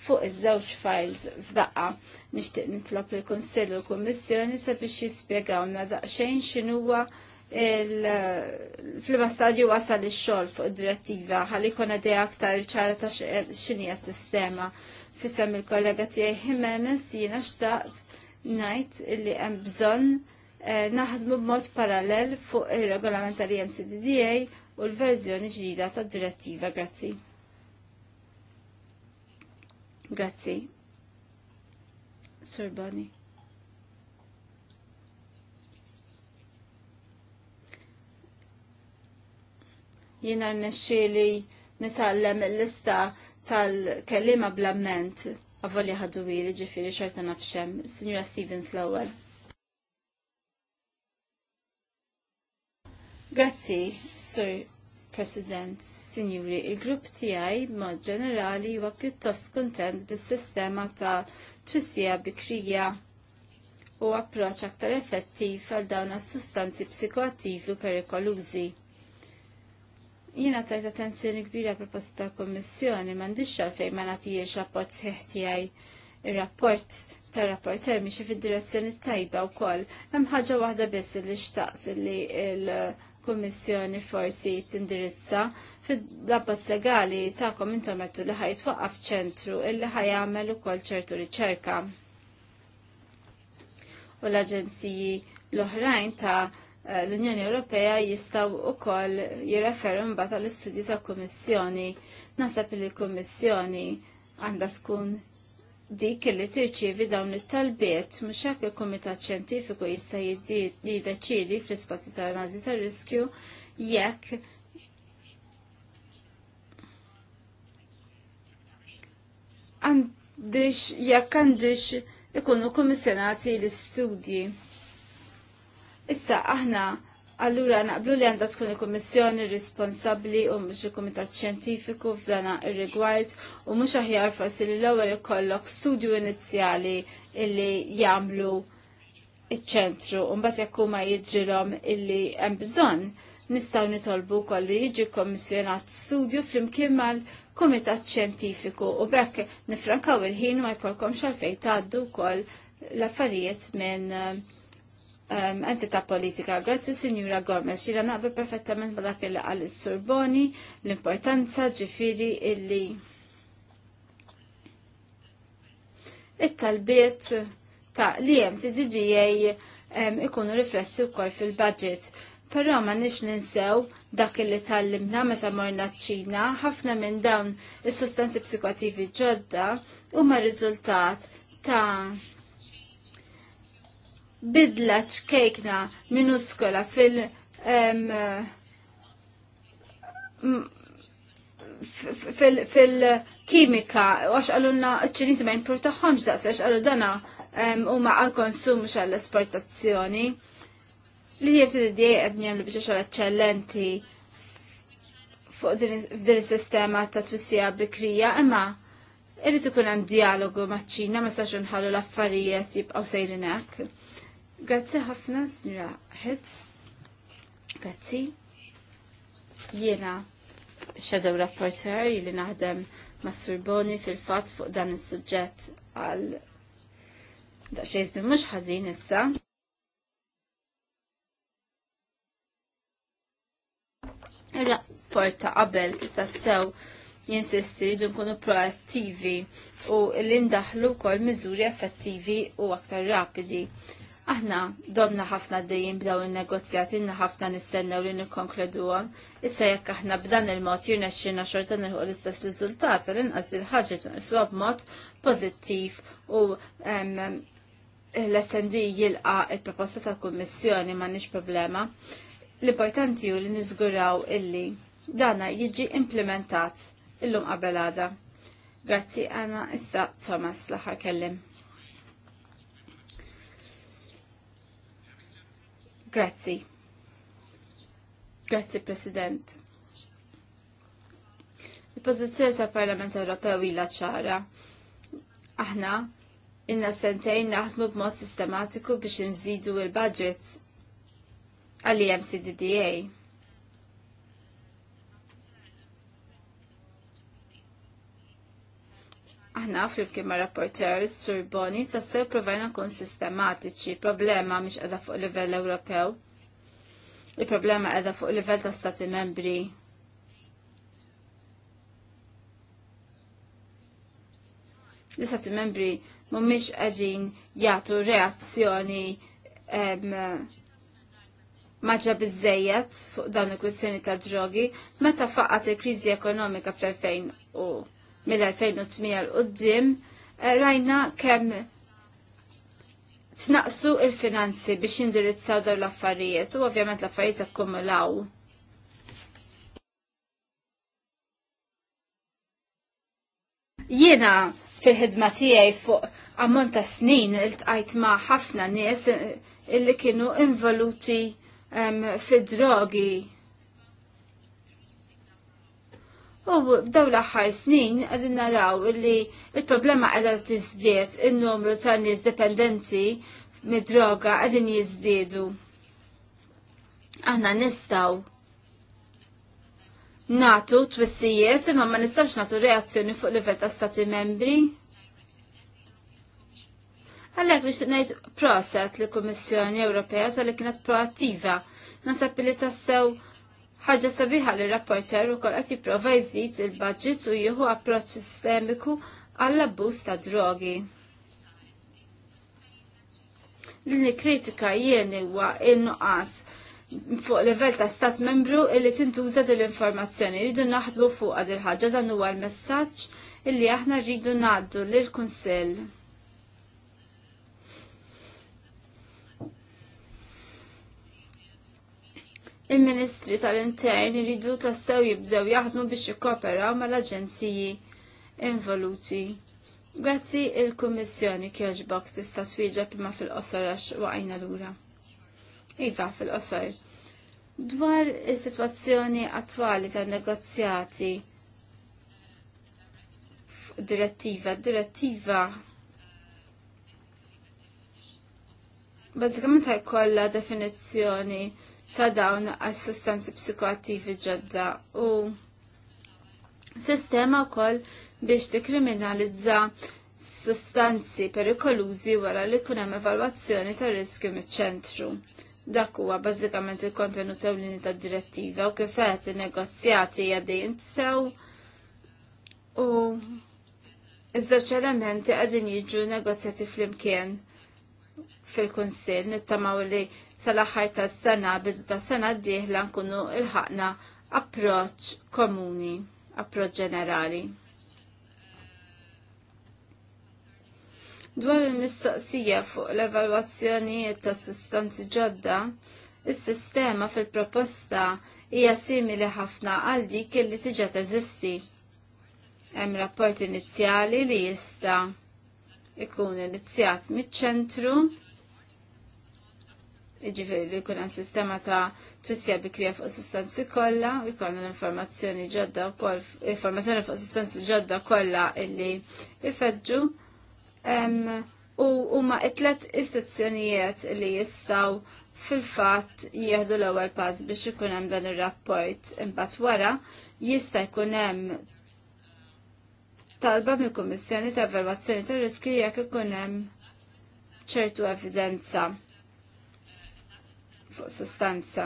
fuq iż-żewġ files f'daqqa. Nixtieq nitlob il kunsill u l-Kummissjoni sabiex jispjegawna daqsxejn x'inhuwa fl-ma stadju wasal ix-xogħol fuq id-direttiva ħalli jkun idea aktar ċara ta' x'inhija s-sistema. Fisem il-kollega tiegħi Jimenez jiena xtaqt ngħid li hemm bżonn Eh, naħdmu b'mod parallel fuq ir-regolament tal-EMCDDA u l-verżjoni ġdida ta' direttiva. Grazzi. Grazzi. Sir Bonnie. jina n-nexxili nisallem il-lista tal-kellima bl-amment ħadu, ħaddu wili ġifiri xorta nafxem, Signora Stevens l-ewel. Grazzi, Sur President, Sinjuri, il-grupp tiegħi ma ġenerali huwa pjuttost kuntent bis-sistema ta' twissija bikrija u approċċ aktar effettiv għal dawn as-sustanzi psikoattivi u perikolużi. Jiena tajt attenzjoni kbira proposta ta' kommissjoni m'għandix għalfejn ma nagħtijiex rapport sħiħ tiegħi ir-rapport tar rapporter miexi fid-direzzjoni tajba wkoll. Hemm ħaġa waħda biss li xtaqt li l- kummissjoni forsi tindirizza fil-labbas legali ta'kom intomettu li ħaj twaqqaf ċentru illi ħaj jagħmel ukoll ċertu riċerka. U l-aġenziji l-oħrajn ta' l-Unjoni Ewropea jistaw u kol jirreferu mbagħad għall-istudju ta' kummissjoni. Nasab li l-kummissjoni għandha tkun dik li tirċievi dawn it-talbiet mhux hekk il-Kumitat Xjentifiku jista' jiddeċiedi fl-ispazju tal-analiżi tar-riskju jekk għandix jekk għandix ikunu kummissjonati l-istudji. Issa aħna Allura naqblu li għandha tkun il-Kummissjoni responsabbli u mhux il-Kumitat Xjentifiku f'dana ir-rigward u mhux aħjar forsi li l-ewwel ikollok studju inizjali illi jagħmlu iċ-ċentru u mbagħad jekk huma jidrilhom illi hemm bżonn nistaw nitolbu wkoll li jiġi kommissjonat studju flimkien mal-Komitat Ċentifiku u bekk nifrankaw il-ħin ma jkollkom xalfej tgħaddu wkoll l-affarijiet minn um, entita politika. Grazzi Sinjura Gomez, xira naqbi perfettament ma dak li għal Sorboni l-importanza ġifiri illi it-talbiet ta' li jem CDDA um, ikunu riflessi u kol fil-budget. Però ma nix ninsew dak li tal-limna meta morna ċina, ħafna minn dawn is-sustanzi psikoattivi ġodda huma riżultat ta' bidla ċkejkna minuskola fil- fil-kimika, għax għalunna ċinizi ma jimportaħħomx daqs, għax għalu dana u ma għal-konsum mux għall-esportazzjoni. Li jifti d-dija għed njemlu biex xal eccellenti fuq din sistema ta' twissija bikrija, imma irrit ikun hemm dialogu maċ-Ċina ma sax nħallu l-affarijiet jibqgħu sejrinek. Grazzi ħafna snura ħed. Grazzi. Jiena shadow rapporteur li naħdem ma' Surboni fil-fatt fuq dan is-suġġett għal daqsxejn żmien mhux ħażin issa. ir rapporta ta' qabel tassew jinsisti li nkunu proattivi u l-indaħlu kol miżuri effettivi u aktar rapidi Aħna domna ħafna dejjem b'daw il-negozjati, ħafna nistennew li nikkonkluduha. Issa jekk aħna b'dan il-mod jirnexxina xorta nilħu l-istess riżultat, l-inqas il-ħaġa tnqisuha b'mod pożittiv u l-SND jilqa il-proposta ta' kummissjoni m'għandniex problema. L-importanti hu li niżguraw illi dana jiġi implementat illum qabel għada. Grazzi għana issa Thomas l-aħħar kellim. Grazzi. Grazzi, President. Il-pozizjoni sa' Parlament Ewropew ilha ċara. Aħna inna sentejn naħdmu b'mod sistematiku biex nżidu il-budgets għall-EMCDDA. Aħna flimkien mar-rapporteur, rapporter Sur Boni se provajna kun sistematiċi, problema mhix għada fuq livell Ewropew. Il-problema qiegħda fuq livell ta' stati membri li stati membri mumiex għadin jgħatu reazzjoni maġra bizzejiet fuq dawn il-kwistjoni ta' drogi meta faqqat il-kriżi ekonomika fl-2000 u mill-2008 l-qoddim, eh, rajna kemm tnaqsu il-finanzi biex indirizzaw dawn l-affarijiet u ovvjament l-affarijiet akkumulaw. Jiena fil-ħidma tiegħi fuq ammont ta' snin iltqajt ma' ħafna nies eh, illi kienu involuti fid-drogi U b'daw l-aħħar snin għadin naraw li il-problema għadha tiżdied in-numru ta' nies dipendenti mid-droga għadin jiżdiedu. Aħna nistaw natu twissijiet imma ma nistawx natu reazzjoni fuq livell ta' stati membri. Għallek biex t-nejt proset li Kommissjoni Ewropea tal-li kienet proattiva. Nasab li tassew ħaġa sabiħa li rapporter u kol għati prova jżid il-budget u jieħu approċ sistemiku għall-abbuż ta' drogi. l kritika jieni huwa il-nuqqas fuq level ta' stat membru illi tintuża dil-informazzjoni. Rridu naħdbu fuq dil ħaġa dan huwa l-messaġġ illi aħna rridu ngħaddu lill kunsill il-Ministri tal-Intern iridu tassew jibdew jaħdmu biex jikkoperaw mal-aġenziji involuti. Grazzi il-Kummissjoni kjoġbok tista' twieġeb ma fil-qosor għax waqajna lura. Iva fil-qosor. Dwar is-sitwazzjoni attwali tan-negozjati direttiva, direttiva Bazzikament ħajkolla definizzjoni ta' dawn għal sustanzi psikoattivi ġodda u sistema wkoll biex dekriminalizza sustanzi perikolużi wara li kunem hemm evalwazzjoni tar riskju miċ-ċentru. Dak huwa bażikament il-kontenut ewlieni tad-direttiva u kif qed innegozjati negozjati għaddejjin sew u iż-żewġ elementi qegħdin jiġu negozjati flimkien fil-Kunsill nittamaw li sal-aħħar tas-sena bidu tas-sena d-dieħla nkunu ilħaqna approċċ komuni, approċċ ġenerali. Dwar il-mistoqsija fuq l-evalwazzjonijiet ta' sustanzi ġodda, il sistema fil-proposta hija simili ħafna għal dik li tiġa teżisti. Hemm rapport inizjali li jista' ikun inizjat miċ-ċentru ġifiri li kunem sistema ta' twissija bikrija fuq sustanzi kolla, u jkollna l-informazzjoni ġodda u informazzjoni fuq sustanzi ġodda kolla illi ifedġu. U huma itlet tlet istituzzjonijiet li jistaw fil-fatt jieħdu l-ewwel pass biex ikun hemm dan ir-rapport imbagħad wara jista' jkun hemm talba mill-Kummissjoni ta' Evalwazzjoni tar-Riskju jekk ikun hemm ċertu evidenza fuq sustanza.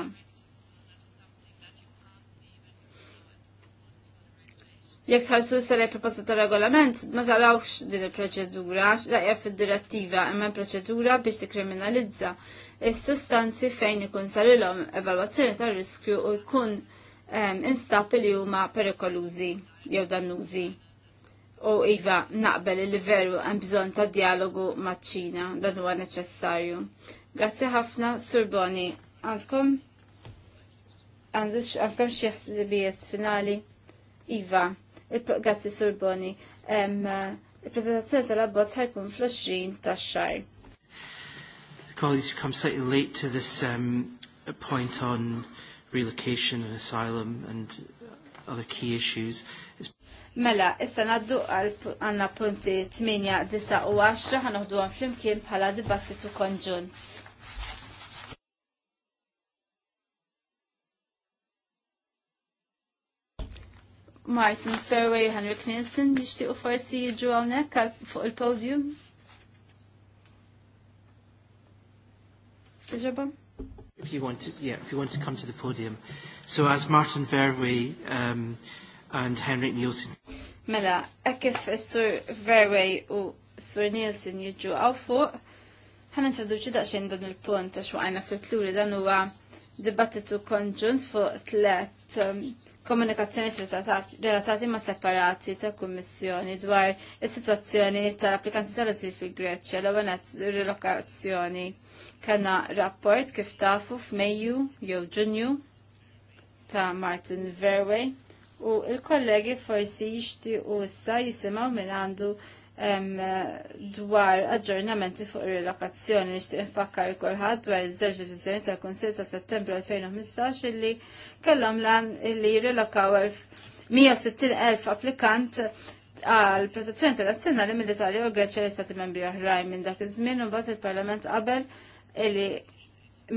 Jek tħarsu s-sala proposta ta' regolament, ma tarawx din il-proċedura, laqja fil-direttiva, imma proċedura biex t-kriminalizza il-sustanzi fejn ikun sarilom evalwazzjoni ta' riskju u jkun instab li huma perikolużi jew dannużi. U iva naqbel il veru hemm bżonn ta' dialogu maċ-Ċina, dan huwa neċessarju. Grazie ħafna, Sur Boni. Għandkom? Għandkom xie ħsibijiet finali? Iva, grazie Sur Boni. Eh, il-prezentazzjoni tal-abbozz ħajkun fl-20 ta' xar Colleagues, you've come slightly late to this um, point on relocation and asylum and other key issues. Mela, issa naddu għanna punti 8, 9 u 10 ħanuħdu għan flimkien bħala dibattitu konġunt. Martin Fairway, Henrik Nielsen, nishtiqu forsi jiġu għawnek fuq il-podium? Iġabba? If you want to, yeah, if you want to come to the podium. So as Martin Fairway um, and Henrik Nielsen. Mela, ekkif s-sur Verway u s-sur Nielsen jidġu għaw fuq, ħan introduċi daqxen dan il-punt għax waqajna fil-kluri dan huwa dibattitu konġunt fuq tlet um, komunikazzjoni relatati ma separati ta' kummissjoni dwar is-sitwazzjoni tal-applikanti tal-azil fil-Greċja l għanet rilokazzjoni kena rapport kif tafu f'Mejju jew Ġunju ta' Martin Verway u il-kollegi forsi jishti u issa jisimaw minn għandu dwar aġġornamenti fuq il-relokazzjoni nixtieq infakkar kulħadd dwar iż-żewġ deċiżjoni tal-Kunsill ta' Settembru 2015 illi kellhom lan illi jirrelokaw 160,000 applikant għal protezzjoni internazzjonali mill-Italja u Greċja l stati Membri oħrajn minn dak iż-żmien u mbagħad il-Parlament qabel illi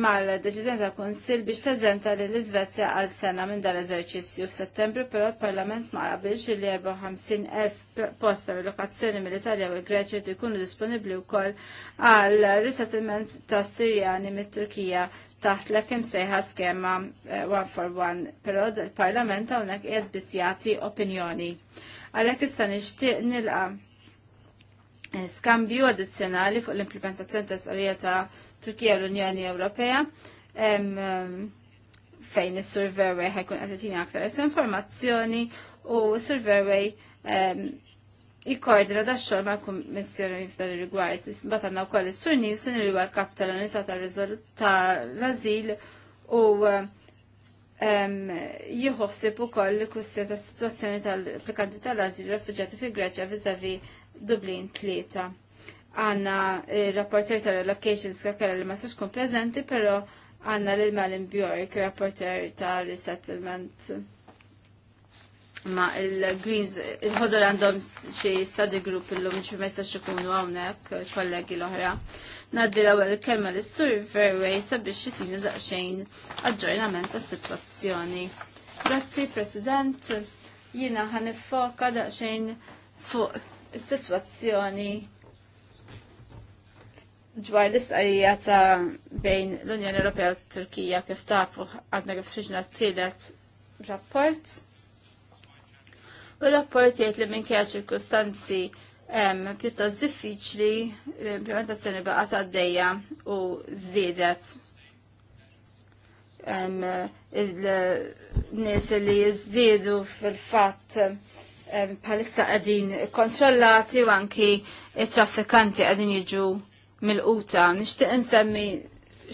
mal-deċiżjoni ta' Kunsill biex teżenta li l-Iżvezja għal sena minn dan eżerċizzju f'Settembru, però l-Parlament ma qabilx li 54,000 post ta' relokazzjoni mill-Italja u l-Greċja jkunu disponibbli wkoll għal resettlement ta' Sirjani mit-Turkija taħt l kim sejħa skema eh, one for one, però l-Parlament hawnhekk qiegħed biss jagħti opinjoni. Għalhekk issa nixtieq nilqa' eh, skambju addizzjonali fuq l-implementazzjoni ta' sarija ta' Turkija u l-Unjoni Ewropea fejn is-survey ħajkun qed jagħtina aktar informazzjoni u survey Ikkordina da xogħol ma' kummissjoni f'dan il-rigward, isbat għanna u koll il-sur Nielsen li huwa kap tal-unità tal-azil u jieħuħsib u koll kustja ta' situazzjoni tal-applikanti tal-azil refugjati fil Greċja vizavi Dublin 3 għanna il-rapporter eh, tal-allocations kakela li ma sax kun prezenti, pero għanna l-Malin Bjork, rapporter tal-resettlement ma il-Greens, il-ħodor għandhom xie study group il-lum xie mesta xikunu għawnek, kollegi l-ohra. Naddi l-għawel kelma l-sur verwej sabiex xitini daqxejn aġġornament ta' situazzjoni. Grazzi, President, jina ħanifoka daqxejn fuq situazzjoni dwar l-istqarrija ta' bejn l-Unjoni Ewropea u Turkija kif tafu għadna kif ħriġna t-tielet rapport. U rapport jgħid li minkejja ċirkustanzi pjuttost diffiċli l-implementazzjoni baqa' għaddejja u żdiedet. Il-nies li jizdidu fil-fatt palissa qegħdin kontrollati u anki it-traffikanti qegħdin jiġu mil quta nixtieq insemmi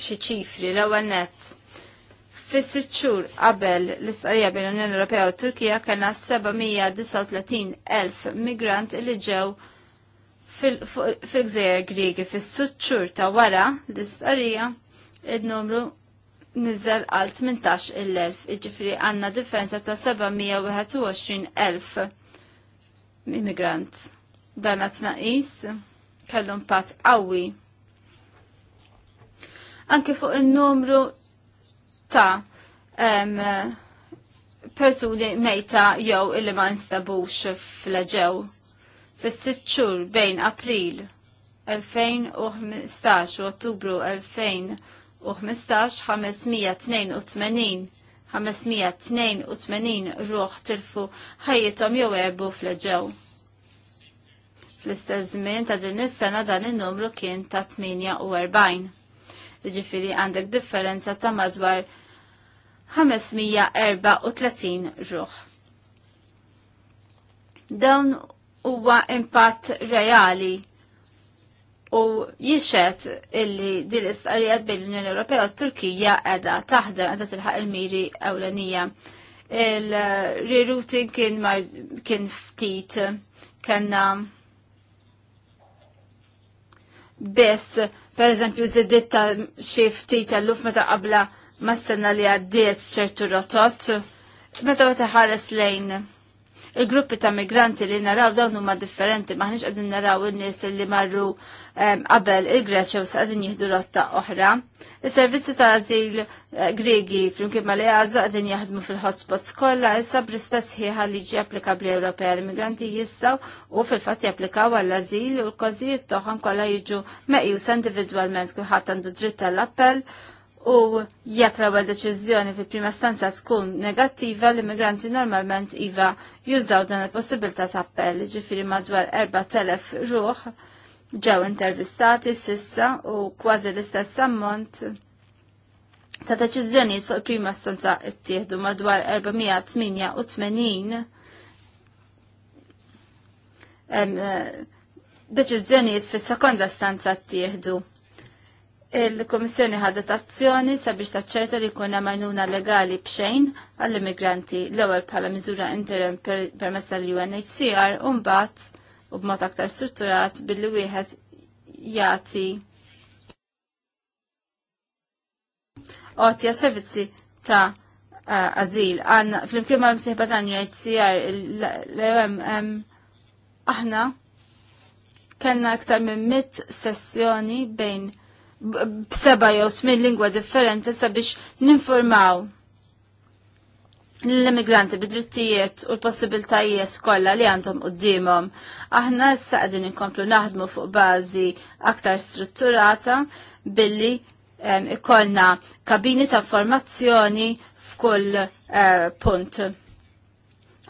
xi ċifri l-ewwel nett. Fis-sitt xhur qabel l-istqarrija bejn l-Unjoni Ewropea u Turkija kellna 739,000 migrant li ġew fil-gżejjer Griegi fis-sitt ta' wara l-istqarrija id-numru nizzel għal 18,000 iġifri għanna differenza ta' 721,000 immigrant. Dan għatnaqis kellu pat qawwi. Anke fuq in-numru ta' um, persuni mejta jew illi ma instabux fl-ġew fis-sitt xhur bejn April 2015 u Ottubru 2015 582 582 ruħ tilfu ħajjithom jew ebu fl-ġew. Fl-istess żmien ta' din is-sena dan in-numru kien ta' 48. Jiġifieri għandek differenza ta' madwar 534 ruħ. Dawn huwa impatt reali u jixet illi din l-istqarijat bejn l-Unjoni Ewropea u Turkija qiegħda taħdem qiegħda tilħaq il-miri ewlenija. Il-rerouting kien ftit kellna biss, per eżempju, zidit ta' xi ftit tal-luf meta qabla ma' s-sena li għaddiet f'ċertu rotot, meta għet ħares lejn il-gruppi ta' migranti li naraw dawn huma differenti maħniex qegħdin naraw in-nies li marru ehm, qabel il greċa u s-għadin jieħdu rotta oħra. Is-servizzi ta' ażil eh, Gregi flimkien ma' għazu qegħdin jaħdmu fil-hotspots kolla, issa b'rispett sħiħa li ġi applikabbli Ewropea l-migranti jistgħu u fil-fatt japplikaw għall-ażil u l kozijiet tagħhom kollha jiġu meqjusa individwalment kulħadd għandu dritt tal-appell u jekk l-ewwel deċiżjoni fil-prima stanza tkun negattiva l-immigranti normalment iva jużaw dan il-possibilità ta' appell, ġifieri madwar 4000 ruħ ġew intervistati sissa u kważi l-istess ammont ta' deċiżjonijiet fuq prima stanza ttieħdu madwar 488 eh, deċiżjonijiet fis-sekonda stanza ttieħdu. Il-Komissjoni ħadet azzjoni sabiex taċċerta li jkun hemm għajnuna legali b'xejn għall-immigranti l-ewwel bħala miżura interim permezz tal-UNHCR u mbagħad u b'mod aktar strutturat billi wieħed jagħti għotja servizzi ta' għazil. Eh, Għan, fl-imkien ma' l-msiħba ta' UNHCR, l-EM, aħna, kena aktar minn mit sessjoni bejn b'seba jew smin lingwa differenti sabiex ninformaw l-immigranti bidrittijiet u l-possibiltajiet kollha li għandhom d-dimom. Aħna issa saqdin inkomplu naħdmu fuq bażi aktar strutturata billi ikollna kabini ta' formazzjoni f'kull eh, punt.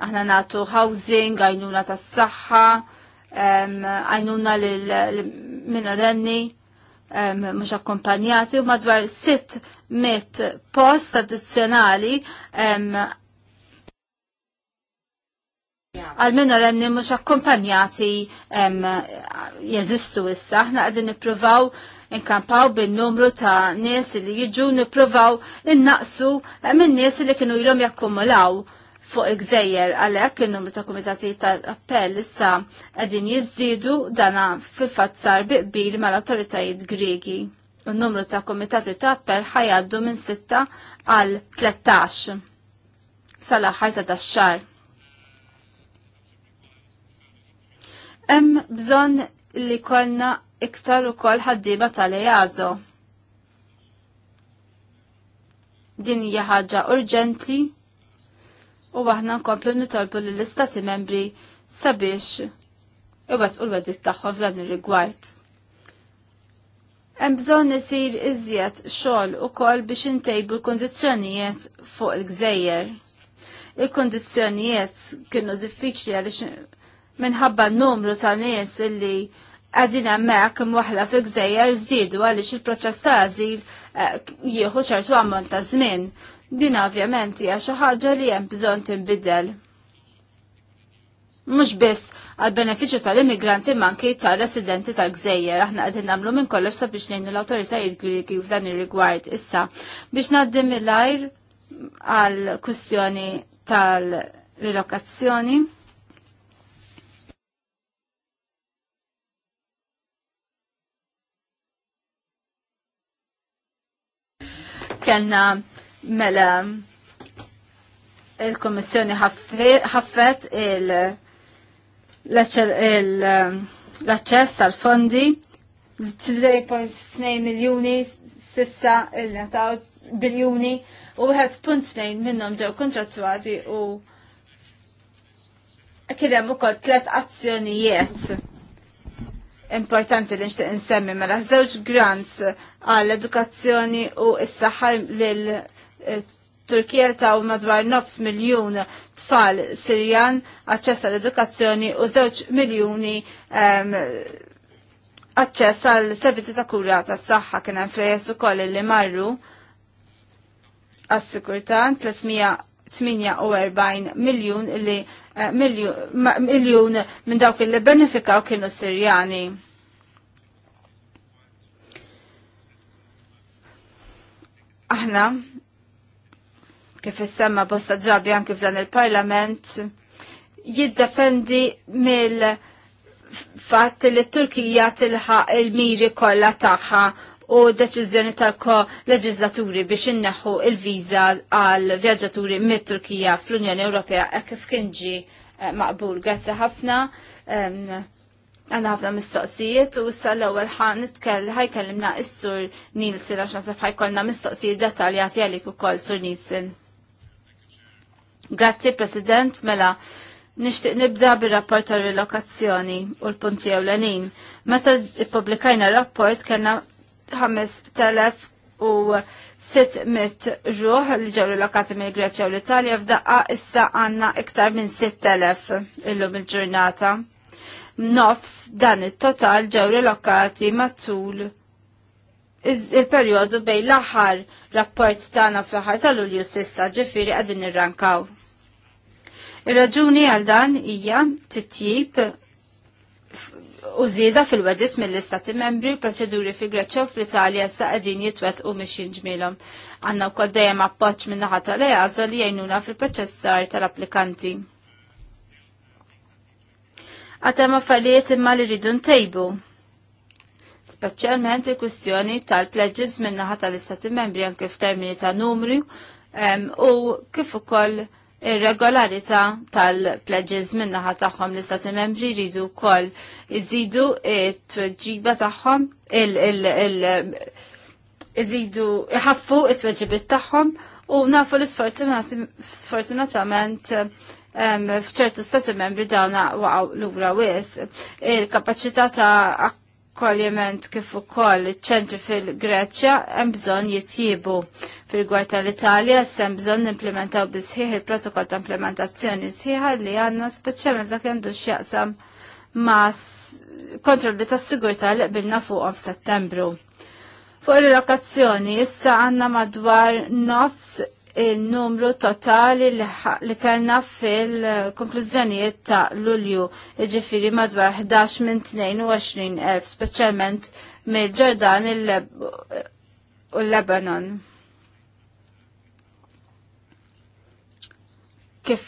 Aħna nagħtu housing, għajnuna tas-saħħa, għajnuna lil minorenni mhux akkompanjati u madwar 600 post addizzjonali Għalmenu l-għenni mux akkompanjati jeżistu issa, ħna għadin niprovaw inkampaw bin-numru ta' nies li jiġu niprovaw innaqsu minn nies li kienu jilom jakkumulaw fuq il-gżejjer għalhekk in-numru ta' kumitati ta' appell issa qegħdin jiżdiedu dana fil-fatt sar biqbil mal-awtoritajiet Griegi. Il-numru ta' kumitati ta' appell ħajaddu minn 6 għal 13 sal-aħħar ta' dax-xahar. Hemm bżonn li kollna iktar ukoll ħaddiba tal-ejazo. Din hija ħaġa urġenti u aħna nkomplu nitolbu lill istati membri sabiex iwet u l-wedit tagħhom f'dan ir-rigward. Hemm bżonn isir iżjed xogħol ukoll biex intejbu l-kundizzjonijiet fuq il-gżejjer. Il-kundizzjonijiet kienu diffiċli għaliex minħabba n-numru ta' nies illi għadin għammek mwaħla fi gżejjer żdiedu għalix il-proċess ta' eh, jieħu ċertu għammon ta' zmin. Din ovvjament hija xi ħaġa li hemm bżonn tinbidel. Mhux biss għal benefiċċju tal-immigranti manki tal-residenti tal-gżejjer. Aħna qegħdin nagħmlu minn kollox sabiex ngħinu l-awtoritajiet Griki f'dan ir-rigward issa biex ngħaddi mill-ajr għal kwistjoni tal-rilokazzjoni. kellna Mela, il-Komissjoni ħaffet l-aċċess għal fondi 3.2 miljoni sissa il-nataw biljuni u 1.2 minnom ġew kontrattuati u kienem u kol tlet azzjonijiet importanti li nxtieq insemmi mela żewġ grants għall edukazzjoni u s-saħħa lil Turkija ta' madwar 9 miljun tfal Sirjan aċċess għall edukazzjoni u 2 miljuni um, aċċess għal servizzi ta' kura tas saħħa kien hemm flejes ukoll li marru għas-sikurtà 348 miljun li eh, miljun minn dawk li benefikaw kienu Sirjani. Aħna kif issemma bosta drabi anki f'dan il-parlament, jiddefendi mill fatt li Turkija tilħaq il-miri kollha tagħha u deċiżjoni tal-ko leġislaturi biex inneħu il-viża għal vjaġġaturi mit-Turkija fl-Unjoni Ewropea e kif kien ġi eh, maqbul. Grazzi ħafna. Għanna ħafna mistoqsijiet u issa l-ewwel ħan nitkell ħajkellimna s-sur Nilsen għax naħseb ħajkollna mistoqsijiet dettaljati għalik ukoll sur Nilsen. Grazzi, President, mela. Nishtiq nibda bir-rapport tal relokazzjoni u l-punti ewlenin. Meta ippubblikajna rapport kellna 5600 ruħ li ġew relokati mill greċja u l-Italja f'daqqa issa għandna iktar minn 6000 illum il-ġurnata. Nofs dan it-total ġew relokati matul il-perjodu bejn l-aħħar rapport tagħna fl-aħħar tal-Ulju sissa ġifieri qegħdin irrankaw. Ir-raġuni għal dan hija titjib u zida fil-wedit mill-istati membri proċeduri fi Greċċa u fl-Italja sa qegħdin jitwet u mixin ġmielhom. Għandna wkoll dejjem appoġġ minna naħa tal-EASO li jgħinuna fil-proċessar tal-applikanti. Għatem affarijiet imma li rridu ntejbu. Speċjalment il-kwistjoni tal-pledges minna naħa tal-istati membri anke f'termini ta' numru u kif ukoll Ir-regolarità tal-pledges minnaħa tagħhom l-istati membri jridu wkoll iżidu t-tweġiba tagħhom iżidu iħaffu it-tweġibiet tagħhom u nafu li sfortunatament fċertu stati membri dawna waqaw l-ura wis. il kapaċità ta' kolliment kif ukoll iċ-ċentri fil-Greċja hemm bżonn jitjiebu fil-gwar tal-Italja hemm bżonn nimplementaw bisħiħ il-protokoll ta' implementazzjoni sħiħa li għandna speċjalment dak għandu x'jaqsam ma' kontrolli tas-sigurtà li qbilna fuqhom f'Settembru. Fuq il-lokazzjoni issa għandna madwar nofs il-numru totali li kellna fil-konklużjonijiet ta' Lulju, ġifiri madwar 11 minn 22.000, specialment mill-Ġordan u l-Lebanon. Kif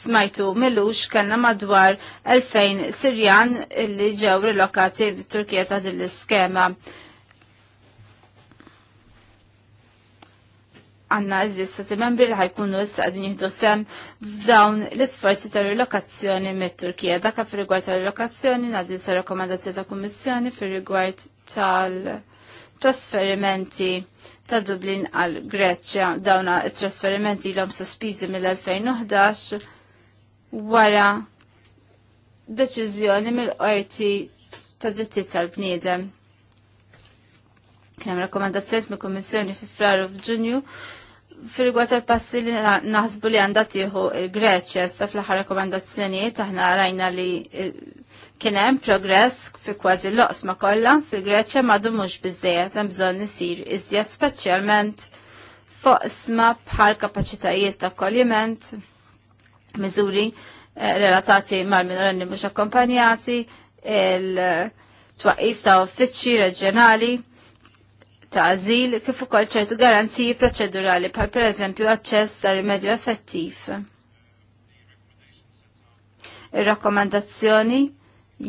smajtu millux kellna madwar 2000 Sirjan li ġew rilokati fit-Turkija ta' din l-iskema. għanna eżis stati membri li ħajkunu issa għadin jihdu sem f'dawn l-isforzi ta' rilokazzjoni mit turkija Daka fil rigward ta' rilokazzjoni nadi sa' rekomendazzjoni ta' kummissjoni fil rigward tal-trasferimenti ta' Dublin għal Greċja. Dawna trasferimenti l-om sospizi mill-2011 wara deċiżjoni mill-qorti ta' drittijiet tal-bniedem. Kien hemm rakkomandazzjoni mill-Kummissjoni fi Fraru f'Ġunju fil-gwa tal-passi li naħsbu li għandha tieħu il-Greċja sa fl-aħħar rekomendazzjonijiet aħna rajna li kien hemm progress fi kważi l-oqsma kollha fil-Greċja madu mhux biżejjed hemm bżonn isir iżjed speċjalment fuq isma bħal kapacitajiet ta' kolliment, miżuri eh, relatati mal-minorenni mhux akkompanjati, il-twaqif ta' uffiċċji reġjonali ta' azil kif ukoll ċertu garanziji proċedurali bħal pereżempju aċċess ta' rimedju effettiv. Ir-rakkomandazzjoni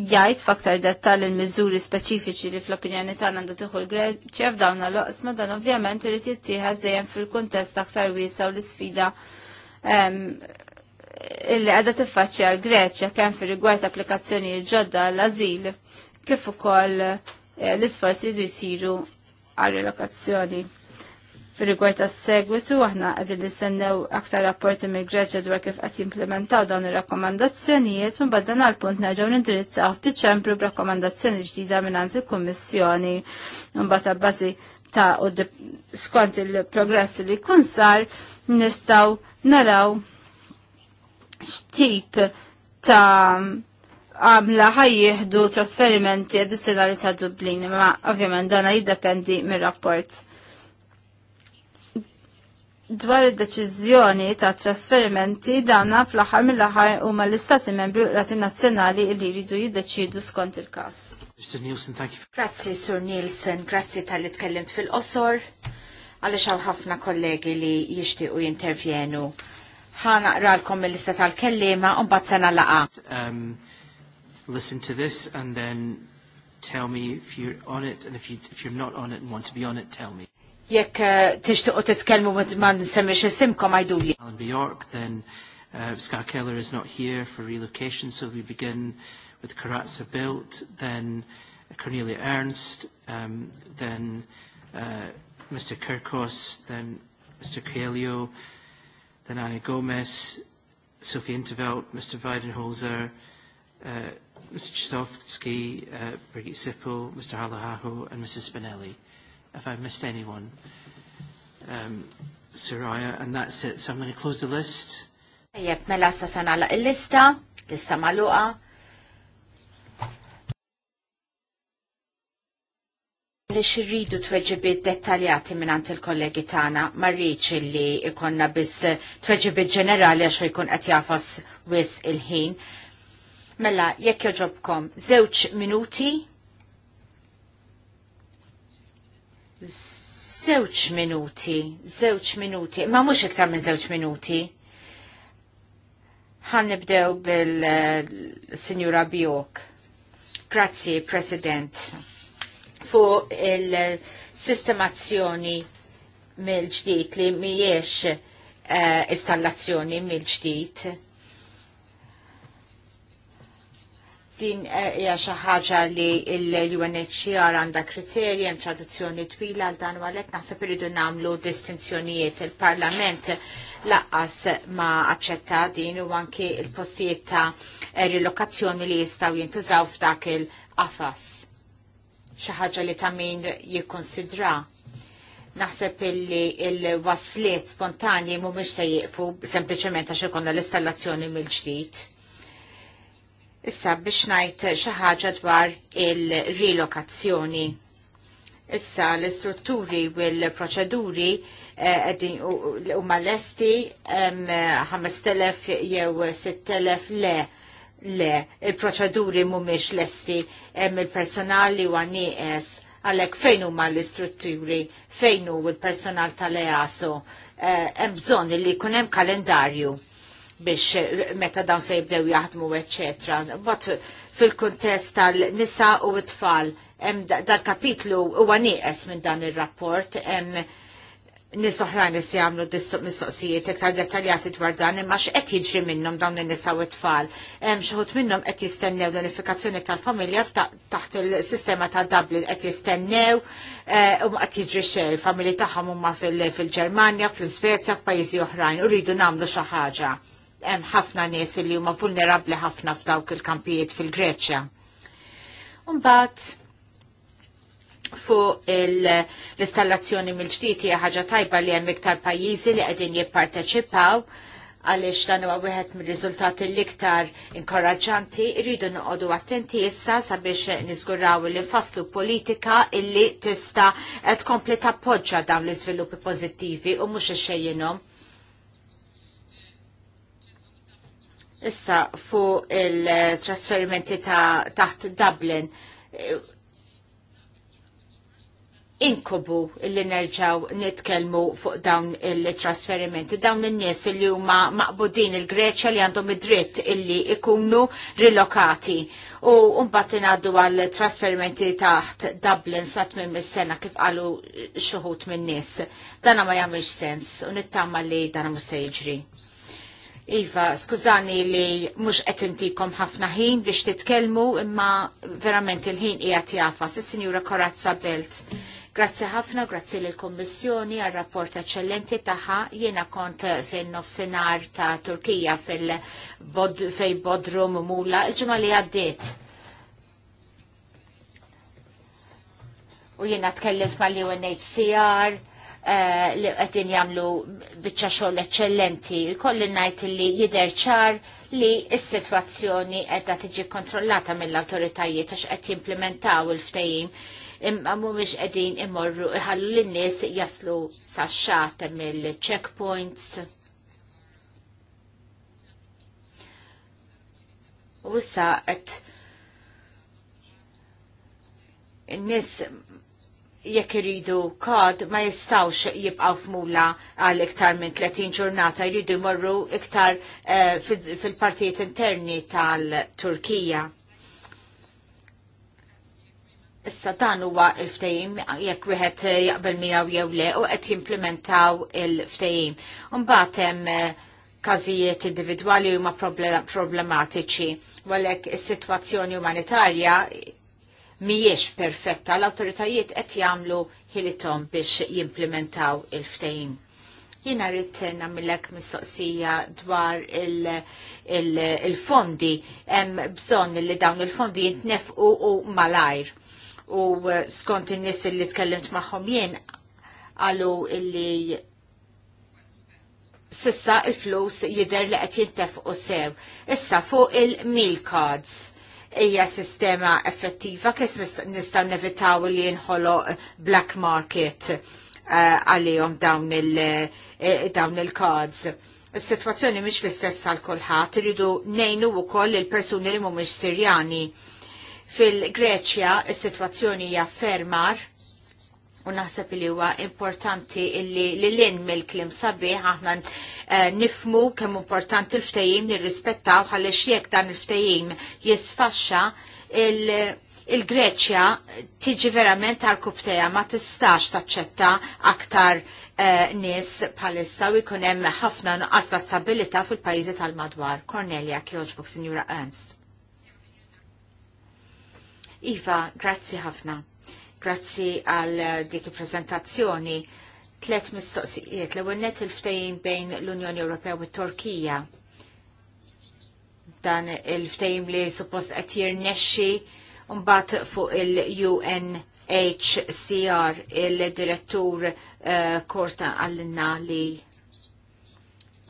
jgħid f'aktar dettall il-miżuri speċifiċi li fl-opinjoni tagħna għandha tieħu l-Greċja f'dawn l-oqsma dan ovvjament irid jittieħed dejjem fil-kuntest aktar wiesa u l-isfida ehm, illi għadha tiffaċċja l-Greċja kemm fir-rigward applikazzjonijiet ġodda għall-ażil kif ukoll eh, l-isforzi li jsiru għal relokazzjoni. Fir-rigward tas-segwitu aħna li sennew aktar rapporti mill-Greċja dwar kif qed jimplementaw dawn ir-rakkomandazzjonijiet u mbagħad dan għall-punt nerġgħu nindirizzaw f'Diċembru b'rakkomandazzjoni ġdida mingħand il-Kummissjoni u mbagħad bażi ta' u skont il-progress li kun sar nistgħu naraw x'tip ta' għamla ħajjieħdu trasferimenti addizzjonali ta' Dublin, ma ovvjament dana jiddependi mir-rapport. Dwar id-deċiżjoni ta' trasferimenti dana fl-aħħar mill-aħħar huma l-Istati Membri u Rati Nazzjonali li jridu jiddeċidu skont il-każ. Grazzi Sur Nielsen, grazzi tal-li tkellimt fil-qosor, għaliex hawn ħafna kollegi li jixtiequ jintervjenu. Ħanaqralkom il-lista tal-kellima u mbagħad sena laqa. Um, listen to this and then tell me if you're on it and if, you, if you're not on it and want to be on it, tell me. Jekk eh, tixtiqu titkellmu ma nsemmix isimkom għajdu li. Alan Bjork, then uh, Scott Keller is not here for relocation, so we begin with Karatsa Bilt, then Cornelia Ernst, um, then uh, eh, Mr. Kirkos, then Mr. Coelho, then Anna Gomez, Sophie Intervelt, Mr. Weidenholzer, uh, Mr. Chisovsky, uh, Brigitte Sippel, Mr. Halahahu, and Mrs. Spinelli. If I missed anyone, um, Soraya, and that's it. So I'm going to close the list. Yep, mela sa sanala il-lista, lista maluqa. li xirridu tweġibi dettaljati minnant il-kollegi tana ma rridx li ikonna biss tweġibi ġenerali għaxo jkun għatjafas wis il-ħin. Mela, jekk joġobkom, zewċ minuti. Zewċ minuti, zewċ minuti, ma mux iktar minn zewċ minuti. Għan nibdew bil-Sinjura Bjok. Grazzi, President. Fu il-sistemazzjoni mill-ġdijt li miex uh, eh, installazzjoni mill-ġdijt din eh, hija xi ħaġa li l-UNHCR għandha kriterji hemm traduzzjoni twila għal dan u għalhekk naħseb iridu nagħmlu distinzjonijiet il-Parlament laqqas ma aċċetta din u anke il-postijiet ta' eh, rilokazzjoni li jistgħu jintużaw f'dak il-qafas. Xi ħaġa li ta' min jikkonsidra naħseb illi il waslet spontanji mhumiex se jiqfu sempliċement għax ikollna l-installazzjoni mill-ġdid Issa biex ngħid xi ħaġa dwar il-rilokazzjoni. Issa l-istrutturi eh, u l-proċeduri huma lesti 5000 jew 6000 le le il-proċeduri mhumiex lesti hemm il-personali u għaniqes għalek fejn huma l-istrutturi, fejn hu l-personal tal-EASO, eh, hemm bżonn li jkun hemm kalendarju biex meta dawn se jibdew jaħdmu, etc. Bat fil-kontest tal-nisa u t-tfal, dal-kapitlu huwa nieqes minn dan ir-rapport, nis oħrajn li jagħmlu mistoqsijiet iktar dettaljati dwar dan imma x'qed jiġri minnhom dawn in-nisa u t-tfal. Hemm xi minnhom qed jistennew l-unifikazzjoni tal-familja taħt il-sistema ta' Dublin qed jistennew eh, u ma qed jiġri xejn il-familji tagħhom huma fil-Ġermanja, fl-Iżvezja, f'pajjiżi oħrajn u rridu nagħmlu xi ħaġa hemm ħafna nies li huma vulnerabbli ħafna f'dawk il-kampijiet fil-Greċja. Mbagħad fuq l-installazzjoni mill-ġdid hija ħaġa tajba li hemm iktar pajjiżi li qegħdin jipparteċipaw għaliex dan huwa wieħed mir-riżultati l-iktar inkoraġġanti, irridu noqogħdu attenti issa sabiex niżguraw li nfasslu politika illi tista' qed tkompli tappoġġa dawn l-iżviluppi pożittivi u mhux ixejjinhom. Issa fuq il-trasferimenti ta' taħt Dublin inkubu li nerġaw nitkelmu fuq dawn il-trasferimenti, dawn il-nies li huma maqbudin il-Greċja li għandhom id-dritt illi ikunu rilokati. U mbagħad ingħaddu għal trasferimenti taħt Dublin sa tmiem is-sena kif qalu xuħut minn nies. Dana ma jagħmilx sens u nittama li dana mhux se jiġri. Iva, skużani li mux għetintikom ħafna ħin biex titkelmu imma verament il-ħin ijat jafas, Sissinjura sinjura Korazza Belt. Grazzi ħafna, grazzi l-Kommissjoni għal rapport eccellenti taħħa. Jena kont fin nofsenar ta' Turkija fil-bod, fej Bodrum Mula, il-ġimma li għaddit. U jena tkellimt mal-UNHCR, Eh, li għedin jamlu bieċa xogħol eccellenti. Kolli najt li jider ċar li s-situazzjoni edha tiġi kontrollata mill-autoritajiet għax għed jimplementaw il-ftejim imma mhumiex qegħdin imorru iħallu lin-nies jaslu sax-xat mill-checkpoints. U issa qed in-nies jekk iridu kod ma jistawx jibqaw f'mula għal iktar minn 30 ġurnata jridu jmorru iktar uh, fil-partijiet interni tal-Turkija. Issa dan huwa l ftehim jekk wieħed jaqbel miegħu jew le u qed jimplementaw il-ftehim. Imbagħad hemm eh, każijiet individwali huma problematiċi, għalhekk is-sitwazzjoni umanitarja miex perfetta, l-awtoritajiet qed jagħmlu ħilithom biex jimplementaw il-ftehim. Jiena rrid nagħmilek mistoqsija dwar il-fondi, hemm bżonn li dawn il-fondi jintnefqu u malajr. U eh, skont in-nies li tkellimt magħhom jien qalu illi sissa il-flus jider li qed jintefqu sew. Issa fuq il-meal cards ija sistema effettiva kif nista' nevitaw li jinħolo black market eh, għalihom eh, dawn il-cards. Is-sitwazzjoni mhix l-istess għal kulħadd, iridu ngħinu wkoll il-persuni li mhumiex Sirjani. Fil-Greċja is-sitwazzjoni hija fermar u naħseb li huwa importanti illi l in mill-klim sabiħ aħna eh, nifmu kemm importanti l-ftehim li rispettaw għaliex jekk dan il-ftehim jisfaxxa il-Greċja tiġi verament għal-kubteja ma tistax taċċetta aktar eh, nies bħalissa u jkun hemm ħafna nuqqas ta' stabilità fil-pajjiżi tal-madwar. Cornelia Kjoġbuk, Sinjura Ernst. Iva, grazzi ħafna. Grazzi għal dik il-prezentazzjoni. Tlet mistoqsijiet l-ewwel il-ftehim bejn l-Unjoni Ewropea u t-Turkija. Dan il-ftehim li suppost qed jirnexxi mbagħad fuq il-UNHCR il-direttur eh, Korta għallinna li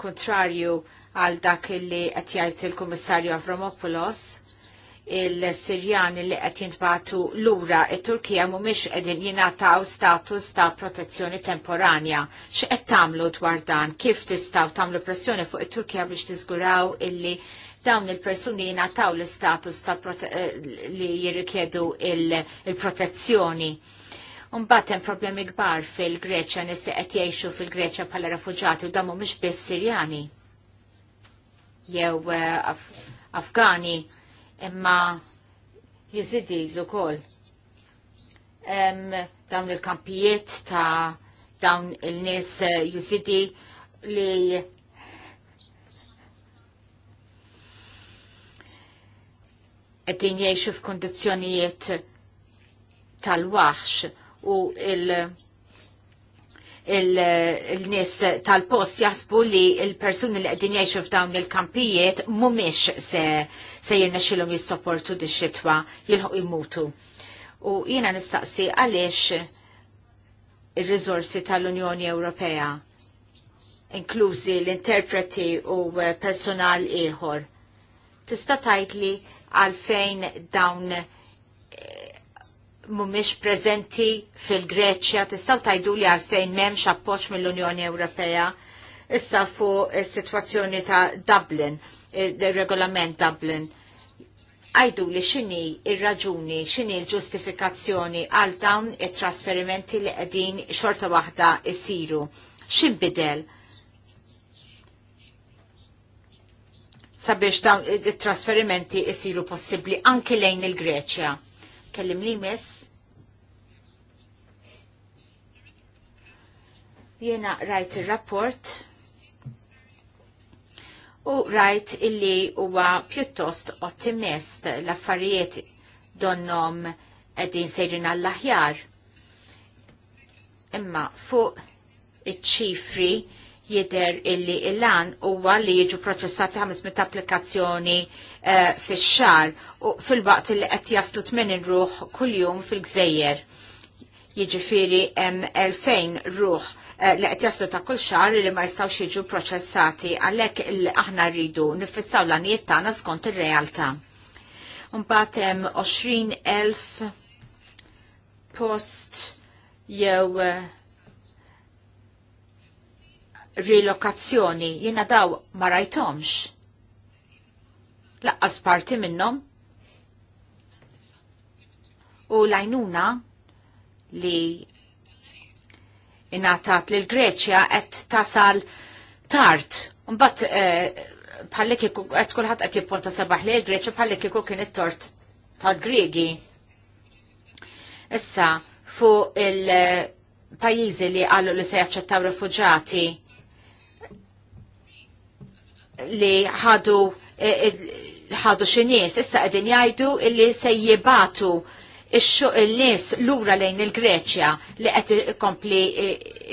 kontrarju għal dak li qed jgħid il-Kummissarju Avramopoulos il-Sirjani li qed jintbatu lura it-Turkija mhumiex qegħdin jingħataw status ta' protezzjoni temporanja. X'qed tagħmlu dwar dan? Kif tistgħu tagħmlu pressjoni fuq it-Turkija biex tiżguraw illi dawn il-persuni jingħataw l-istatus ta' eh, li jirrikjedu il-protezzjoni. Mbagħad hemm problemi kbar fil-Greċja nista qed jgħixu fil-Greċja bħala refuġati u damu mhumiex biss Sirjani. Jew eh, Afgani imma jizidiz u koll. Dawn il-kampijiet ta' dawn il-nis eh, jizidi li għeddin jiexu f'kondizjonijiet tal-waħx u il- il-nis tal-post jasbu li il-persuni li għedin jiexu f'dawn il-kampijiet mumiex se se jirnexilhom jissopportu di xitwa jilħu jimutu. U jiena nistaqsi għaliex ir rizorsi tal-Unjoni Ewropea inklużi l-interpreti u eh, personal ieħor. Tista' tgħidli għalfejn dawn eh, mumiex prezenti fil-Greċja, tista' tajdu li għalfejn memx appoċ mill-Unjoni Ewropea Issa fuq is-sitwazzjoni ta' Dublin, il-regolament Dublin għajdu li xini il-raġuni, xini il-ġustifikazzjoni għal dawn il-trasferimenti li għedin xorta wahda jisiru. Xin bidel? Sabiex dawn il-trasferimenti jisiru possibli anki lejn il-Greċja. Kellim li mis? Jena rajt il-rapport u rajt illi huwa pjuttost ottimist l-affarijiet donnom qegħdin sejrin għall-aħjar. Imma fuq iċ-ċifri jider illi il-lan huwa li jiġu proċessati 500 applikazzjoni eh, fix xar u fil-waqt li qed jaslu 80 ruħ kuljum fil-gżejjer. Jiġifieri hemm 2000 ruħ Eh, li qed jaslu ta' kull xahar li ma jistgħux jiġu proċessati għalhekk aħna rridu nifissaw l-għanijiet tagħna skont ir-realtà. Mbagħad hemm 20,000 post jew eh, rilokazzjoni jiena daw ma rajtomx. Laqqas parti minnhom u lajnuna li inatat li l-Greċja qed tasal tard. Mbagħad eh, bħalli kieku qed kulħadd qed jipponta sebaħ li l-Greċja bħalli kieku kien it-tort tal-Griegi. Issa fuq il-pajjiżi eh, li qalu li se jaċċettaw rifuġati li ħadu eh, ħadu xinies, issa qegħdin jgħidu illi se jibatu il-nis lura lejn il-Greċja li qed kompli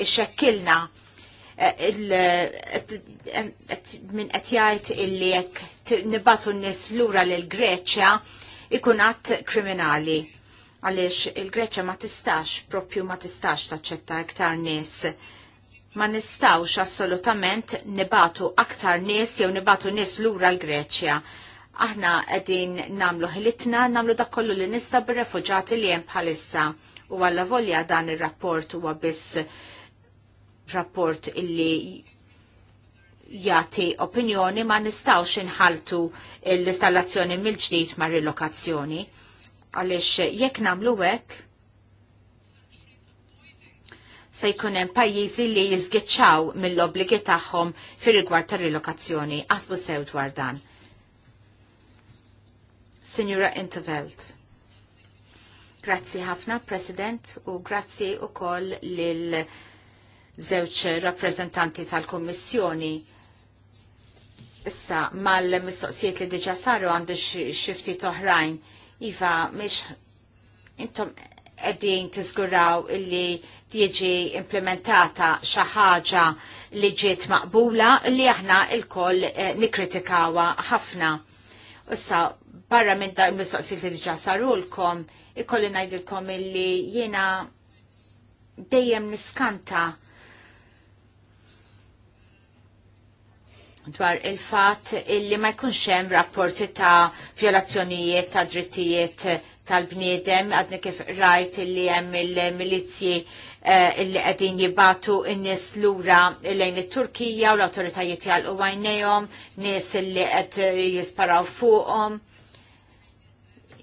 xekkilna eh, minn qed jgħid illi jekk nibatu n-nies lura lil Greċja ikun għat kriminali għaliex il-Greċja ma tistax, propju ma tistax taċċetta iktar nies ma nistawx assolutament nibatu aktar nies jew nibatu nies lura l-Greċja Aħna qegħdin nagħmlu ħilitna, nagħmlu dak kollu li nista' bir-refuġati li hemm bħalissa. U għalla volja dan ir-rapport huwa biss rapport illi jati opinjoni ma nistawx inħaltu l-installazzjoni mill-ġdid ma' rilokazzjoni. Għalix jekk namlu hekk se jkun hemm pajjiżi li jiżgiċċaw mill-obbligi tagħhom fir rigward tar-rilokazzjoni. Qasbu sew dwar dan. Signora Intervelt. Grazzi ħafna, President, u grazzi u koll lil zewċ rappresentanti tal-Kommissjoni. Issa, mal-mistoqsijiet li diġa saru għandu xifti toħrajn, Iva, miex intom għeddin tizguraw illi diġi implementata xaħġa li ġiet maqbula li aħna il-koll eh, nikritikawa ħafna. Issa, barra minn da' mistoqsijiet li diġa sarulkom, ikolli najdilkom illi jiena dejjem niskanta dwar il-fat illi ma jkunx hemm rapporti ta' violazzjonijiet ta' drittijiet tal-bniedem għadni kif rajt illi hemm il-milizji eh, illi qegħdin jibatu n-nies lura lejn it-Turkija u l-awtoritajiet jgħalqu għajnejhom, nies illi qed jisparaw fuqhom.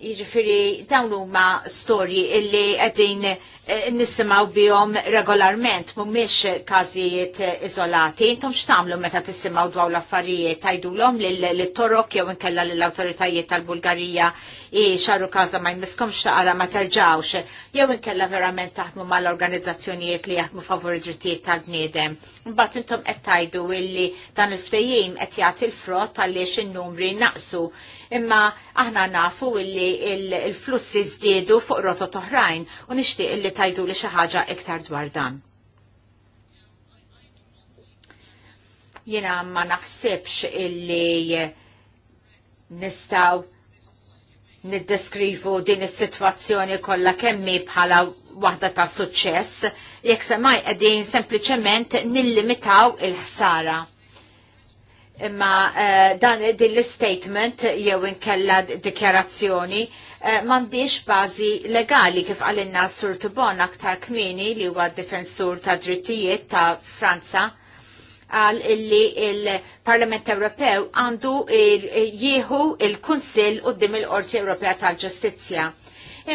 Jiġifieri dawn huma storji illi qegħdin Eh, nisimaw bihom regolarment, mumiex każijiet eh, iżolati. Intom xtamlu meta tisimaw dwaw l-affarijiet l-om l torok jew inkella lill-awtoritajiet tal-Bulgarija i xarru każa ma jmiskom xtaqra ma terġawx, jew inkella verament taħdmu mal-organizzazzjonijiet li jaħdmu favur id-drittijiet tal bnidem Mbagħad intom qed tajdu illi dan il-ftehim qed jagħti l-frott għaliex in-numri naqsu imma aħna nafu illi il-flussi żdiedu fuq rotot oħrajn u nixtieq illi tajdu li xi ħaġa iktar dwar dan. Jiena ma naħsibx illi nistaw niddeskrivu din is-sitwazzjoni kollha kemmi bħala waħda ta' suċċess, jekk semaj qegħdin sempliċement nillimitaw il-ħsara. Imma uh, dan din l-statement jew inkella dikjarazzjoni Eh, m'għandix bażi legali kif għalinna Sur Tubon aktar kmini li huwa difensur ta' drittijiet ta' Franza għal illi il-Parlament Ewropew għandu jieħu il-Kunsill u dim il-Qorti Ewropea tal-Ġustizzja.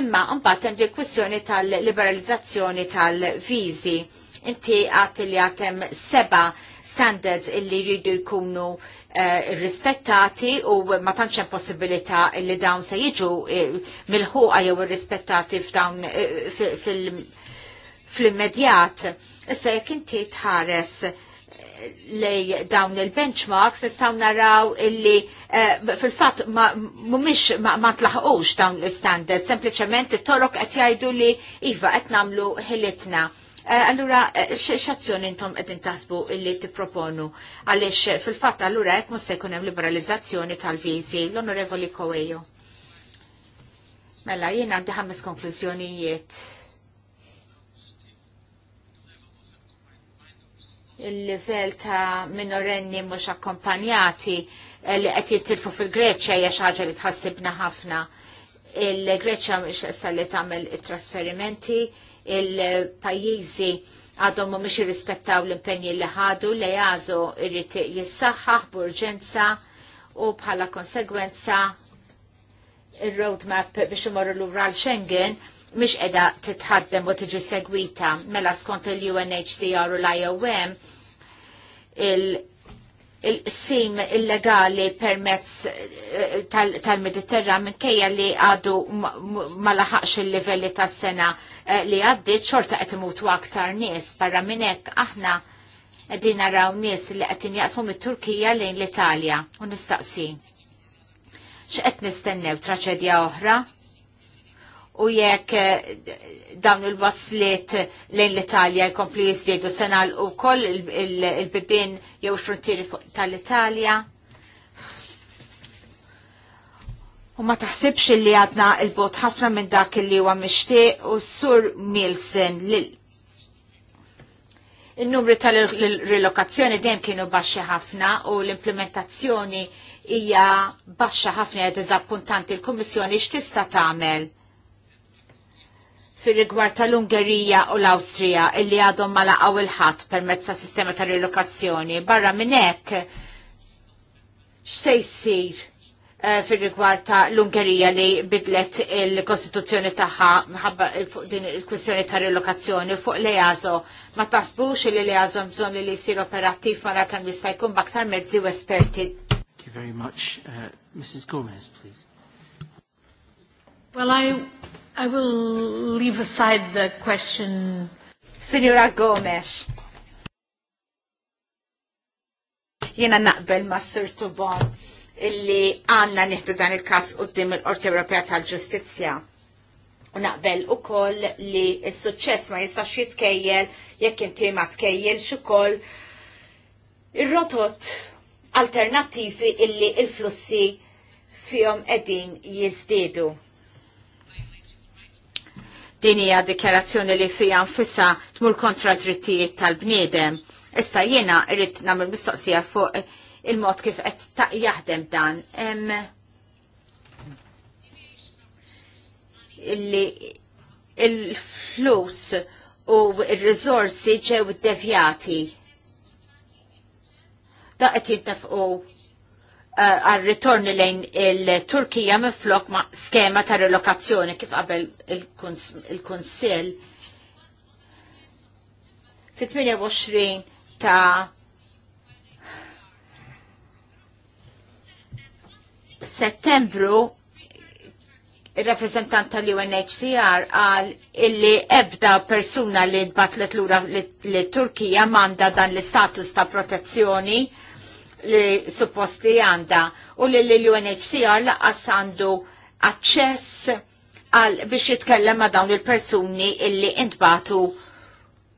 Imma mbagħad hemm dik tal-liberalizzazzjoni tal vizi Inti għat li għatem seba standards illi jridu jkunu Eh, rispettati u ma tantx hemm possibilità li dawn se jiġu eh, mill-ħuqa jew irrispettati f'dawn eh, fl immedjat Issa jekk inti tħares lej dawn il-benchmarks nistaw naraw illi fil-fat ma mumiex ma, tlaħqux dawn l-standard, sempliciment it-torok qed jgħidu li iva qed namlu ħilitna. Eh, allura, eh, x'azzjoni intom qed tasbu illi tipproponu għaliex eh, fil-fatt allura hekk mhux se jkun hemm liberalizzazzjoni tal-viżi l-Onorevoli Kowejo. Mela, jien għandi ħames konklużjonijiet. il-livell ta' minorenni mhux akkompanjati li qed jittilfu fil-Greċja hija xi ħaġa li tħassibna ħafna. Il-Greċja mhux issa li tagħmel it-trasferimenti, il-pajjiżi għadhom mhumiex irrispettaw l-impenji li ħadu li jażu irrid jissaħħaħ b'urġenza u bħala konsegwenza il-roadmap biex imorru lura l Schengen mhix qiegħda titħaddem u tiġi segwita mela skont il-UNHCR u l-IOM il il-sim illegali permezz eh, tal-Mediterran minkejja li għadu ma laħaqx il-livelli tas sena eh, li għaddi xorta qed imutu aktar nies barra minn hekk aħna qegħdin naraw nies li qed injaqsmu mit-Turkija lejn l-Italja u nistaqsi. X'qed nistennew traċedja oħra? u jekk eh, dawn il-waslet lejn l-Italja jkompli jizdiedu senal u koll il-bibin jew frontieri tal-Italja. U ma taħsibx li għadna il-bot ħafna minn dak li huwa mixtieq u sur Nielsen il-numri tal-relokazzjoni dejjem kienu baxxi ħafna u l-implementazzjoni hija baxxa ħafna hija diżappuntanti l-Kummissjoni x'tista' tagħmel fir rigward tal-Ungerija u l-Awstrija illi għadhom ma laqgħu il-ħadd permezz ta' sistema ta' rilokazzjoni. Barra minn hekk x'se jsir uh, eh, fir rigward ta' l-Ungerija li bidlet il-Kostituzzjoni tagħha minħabba din il-kwistjoni ta' rilokazzjoni fuq li easo ma taħsbux li l-EASO bżonn li jsir operattiv mara kemm jista' jkun b'aktar mezzi u esperti. Thank you very much. Uh, Mrs. Gomez, please. Well, I I will leave aside the question. Signora Gomes. Jena naqbel ma' Sir Tubon illi għanna nieħdu dan il-kas qoddim il-Qorti Ewropea tal-Ġustizzja. U naqbel u koll li s-suċċess ma jistax jitkejjel jekk inti ma tkejjel xukoll ir-rotot alternattivi illi il-flussi fihom qegħdin jiżdiedu Din hija dikjarazzjoni li fija nfissa tmur kontra drittijiet tal-bniedem. Issa jiena irrid nagħmel mistoqsija fuq il-mod kif qed jaħdem dan. Em, illi il-flus u il-rizorsi ġew devjati. Da qed jintnefqu Eh, għal ritorni lejn il-Turkija flok ma' skema ta' relokazzjoni kif qabel il-Kunsill. Fi 28 ta' settembru il-reprezentant tal-UNHCR għal illi ebda persuna li batlet l-ura l-Turkija manda dan l-istatus ta' protezzjoni li supposti għanda u li l-UNHCR laqqas għandu access għal biex jitkellem ma dawn il-persuni illi intbatu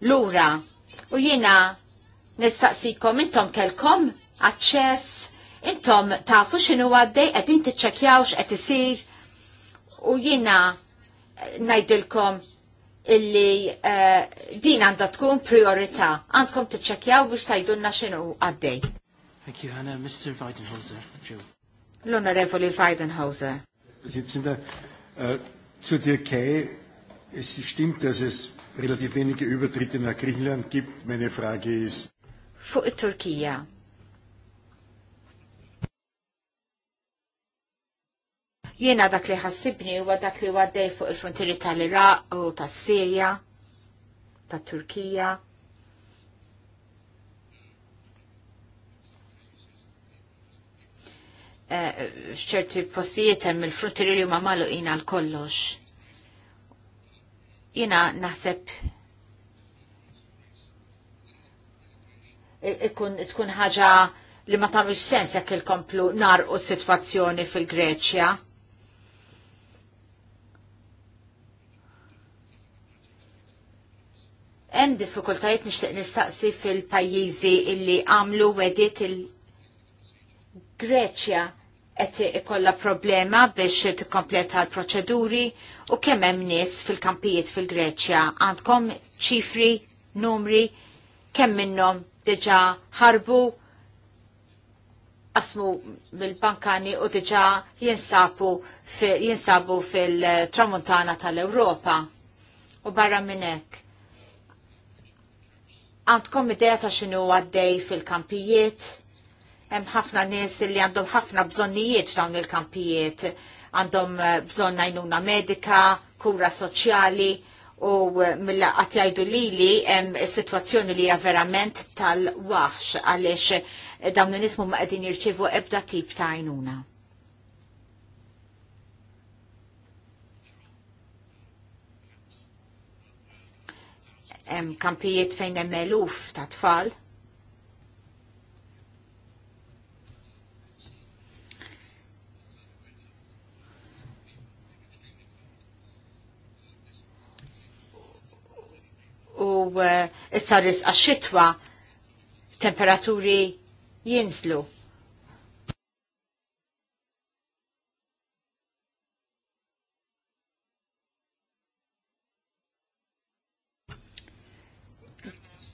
l-ura. U jina nistaqsikom intom kelkom access, intom tafu xinu għaddej, għed t-ċekjawx, għed isir u jina najdilkom illi uh, din għanda tkun priorita. Għandkom t-ċekjaw biex tajdunna xinu għaddej. Thank you, Hannah. Mr. Weidenhauser, Joe. L-Onorevoli Weidenhauser. Sitzender, äh, zur Türkei. Es stimmt, dass es relativ wenige Übertritte nach Griechenland gibt. Meine Frage ist... Fuq Türkei. Jena dak li ħassibni u dak li għaddej fuq il-frontieri tal-Iraq u tas-Sirja, tat-Turkija. Eh, f'ċerti postijiet hemm il frutti li huma magħluqin għal kollox. Jiena naħseb ikun tkun ħaġa li ma tagħmilx sens jekk il-komplu narqu s-sitwazzjoni fil-Greċja. Hemm diffikultajiet nixtieq nistaqsi fil-pajjiżi illi għamlu wedit il- greċja qed ikollha problema biex tikkompleta l-proċeduri u kemm hemm nies fil-kampijiet fil-Greċja għandkom ċifri, numri, kemm minnhom diġà ħarbu qasmu mill-Bankani u diġà jinsabu fil-tramuntana tal-Ewropa. U barra minn hekk. Għandkom idea ta' x'inhu għaddej fil-kampijiet? Hemm ħafna nies li għandhom ħafna bżonnijiet f'dawn il-kampijiet. Għandhom eh, bżonn għajnuna medika, kura soċjali u eh, mill-laqat jgħidu li li hemm situazzjoni li hija verament tal-waħx għaliex eh, dawn nismu ma qegħdin jirċievu ebda tip ta' għajnuna. kampijiet fejn hemm eluf ta' tfal. u eh, issa risqa xitwa temperaturi jinżlu.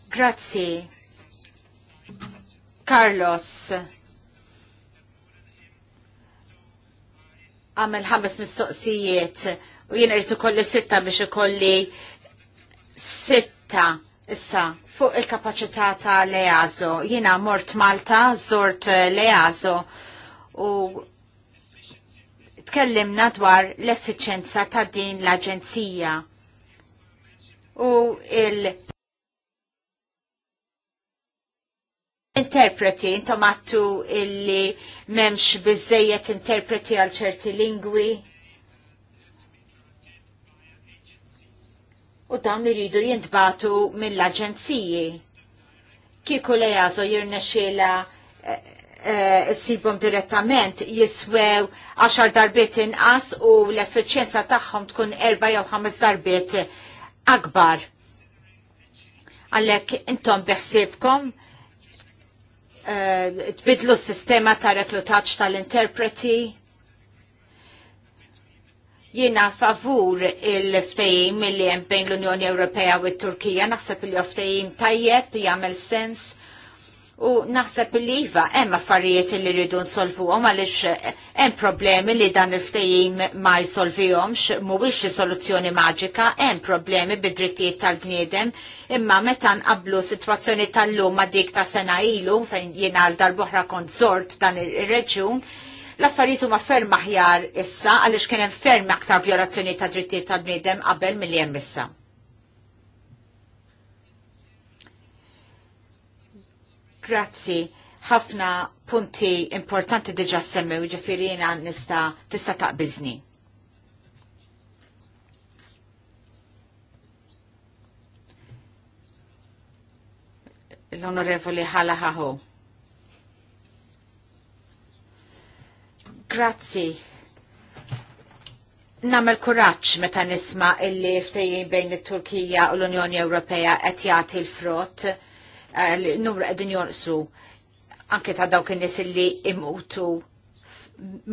Grazzi. Carlos. Għamil ħames mistoqsijiet u jien rritu kolli sitta biex ikolli sitta issa fuq il-kapacità ta' Leazo. Jina mort Malta, zort eh, Leazo u tkellimna dwar l-effiċenza ta' din l-Aġenzija u il- interpreti, intom għattu illi memx bizzejet interpreti għal ċerti lingwi, u dawn li rridu jintbatu mill-aġenziji. Kieku le jazo jirnexxela eh, eh, sibom direttament jiswew 10 darbiet inqas u l-effiċjenza tagħhom tkun 4 jew 5 darbiet akbar. Għalhekk intom biħsibkom eh, tbidlu s-sistema ta' reklutaċ tal-interpreti Jiena favur il-ftejim mill hemm bejn l-Unjoni Ewropea u t-Turkija, naħseb li ftejim tajjeb jagħmel sens u naħseb li iva hemm affarijiet li rridu nsolvuhom għaliex hemm problemi li dan il-ftejim ma jsolvihomx mhuwiex soluzzjoni maġika, hemm problemi bid-drittijiet tal-bniedem, imma meta nqablu sitwazzjoni tal-lum ma dik ta' sena ilu fejn jiena l darbohra kont zort dan ir-reġjun, il L-affarijiet huma ferm aħjar issa għaliex kien hemm ferm aktar violazzjoni ta' drittijiet tal-bniedem qabel milli hemm issa. Grazzi ħafna punti importanti diġa semmew ġifieri jiena nista tista taqbizni. L-onorevoli ħala ħaħu. Grazzi. Namel kuraċ meta nisma illi ftejjin bejn it-Turkija u l-Unjoni Ewropea qed jagħti l-frott eh, numru qegħdin jonqsu anke ta' dawk in-nies illi imutu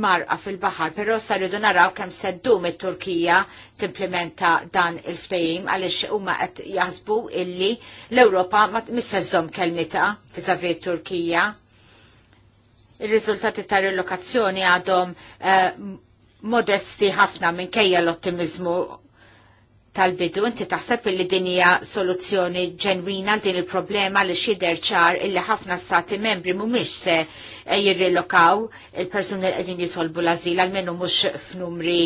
marqa fil-baħar, però sa rridu naraw kemm seddum it-Turkija timplementa dan il-ftehim għaliex huma qed jaħsbu illi l-Ewropa ma misseżżhom kelmita viżavi t-Turkija il-riżultati ta' rilokazzjoni għadhom eh, modesti ħafna minn kejja l-ottimizmu tal-bidu, inti taħseb li din hija soluzzjoni ġenwina din il-problema li xider ċar illi ħafna stati membri mhumiex se eh, jirrilokaw il-persuni li qegħdin jitolbu l-azil għalmenu mhux f'numri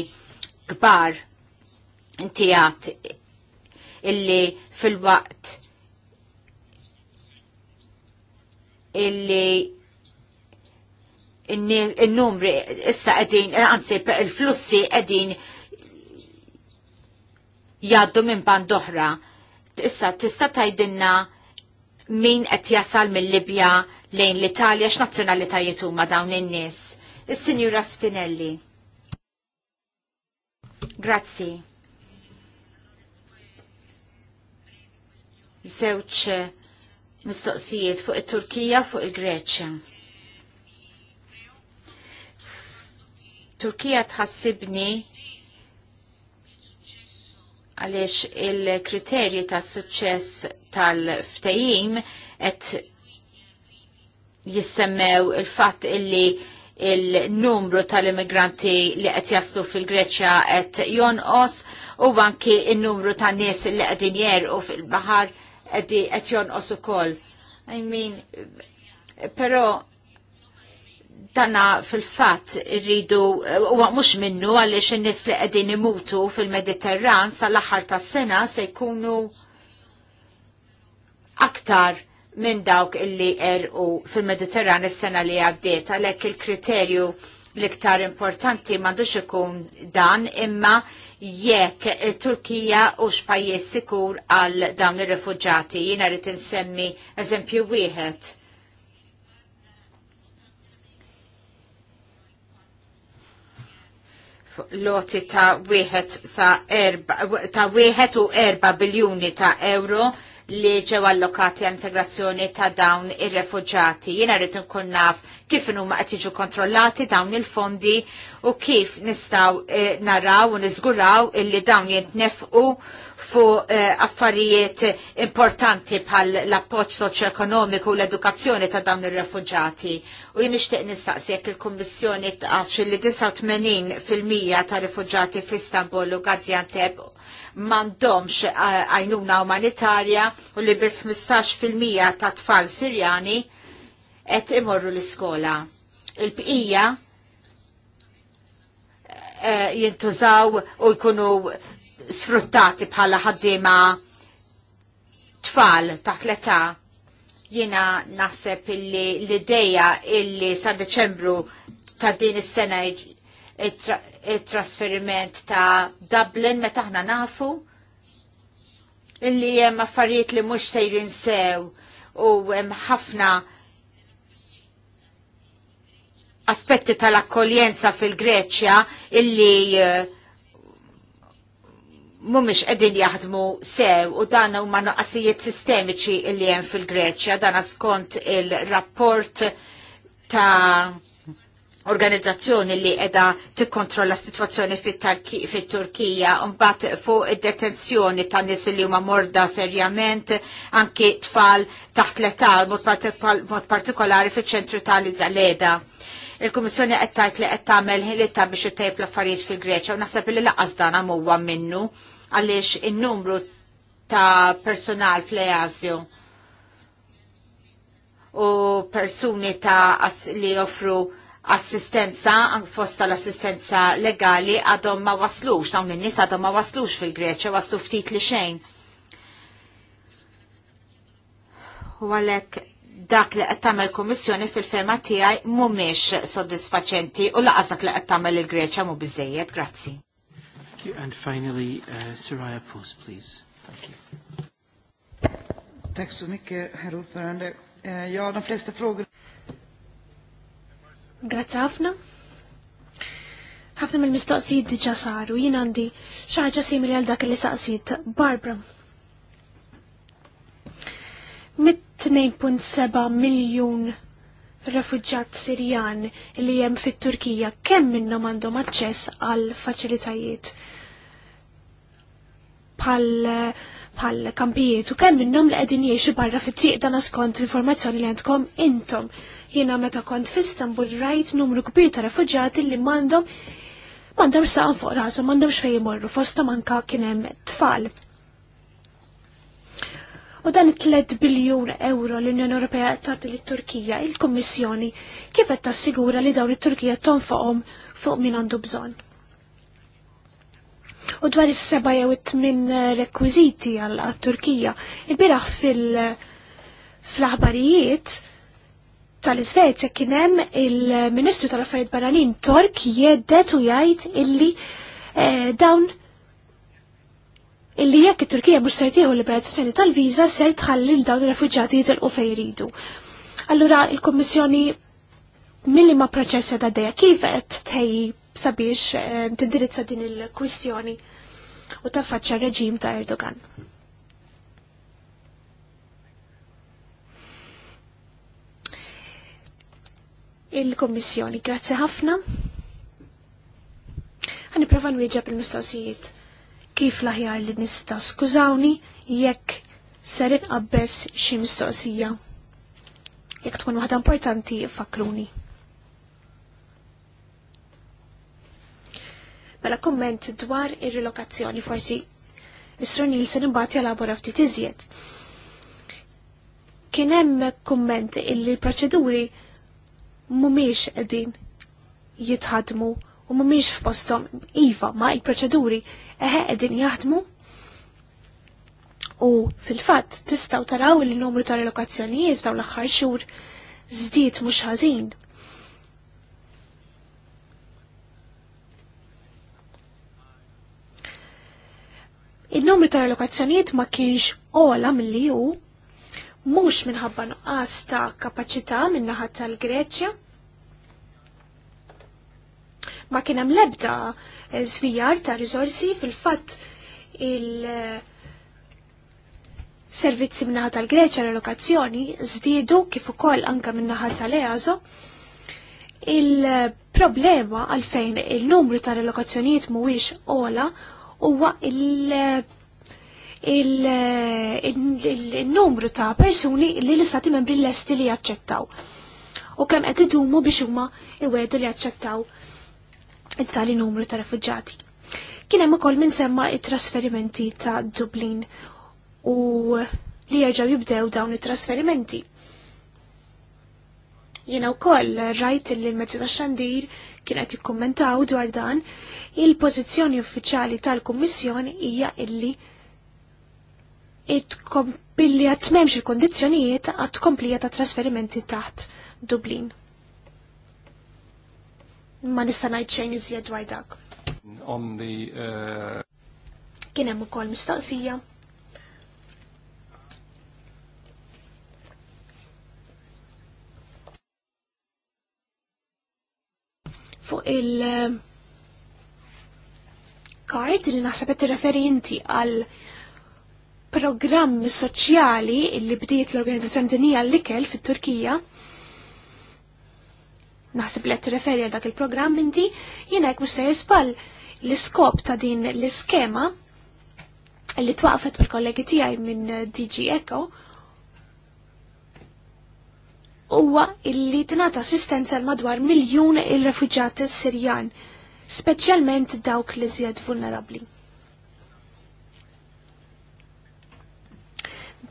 kbar. Inti għat illi fil-waqt illi il-numri issa qegħdin, eh, anzi il-flussi qegħdin jgħaddu minn band oħra. Issa tista' tgħidilna min qed jasal mill-Libja lejn l-Italja x'nazzjonalitajiet huma dawn in-nies. Is-Sinjura Spinelli. Grazzi. Żewġ mistoqsijiet fuq it-Turkija fuq il-Greċja. Turkija tħassibni għaliex il-kriterji ta' suċċess tal-ftajim et jissemmew il-fatt illi il-numru tal-immigranti li qed jaslu fil-Greċja qed jonqos u anki il-numru ta' nies li qegħdin jerqu fil-baħar qed jonqos ukoll. I mean, però dana fil-fat rridu, u mux minnu għalix n-nis li għedin imutu fil-Mediterran sal aħħar ta' sena se jkunu aktar minn dawk illi erqu fil-Mediterran is-sena li għaddiet għalhekk il-kriterju l-iktar importanti m'għandux ikun dan imma jekk Turkija u x'pajjiż sikur għal dawn ir-refuġati. Jiena rrid insemmi eżempju wieħed loti ta' wieħed sa' erba, ta' wieħed u erba biljuni ta' euro li ġew allokati integrazzjoni ta' dawn ir-refuġati. Jiena rrid nkun naf kif huma qed jiġu kontrollati dawn il-fondi u kif nistgħu eh, naraw u niżguraw illi dawn jintnefqu Fu eh, affarijiet importanti pal l-appoċ ekonomiku u l-edukazzjoni ta' dawn ir refugġati U jien nixtieq nistaqsi jekk il-Kummissjoni tafx li 89% ta' refugġati fl-Istanbul u Gaziantep m'għandhomx eh, għajnuna umanitarja u li biss 15% ta' tfal Sirjani qed imorru l-iskola. Il-bqija eh, jintużaw u jkunu sfruttati bħala ħaddiema tfal ta' l-età jiena naħseb illi l-ideja illi sa' Deċembru ta' din is-sena it-trasferiment ta' Dublin meta aħna nafu illi hemm affarijiet li mhux sejrin sew u hemm ħafna aspetti tal-akkoljenza fil-Greċja illi uh, mumiex edin jaħdmu sew u dan u manu nuqqasijiet sistemiċi illi hemm fil-Greċja, dan skont il-rapport ta' organizzazzjoni li edha tikkontrolla situazzjoni fit-Turkija mbagħad fuq id-detenzjoni ta' nies li huma morda serjament anki tfal taħt l etal mod partikolari fit ċentru tal-Iżaleda il-Kummissjoni qed tgħid li qed tagħmel ħilita biex ittejb l-affarijiet fil-Greċja u naħseb li laqas dan huwa minnu għaliex in-numru ta' personal fl u persuni ta' li joffru assistenza, fosta l-assistenza legali għadhom ma waslux, dawn in-nies għadhom ma waslux fil-Greċja, waslu ftit li xejn. U għalhekk dak li qed tagħmel kummissjoni fil ferma tiegħi mhumiex soddisfaċenti u laqas dak li qed tagħmel il-Greċja mhu biżejjed. Grazzi. And finally, uh, Soraya Post, please. Thank you. Tack så mycket, herr ordförande. Eh, ja, de flesta frågor... Grazie ħafna. Ħafna mill-mistoqsijiet diġa saru, jien għandi xi ħaġa simili għal dak li saqsiet Barbara. Mit 2.7 miljun refugġat Sirjan li jem fit-Turkija, kemm minnhom għandhom aċċess għal faċilitajiet pal kampijiet u kemm minnhom li qegħdin jgħixu barra fit-triq dan skont l-informazzjoni li għandkom intom. Jiena meta kont f'Istanbul rajt numru kbir ta' refuġġati li m'għandhom m'għandhom saqan fuq rashom m'għandhomx fejn jmorru fosta manka kien hemm tfal. U dan 3 biljun euro l-Unjoni Ewropea tagħti lit turkija il-Kummissjoni kif qed tassigura li dawn it-Turkija tonfoqhom fuq min għandu bżonn. U dwar is-seba' jew it-tmien rekwiżiti għal turkija il-biraħ fil- aħbarijiet tal-Iżvezja kien hemm il-Ministru tal-Affarijiet Barranin Tork jedet u jgħid illi eh, dawn illi jekk it-Turkija mhux ser tieħu liberazzjoni tal-viża ser tħalli dawn ir-refuġjati jitilqu fejn jridu. Allura il-Kummissjoni milli ma proċessa ta' dejja kif qed tejji sabiex eh, tindirizza din il-kwistjoni u taffaċċa reġim ta' Erdogan. Il-Kommissjoni, grazzi ħafna. Għani prova nwieġab bil mistoqsijiet kif l-aħjar li nista skużawni jekk ser inqabbes xi mistoqsija. Jekk tkun waħda importanti fakruni. Mela komment dwar ir-relokazzjoni forsi Isra Nielsen imbagħad jalabora ftit iżjed. Kien hemm kumment illi l-proċeduri mhumiex qegħdin jitħadmu u mhumiex f'posthom iva ma' il-proċeduri eħe qegħdin jaħdmu. U fil fat tistaw taraw li numru ta' relokazzjonijiet dawn l axħar xhur zdiet mhux ħażin. Il-numru ta' relokazzjonijiet ma kienx ola mill-li ju, mhux minħabba nuqqas ta' kapaċità min-naħa tal-Greċja. Ma kien hemm l-ebda żvijar ta' rizorsi fil-fatt il- servizzi minnaħa tal-Greċa l lokazzjoni zdiedu kif ukoll anka minnaħa tal-EASO il-problema għalfejn il-numru ta' relokazzjonijiet mhuwiex ola huwa il- numru ta' persuni li l-istati membri l-esti li jaċċettaw. U kemm qed idumu biex huma iwedu li jaċċettaw it-tali numru ta' rifugġati. Kien hemm ukoll minsemma semma it-trasferimenti ta' Dublin u li jerġgħu jibdew dawn it-trasferimenti. Jiena wkoll rajt li l-mezzi ta' xandir kienet jikkummentaw dwar dan, il-pożizzjoni uffiċjali tal-Kummissjoni hija illi it-kompilja tmemx il-kondizzjonijiet għat komplija ta' trasferimenti taħt Dublin ma nista' ngħid xejn iżjed dwar dak. On the uh, kien hemm ukoll mistoqsija fuq il- kard uh, li naħseb qed tirreferi inti għal programmi soċjali li bdiet l-Organizzazzjoni Dinija l-Ikel fit-Turkija naħseb li qed referi għal dak il-programm inti, jiena jekk mhux jispall l-iskop ta' din l-iskema li twaqfet bil-kollegi tiegħi minn DG Echo huwa illi tingħata assistenza l madwar miljun il s Sirjan, speċjalment dawk li żjed vulnerabbli.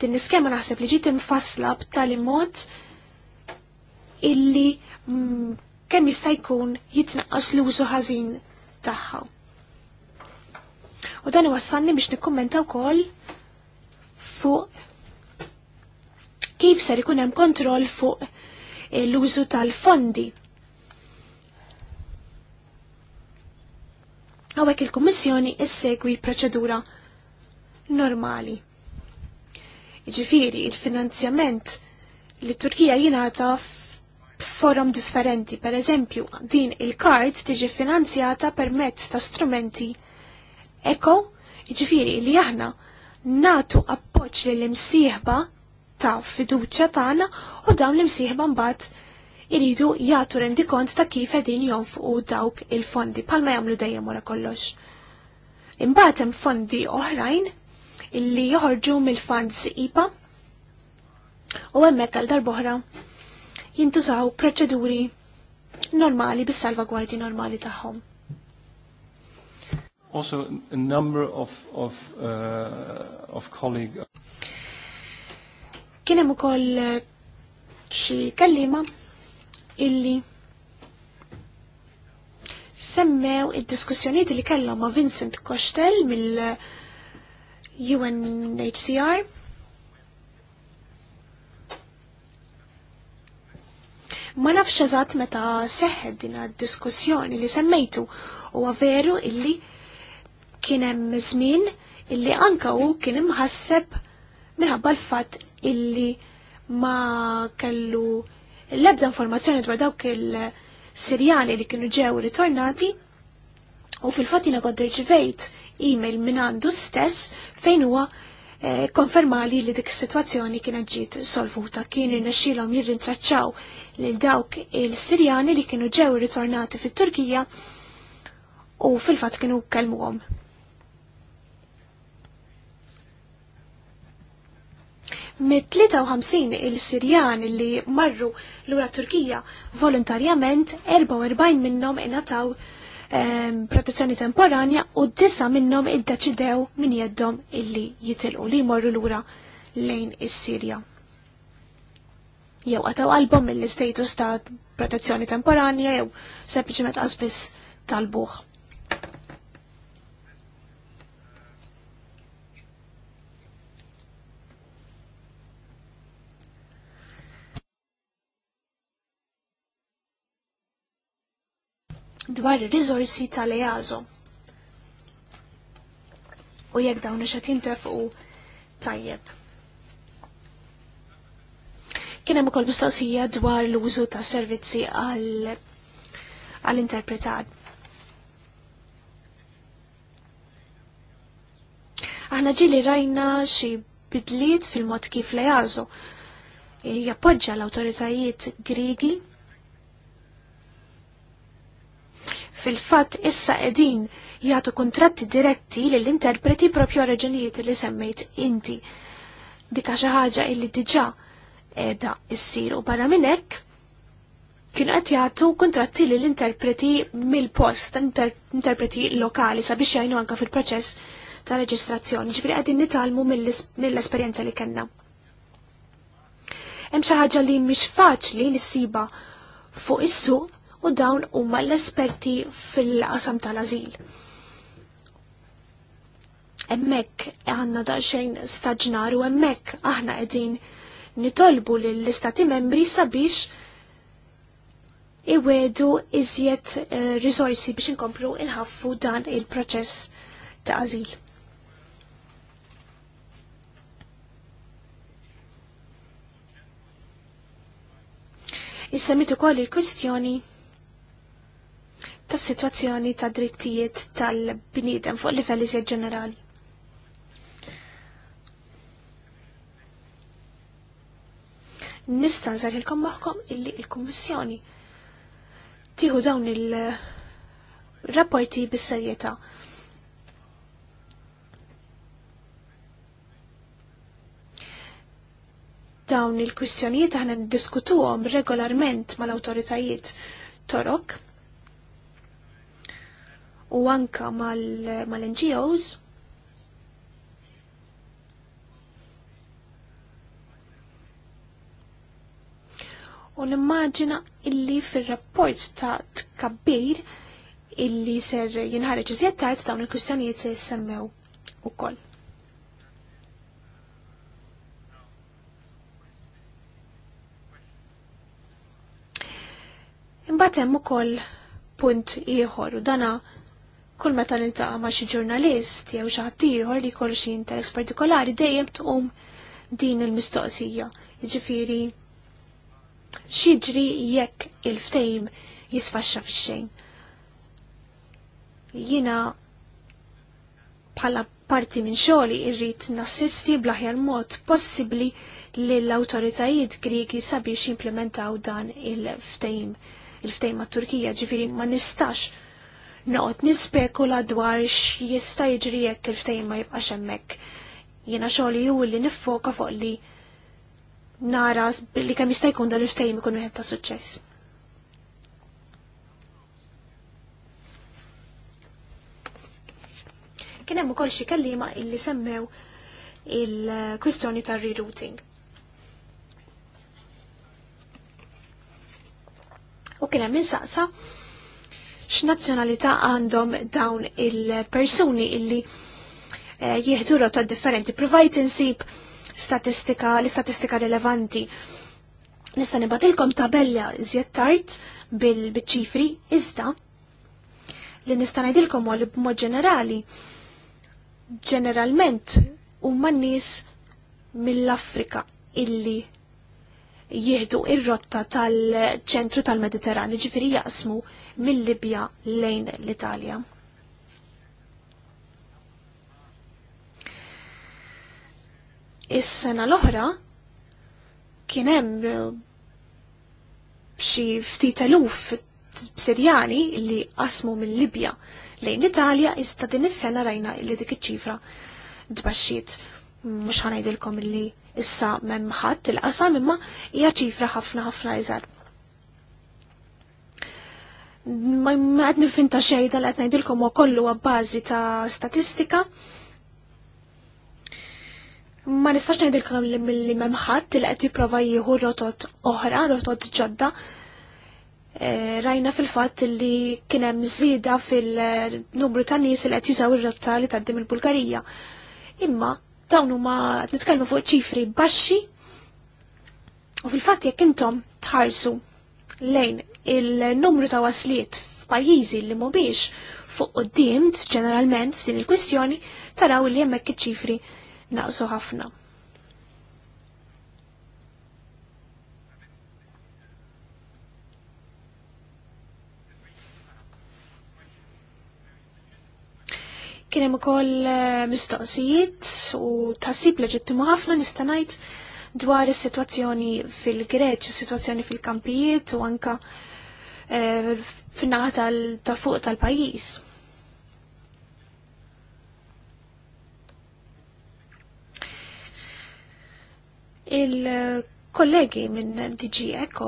Din l-iskema naħseb li ġiet infassla b'tali mod illi mm, kemm jista' jkun jitnaqqas l-użu ħażin tagħha. U dan iwassalni biex nikkummenta wkoll fuq kif ser ikun hemm kontroll fuq eh, l-użu tal-fondi. Għawek il-Kommissjoni issegwi proċedura normali. Ġifiri, il-finanzjament li Turkija jinata forum differenti. Per eżempju, din il kart tiġi finanzjata permezz ta' strumenti eko, ġifiri li aħna natu appoċ li l-imsieħba ta' fiduċa tagħna u dawn l-imsieħba mbagħad iridu jagħtu rendikont ta' kif qegħdin jonfqu dawk il-fondi palma jagħmlu dejjem wara kollox. Imbagħad hemm fondi oħrajn illi joħorġu mill-funds IPA u hemmhekk għal darb'oħra jintużaw proċeduri normali bis-salvagwardi normali tagħhom. Also a number of of uh, of colleagues. kien hemm ukoll uh, xi kellima illi semmew id-diskussjonijiet li kellhom ma' Vincent Kostel mill-UNHCR Ma nafx eżatt meta seħħet din diskussjoni li semmejtu u veru illi kien hemm żmien illi anka hu kien imħasseb minħabba l-fatt illi ma kellu l-ebda informazzjoni dwar dawk il-Sirjani li kienu ġew ritornati u fil-fatt jiena kont irċivejt email minn għandu stess fejn huwa Eh, konfermali li dik is-sitwazzjoni kienet ġiet solvuta kien irnexxielhom jirrintraċċaw lil dawk il-Sirjani li kienu ġew ritornati fit-Turkija u fil-fatt kienu kelmuhom. Mit-53 il-Sirjan li marru lura Turkija volontarjament 44 minnhom ingħataw protezzjoni temporanja u disa minnhom iddeċidew min jeddom illi jitilqu li jmorru lura lejn is-Sirja. Jew għataw qalbhom mill-istatus ta' protezzjoni temporanja jew sempliċement qasbis talbuħ. dwar ir-riżorsi tal-EASO. U jekk dawn ix jintefqu tajjeb. Kien hemm ukoll mistoqsija dwar l-użu ta' servizzi għall-interpretat. Aħna ġili rajna xi bidliet fil-mod kif lejażu. Eh, jappoġġa l-awtoritajiet Grigi fil-fatt issa qegħdin jagħtu kuntratti diretti lill interpreti propju reġunijiet li semmejt inti. Dika xi ħaġa illi diġà qiegħda issir u barra minn hekk kienu qed jagħtu kontratti lill interpreti mill-post, interpreti lokali sabiex jgħinu anke fil-proċess ta' reġistrazzjoni, ġifri qegħdin nitalmu mill-esperjenza li kellna. Hemm xi ħaġa li mhix faċli li ssiba fuq is-suq u dawn huma l-esperti fil-qasam tal-azil. Emmek għanna daċxajn staġnar u emmek aħna qegħdin nitolbu lill-istati membri sabiex iwedu iżjed eh, risorsi biex inkomplu inħaffu dan il-proċess ta' azil. Is-semmitu ukoll il-kwistjoni tas situazzjoni ta' drittijiet tal-bniedem fuq livell iżjed ġenerali. Nista' nżarħilkom magħkom illi l-Kummissjoni tieħu dawn il-rapporti bis-serjetà. Dawn il-kwistjonijiet aħna niddiskutuhom regolarment mal-awtoritajiet torok u anka mal-NGOs u l-immaġina illi fil-rapport ta' tkabbir illi ser jinħarġ iżjed tard dawn il-kwistjonijiet se jsemmew ukoll. Imbagħad hemm ukoll punt ieħor u dana kull meta niltaqa' ma' xi ġurnalist jew xi ħadd ieħor li jkollu xi interess partikolari dejjem tqum din il-mistoqsija. Jiġifieri x'jiġri jekk il-ftejm jisfaxxa fix-xejn. Jiena bħala parti minn xogħli irrid nassisti bl-aħjar mod possibbli li l awtoritajiet Griegi sabiex jimplementaw dan il-ftejm il-ftejn ma' Turkija ġifiri ma nistax noqgħod nispekula dwar x'jista' jiġri jekk il-ftehim ma jibqax hemmhekk. Jiena xogħli hu li niffoka fuq li nara li kemm jista' jkun dan il-ftehim ikun wieħed ta' suċċess. Kien hemm ukoll xi kelliema illi semmew il-kwistjoni tar-rerouting. u kien hemm insaqsa x'nazzjonalità għandhom dawn il-persuni illi eh, jieħdu ta' differenti. Provajt insib statistika, l-istatistika rilevanti. Nista' nibatilkom tabella zjettart tard bil-ċifri iżda li nista' ngħidilkom għal b'mod ġenerali ġeneralment huma nies mill-Afrika illi jieħdu ir-rotta tal-ċentru tal-Mediterran, ġifiri jaqsmu mill-Libja lejn l-Italja. Is-sena l-oħra kien hemm eh, xi ftit eluf Sirjani li qasmu mill-Libja lejn l-Italja iżda din is-sena rajna li dik iċ-ċifra dbaxxiet mhux ħanajdilkom li issa m'emm ħadd il-qasam imma hija ċifra ħafna ħafna iżgħar. Ma qed nifinta xejda li qed ngħidilkom huwa kollu bażi ta' statistika. Ma nistax ngħidilkom li m'hemm ħadd li qed jipprova jieħu rotot oħra, rotot ġodda, e, rajna fil fatt li kien hemm żieda fil-numru ta' nies li qed jużaw ir-rotta li taddim il-Bulgarija. Imma dawn huma nitkellmu fuq ċifri baxxi u fil-fatt jekk intom tħarsu lejn il-numru ta' wasliet f'pajjiżi li mhumiex fuq qudiem ġeneralment f'din il-kwistjoni taraw li hemmhekk iċ-ċifri naqsu ħafna. Kien hemm ukoll eh, mistoqsijiet u tassib leġittimu ħafna nista' ngħid dwar is-sitwazzjoni fil-Greċ, is-sitwazzjoni fil-kampijiet u anka eh, fin-naħa ta' fuq tal-pajjiż. il-kollegi minn DG Echo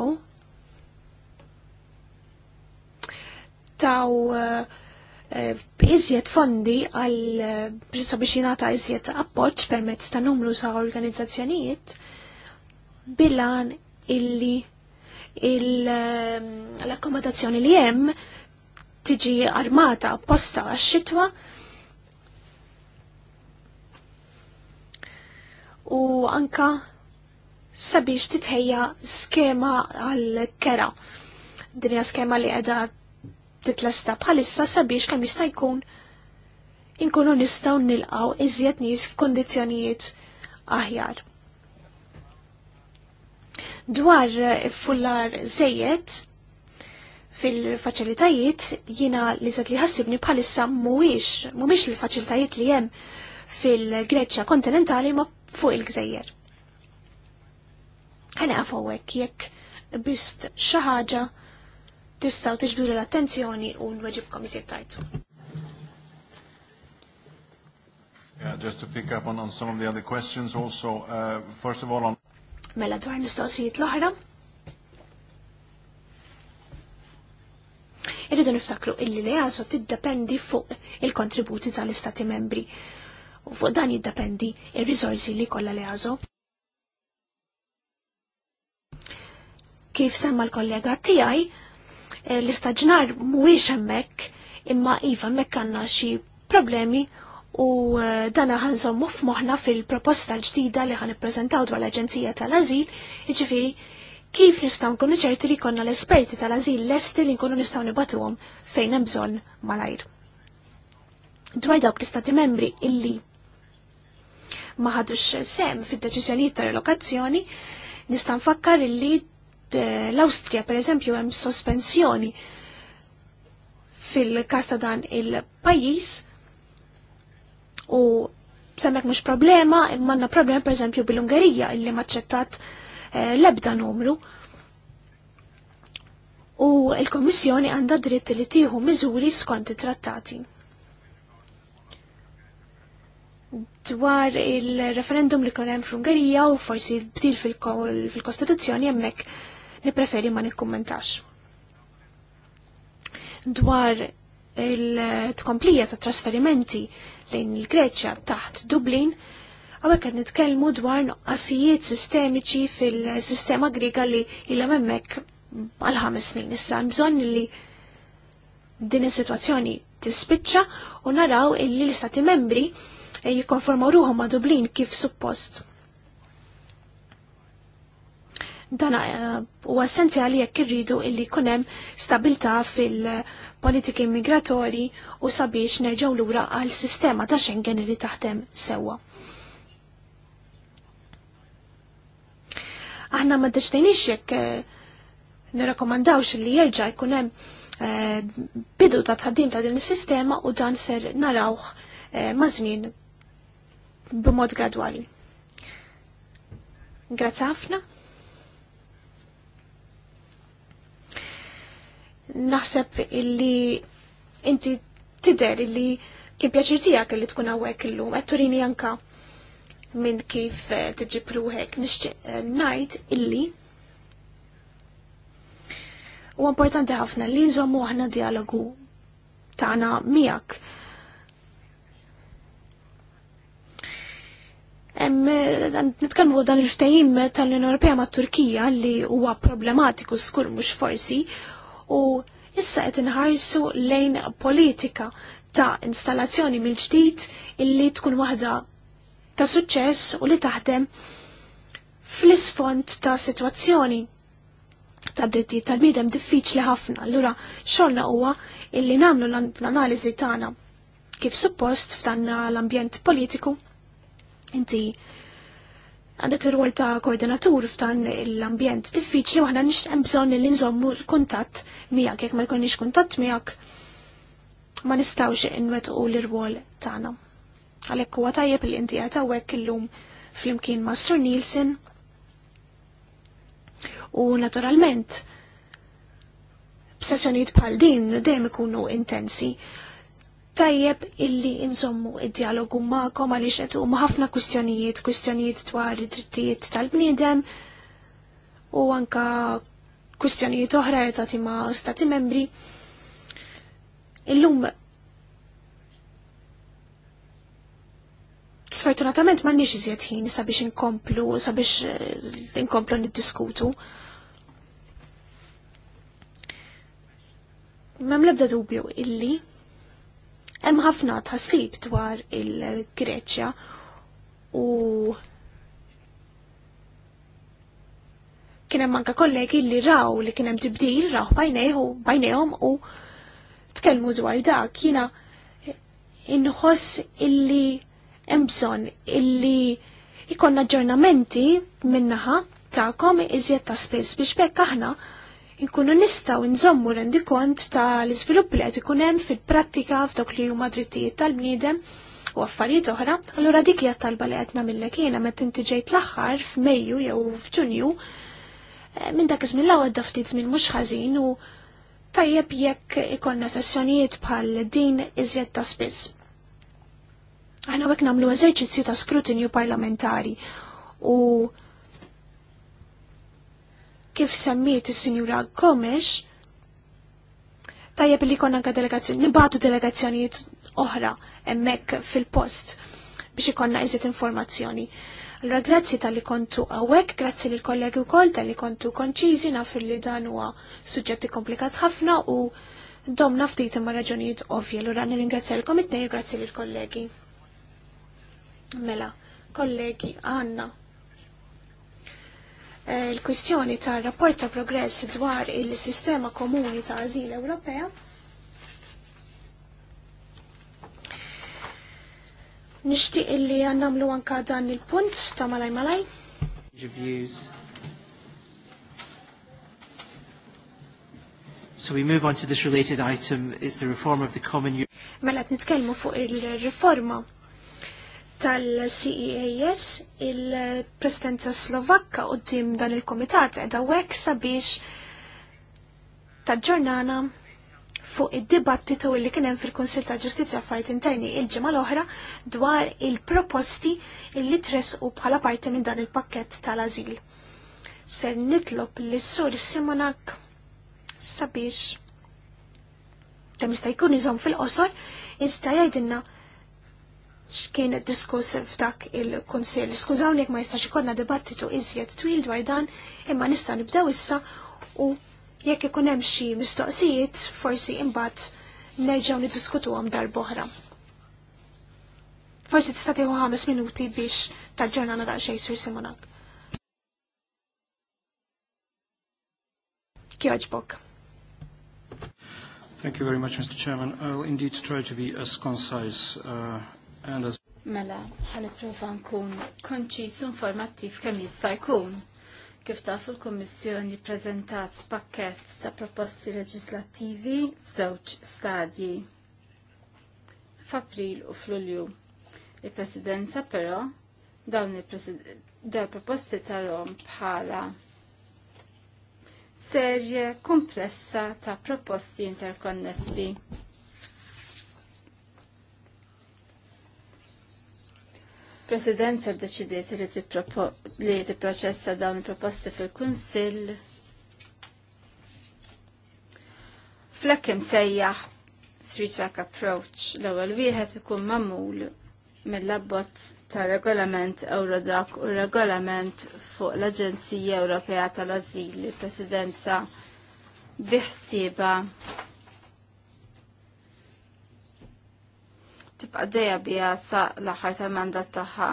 taw eh, Eh, iżjed fondi għal eh, sabiex jingħata iżjed appoġġ permezz ta' numru sa' organizzazzjonijiet bilan illi eh, l-akkomodazzjoni li hemm tiġi armata apposta għax-xitwa u anka sabiex titħejja skema għal-kera. Dinja skema li għedha titlesta bħalissa sabiex kemm jista' jkun inkunu nistgħu nilqgħu iżjed nies f'kondizzjonijiet aħjar. Dwar fullar żejjed fil-faċilitajiet jiena li zed li ħassibni bħalissa mhuwiex mhumiex l faċilitajiet li hemm fil-Greċja kontinentali ma fuq il-Gżejjer. Ħana għafawek jekk bist xaħġa ħaġa tistaw tiġbiru l-attenzjoni u nweġibkom jisib tajt. Yeah, just to pick up on, on some of the other questions also, uh, first of all on... Mela dwar mistoqsijiet l-oħra. Irridu niftakru illi li għazo tiddependi fuq il-kontributi tal-istati membri. U fuq dan jiddependi il-rizorsi li kolla li għazo. Kif semma l-kollega tijaj, Eh, l-istaġnar mhuwiex hemmhekk imma iva hemmhekk għandna xi problemi u eh, dana ħanżommu f'moħħna fil-proposta l-ġdida li ħanippreżentaw dwar l-Aġenzija tal-Ażil, jiġifieri kif nistgħu nkunu ċerti li konna l-esperti tal-Ażil lesti li nkunu nistgħu nibatuhom fejn hemm bżonn malajr. Dwar dawk l-istati membri illi ma ħadux sem fid-deċiżjonijiet tal relokazzjoni, nista' nfakkar illi l-Austria per eżempju hemm sospensjoni fil-kas ta' dan il-pajjiż u semmek mhux problema, manna problema per eżempju bil-Ungerija illi maċċettat eh, l-ebda numru. U il-Kommissjoni għandha dritt li tieħu miżuri skont it-trattati. dwar il-referendum li kien hemm fl-Ungerija u forsi bdil fil-Kostituzzjoni hemmhekk nipreferi ma nikkommentax. Dwar il-tkomplija ta' trasferimenti lejn il-Greċja taħt Dublin, għawek għed nitkelmu dwar nuqqasijiet sistemiċi fil-sistema griga li il memmek għal ħames snin issa bżonn li din is-sitwazzjoni tispiċċa u naraw illi l-istati membri eh, jikkonformaw ruħhom ma' Dublin kif suppost. Dan eh, huwa essenzjali jekk irridu illi kunem stabilta fil-politiki migratori u sabiex nerġaw lura għal sistema ta' Schengen li taħdem sewwa. Aħna ma d-deċtejnix jekk eh, nirrakkomandawx li jerġa' jkun hemm eh, bidu ta' tħaddim ta' din is-sistema u dan ser narawh ma' żmien b'mod gradwali. Grazzi ħafna. naħseb illi inti tider illi kien pjaċir tijak illi tkun għawek illum, turini anka minn kif eh, tġipruħek, nixtieq eh, najt illi u importanti ħafna li nżommu aħna dialogu tagħna miegħek. Nitkellmu dan il-ftehim tal-Unjoni Ewropea mat Turkija li huwa problematiku skur mhux forsi u issa qed inħarsu lejn politika ta' installazzjoni mill-ġdid illi tkun waħda ta' suċċess u li taħdem fl-isfond ta' situazzjoni ta' dritti tal-bidem diffiċli ħafna. Allura xorna huwa illi namlu l-analiżi tagħna kif suppost f'dan l-ambjent politiku inti għandek il rwol ta' koordinatur f'dan l-ambjent diffiċli u għana hemm bżonn li nżommu l-kuntatt miegħek jekk ma jkunniex kuntatt miegħek ma nistgħux inwetqu l-rwol tagħna. Għalhekk huwa tajjeb li inti qed hawnhekk illum flimkien ma' Sir Nielsen u naturalment b'sessjonijiet bħal din dejjem ikunu intensi tajjeb illi insommu id-dialogu ma'kom għaliex qed huma ħafna kwistjonijiet, kwistjonijiet dwar id-drittijiet tal-bniedem u anka kwistjonijiet oħra relatati ma' stati membri. Illum sfortunatament ma nix iżjed ħin sabiex inkomplu, sabiex eh, inkomplu niddiskutu. Mem lebda dubju illi Hemm ħafna tħassib dwar il-Greċja u kien hemm anke kollegi li raw li kien hemm tibdil raw bajnejhom u tkellmu dwar dak jiena inħoss illi hemm bżonn illi ikon min minnaħa tagħkom iżjed ta' spiss biex bekk aħna ikunu nistaw nżommu rendi kont ta' l-izvilupp li qed ikun hemm fil-prattika f'dawk li huma drittijiet tal-bniedem u affarijiet oħra, allura dik hija talba li qed nagħmilek kiena meta inti ġejt l-aħħar f'Mejju jew f'Ġunju eh, minn dak iż-żmien l-ewwel ftit żmien mhux ħażin u tajjeb jekk ikonna sessjonijiet bħal din iżjed ta' spiss. Aħna wek nagħmlu eżerċizzju ta' skrutinju parlamentari u kif semmiet is-Sinjura Gomes, tajjeb li konna delegazzjoni, nibatu delegazzjonijiet oħra emmek fil-post biex ikonna iżiet informazzjoni. Allora, grazzi tal-li kontu għawek, grazzi li l-kollegi u kol tal-li kontu konċizi, naf li dan huwa suġġetti komplikat ħafna u dom nafti imma raġunijiet ovvji. Allora, nirringrazzja l-kom grazzi li l-kollegi. Mela, kollegi, Anna. Eh, il-kwistjoni ta' rapport ta' progress dwar il-sistema komuni ta' azil Ewropea. Nishtiq illi għannamlu anka dan il-punt ta' malaj malaj. So we move on to this related item, is the reform of the common... Mela, t-nitkelmu fuq il-reforma tal-CEAS il-Presidenza Slovakka u dan il-Komitat edha wek sabiex ta ġurnana fuq id-dibattitu li kien hemm fil konsil ta' ġustizja Affarijiet Interni il-ġimgħa l-oħra dwar il-proposti li tresqu bħala parti minn dan il-pakkett tal-ażil. Ser nitlob lis sur Simonak sabiex kemm jista' jkun fil-qosor jista' jgħidilna x'kien diskuss f'dak il-Kunsill. Skużawni ma jistax ikonna dibattitu iżjed twil dwar dan, imma nista' nibdew issa u jekk ikun hemm xi mistoqsijiet, forsi imbagħad nerġgħu niddiskutuhom darb'oħra. Forsi tista' tieħu ħames minuti biex taġġornana daqsxejn sur Simonak. Kjoġbok. Thank you very much, Mr. Chairman. I will indeed try to be as concise uh, Mela, ħalli prova nkun konċis informattiv kemm jista' jkun. Kif taf il-Kummissjoni ppreżentat pakkett ta' proposti leġislattivi żewġ stadji. F'April u Flulju. Il-Presidenza però dawn il-proposti tarhom bħala serje komplessa ta' proposti interkonnessi Il-Presidenza ddeċidiet li tipproċessa dawn il-proposti fil-Kunsill flekk imsejjaħ three-track approach l-ewwel wieħed ikun mamul mill-abbozz ta' regolament Eurodoc u regolament fuq l-Aġenzija Ewropea tal-Azil, presidenza biħsieba tibqa' dejja biha sa l-aħħar tal-mandat tagħha.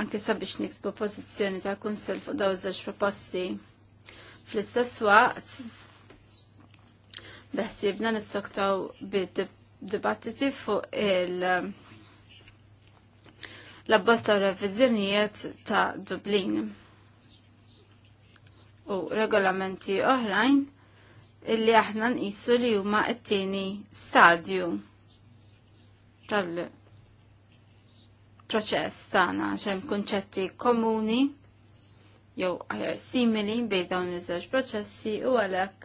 Anke sabiex niksbu pożizzjoni ta' kunsil fuq daw żewġ proposti. Fl-istess waqt, beħsibna nissoktaw bid-dibattiti fuq il- l-abbosta revizjonijiet ta' Dublin u regolamenti oħrajn illi aħna nqisu li huma t-tieni stadju tal-proċess tagħna ġem kunċetti komuni jew simili bejn dawn iż-żewġ proċessi u għalhekk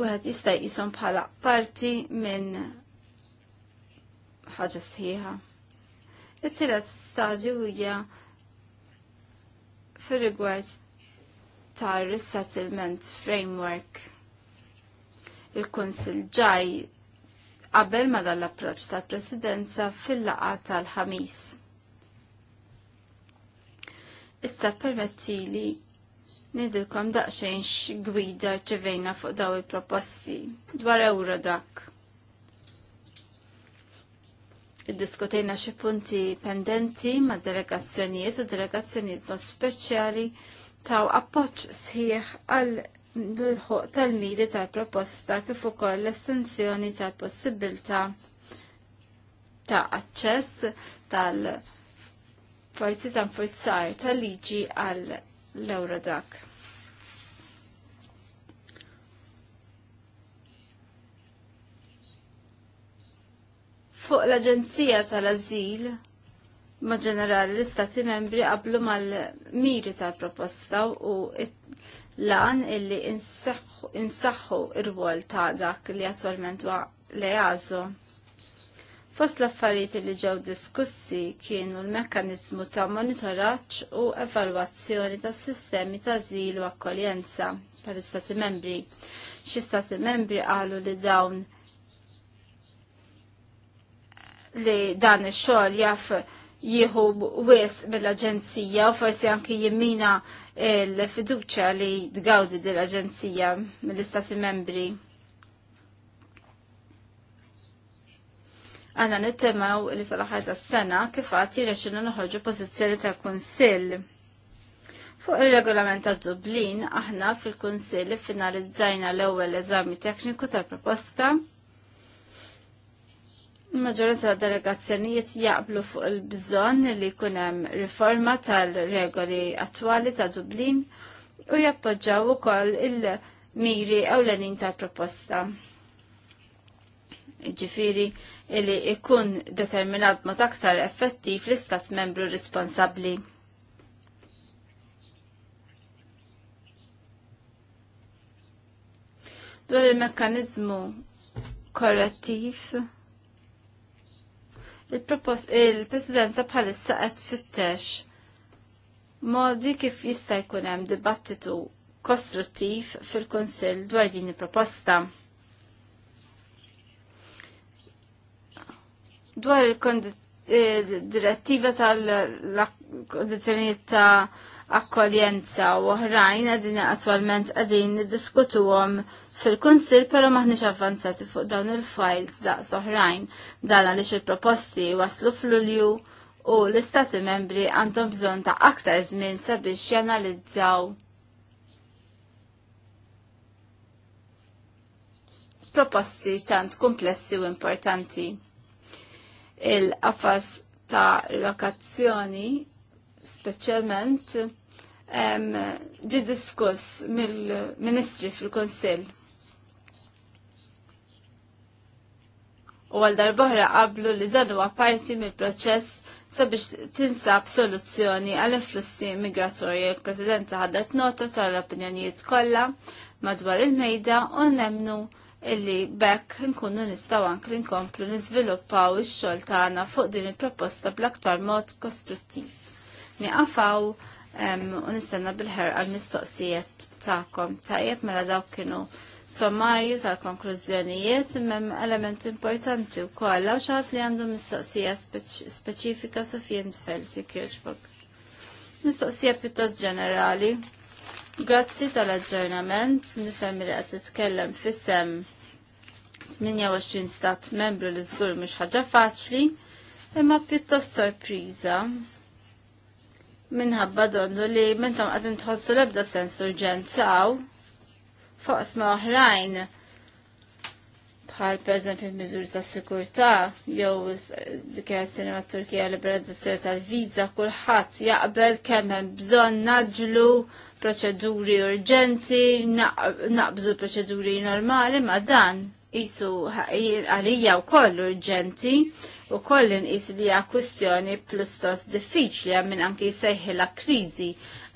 wieħed jista' jqishom bħala parti minn ħaġa sħiħa. It-tielet stadju hija fir-rigward tar resettlement framework il konsil ġaj qabel ma dan l-approċ tal-Presidenza fil-laqa tal-ħamis. Issa permetti li nidilkom daqxejn x-gwida ġivejna fuq daw il-proposti dwar euro dak. Iddiskutejna xi punti pendenti ma' delegazzjonijiet u delegazzjonijiet mod speċjali taw appoġġ sħiħ għal l-ħuq tal-miri tal-proposta kif ukoll l-estensjoni tal-possibilità ta' aċċess tal-forzi ta' forzar tal-liġi għall-Eurodak. eurodac Fuq l-Aġenzija tal-Azil, ma ġenerali l-Istati membri qablu mal-miri tal-proposta u it lan illi insaxħu irwol ta' dak li attualment wa lejazo. Fost l-affarijiet li ġew diskussi kienu l-mekkanizmu ta' monitoraġġ u evalwazzjoni ta' sistemi ta' żil u akkoljenza tal-Istati membri. Xi Stati membri qalu li dawn li dan ix-xogħol jaf jieħu wis mill-Aġenzija u forsi anki jimmina il-fiduċa li tgawdi din l-Aġenzija mill-Istati Membri. Għanna nittemaw li sal-ħar s sena kif għad jirrexxinu noħorġu pożizzjoni tal-Kunsill. Fuq il-regolament ta' Dublin, aħna fil-Kunsill finalizzajna l-ewwel eżami tekniku tal-proposta Maġġoranza ta' delegazzjonijiet jaqblu fuq il-bżonn li jkun hemm riforma tal-regoli attwali ta' Dublin u jappoġġaw ukoll il-miri ewlenin tal-proposta. Ġifiri li jkun determinat mod aktar effettiv l-istat membru responsabbli. Dwar il-mekkanizmu korrettiv il-presidenza bħalissa qed fittex modi kif jista' jkun hemm dibattitu kostruttiv fil-Kunsill dwar din il-proposta. Dwar il-direttiva tal-kondizjonijiet ta' akkoljenza u oħrajn għadin attwalment għadin diskutuhom fil konsil pero maħniġ avanzati fuq dawn il-files da' soħrajn dan għaliex il-proposti waslu fl-Ulju u l-Istati membri għandhom bżon ta' aktar żmien sabiex janalizzaw proposti tant komplessi u importanti. Il-qafas ta' lokazzjoni speċjalment ġi diskuss mill-Ministri fil-Konsil. u għal darbohra qablu li dan huwa parti mill-proċess sabiex tinsab soluzzjoni għal influssi migratorji. il presidenta ħadet nota tal-opinjonijiet kollha madwar il-mejda u nemnu illi bekk nkunu nistaw anke nkomplu niżviluppaw ix-xogħol tagħna fuq din il-proposta bl-aktar mod kostruttiv. Niqafaw u nistenna bil-ħerqa l-mistoqsijiet tagħkom tajjeb mela dawk kienu sommarju tal-konklużjonijiet imma element importanti u kolla għaw xaħat li għandu mistoqsija speċifika Sofien Tfelti Kirchbog. Mistoqsija pjuttost ġenerali. Grazzi tal-aġġornament, nifhem li qed titkellem tkellem fissem 28 stat membru li żgur mhux ħaġa faċli, imma pjuttost sorpriża minħabba dondu li mentom għadin tħossu l-ebda sens urġenzaw fuq sma oħrajn bħal pereżempju miżuri ta' sikurtà jew dikjarazzjoni mat Turkija liberalizzazzjoni tal-viża kulħadd jaqbel kemm hemm bżonn naġlu proċeduri urġenti, naqbżu proċeduri normali, ma dan jisu għalija u koll urġenti u koll nqis li hija kwistjoni plustos diffiċli minn anki jsejħilha kriżi.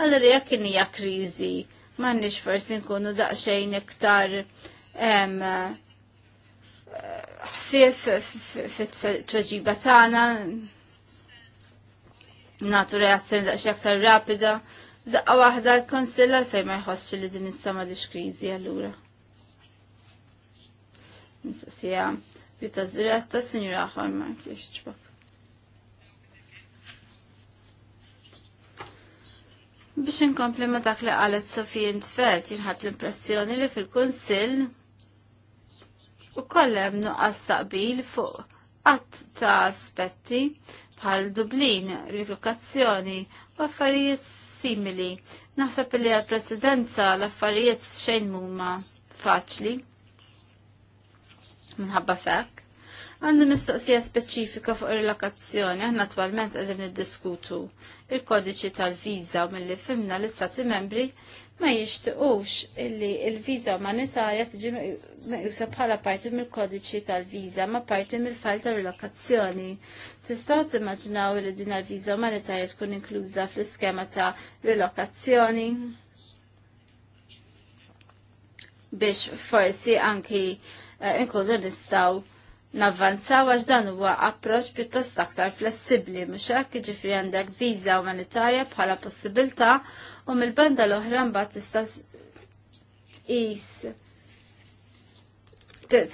Allura jekk hija kriżi m'għandniex forsi nkunu daqsxejn iktar ħfief fit-tweġiba tagħna natu reazzjoni daqsxejn aktar rapida. Daqqa waħda l-konsil għalfej ma jħossx li din is-sama dix kriżi allura. Mistoqsija pjuttost diretta, Sinjura Hormark, kiex ċbok. Biex inkompli ma dak li qalet Sofija Intfeld jinħat l-impressjoni li fil-Kunsill u kollem nuqqas taqbil fuq qatt ta' aspetti bħal Dublin, rilokazzjoni u affarijiet simili. Naħseb li għal-presidenza l-affarijiet xejn huma faċli minħabba fekk. Għandi mistoqsija speċifika fuq il-lokazzjoni, aħna attualment qegħdin diskutu il-kodiċi tal-viża u mill-li fimna l-istati membri ma jixtiqux illi il-viża umanitarja tiġi meqjusa bħala parti mill-kodiċi tal-viża ma parti mill-fajl tal-relokazzjoni. Tistgħu timmaġinaw li din il-viża umanitarja tkun inkluża fl-iskema ta' rilokazzjoni. biex forsi anki uh, inkunu nistaw navvanzaw għax dan huwa approċ pjuttost aktar flessibli mhux hekk jiġifieri għandek viża umanitarja bħala possibilità u mill-banda l-oħra mbagħad tista' tqis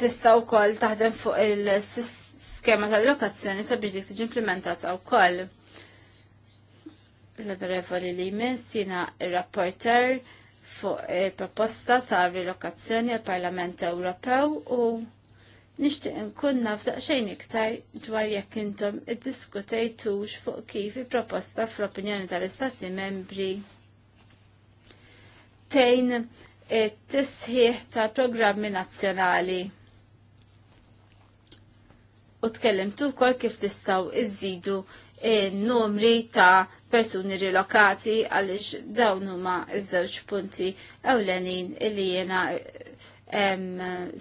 tista' wkoll taħdem fuq il-skema tal-lokazzjoni sabiex dik tiġi implementata wkoll. L-onorevoli li jmiss jiena ir-rapporter fuq il-proposta ta' rilokazzjoni għal-Parlament Ewropew u Nixtieq nkun naf daqsxejn iktar dwar jekk intom iddiskutejtux fuq kif il-proposta fl-opinjoni tal-Istati membri tejn it-tisħiħ ta' programmi nazzjonali. U tkellimtu wkoll kif tistgħu iżidu numri ta' persuni rilokati għaliex dawn huma iż-żewġ punti ewlenin illi jiena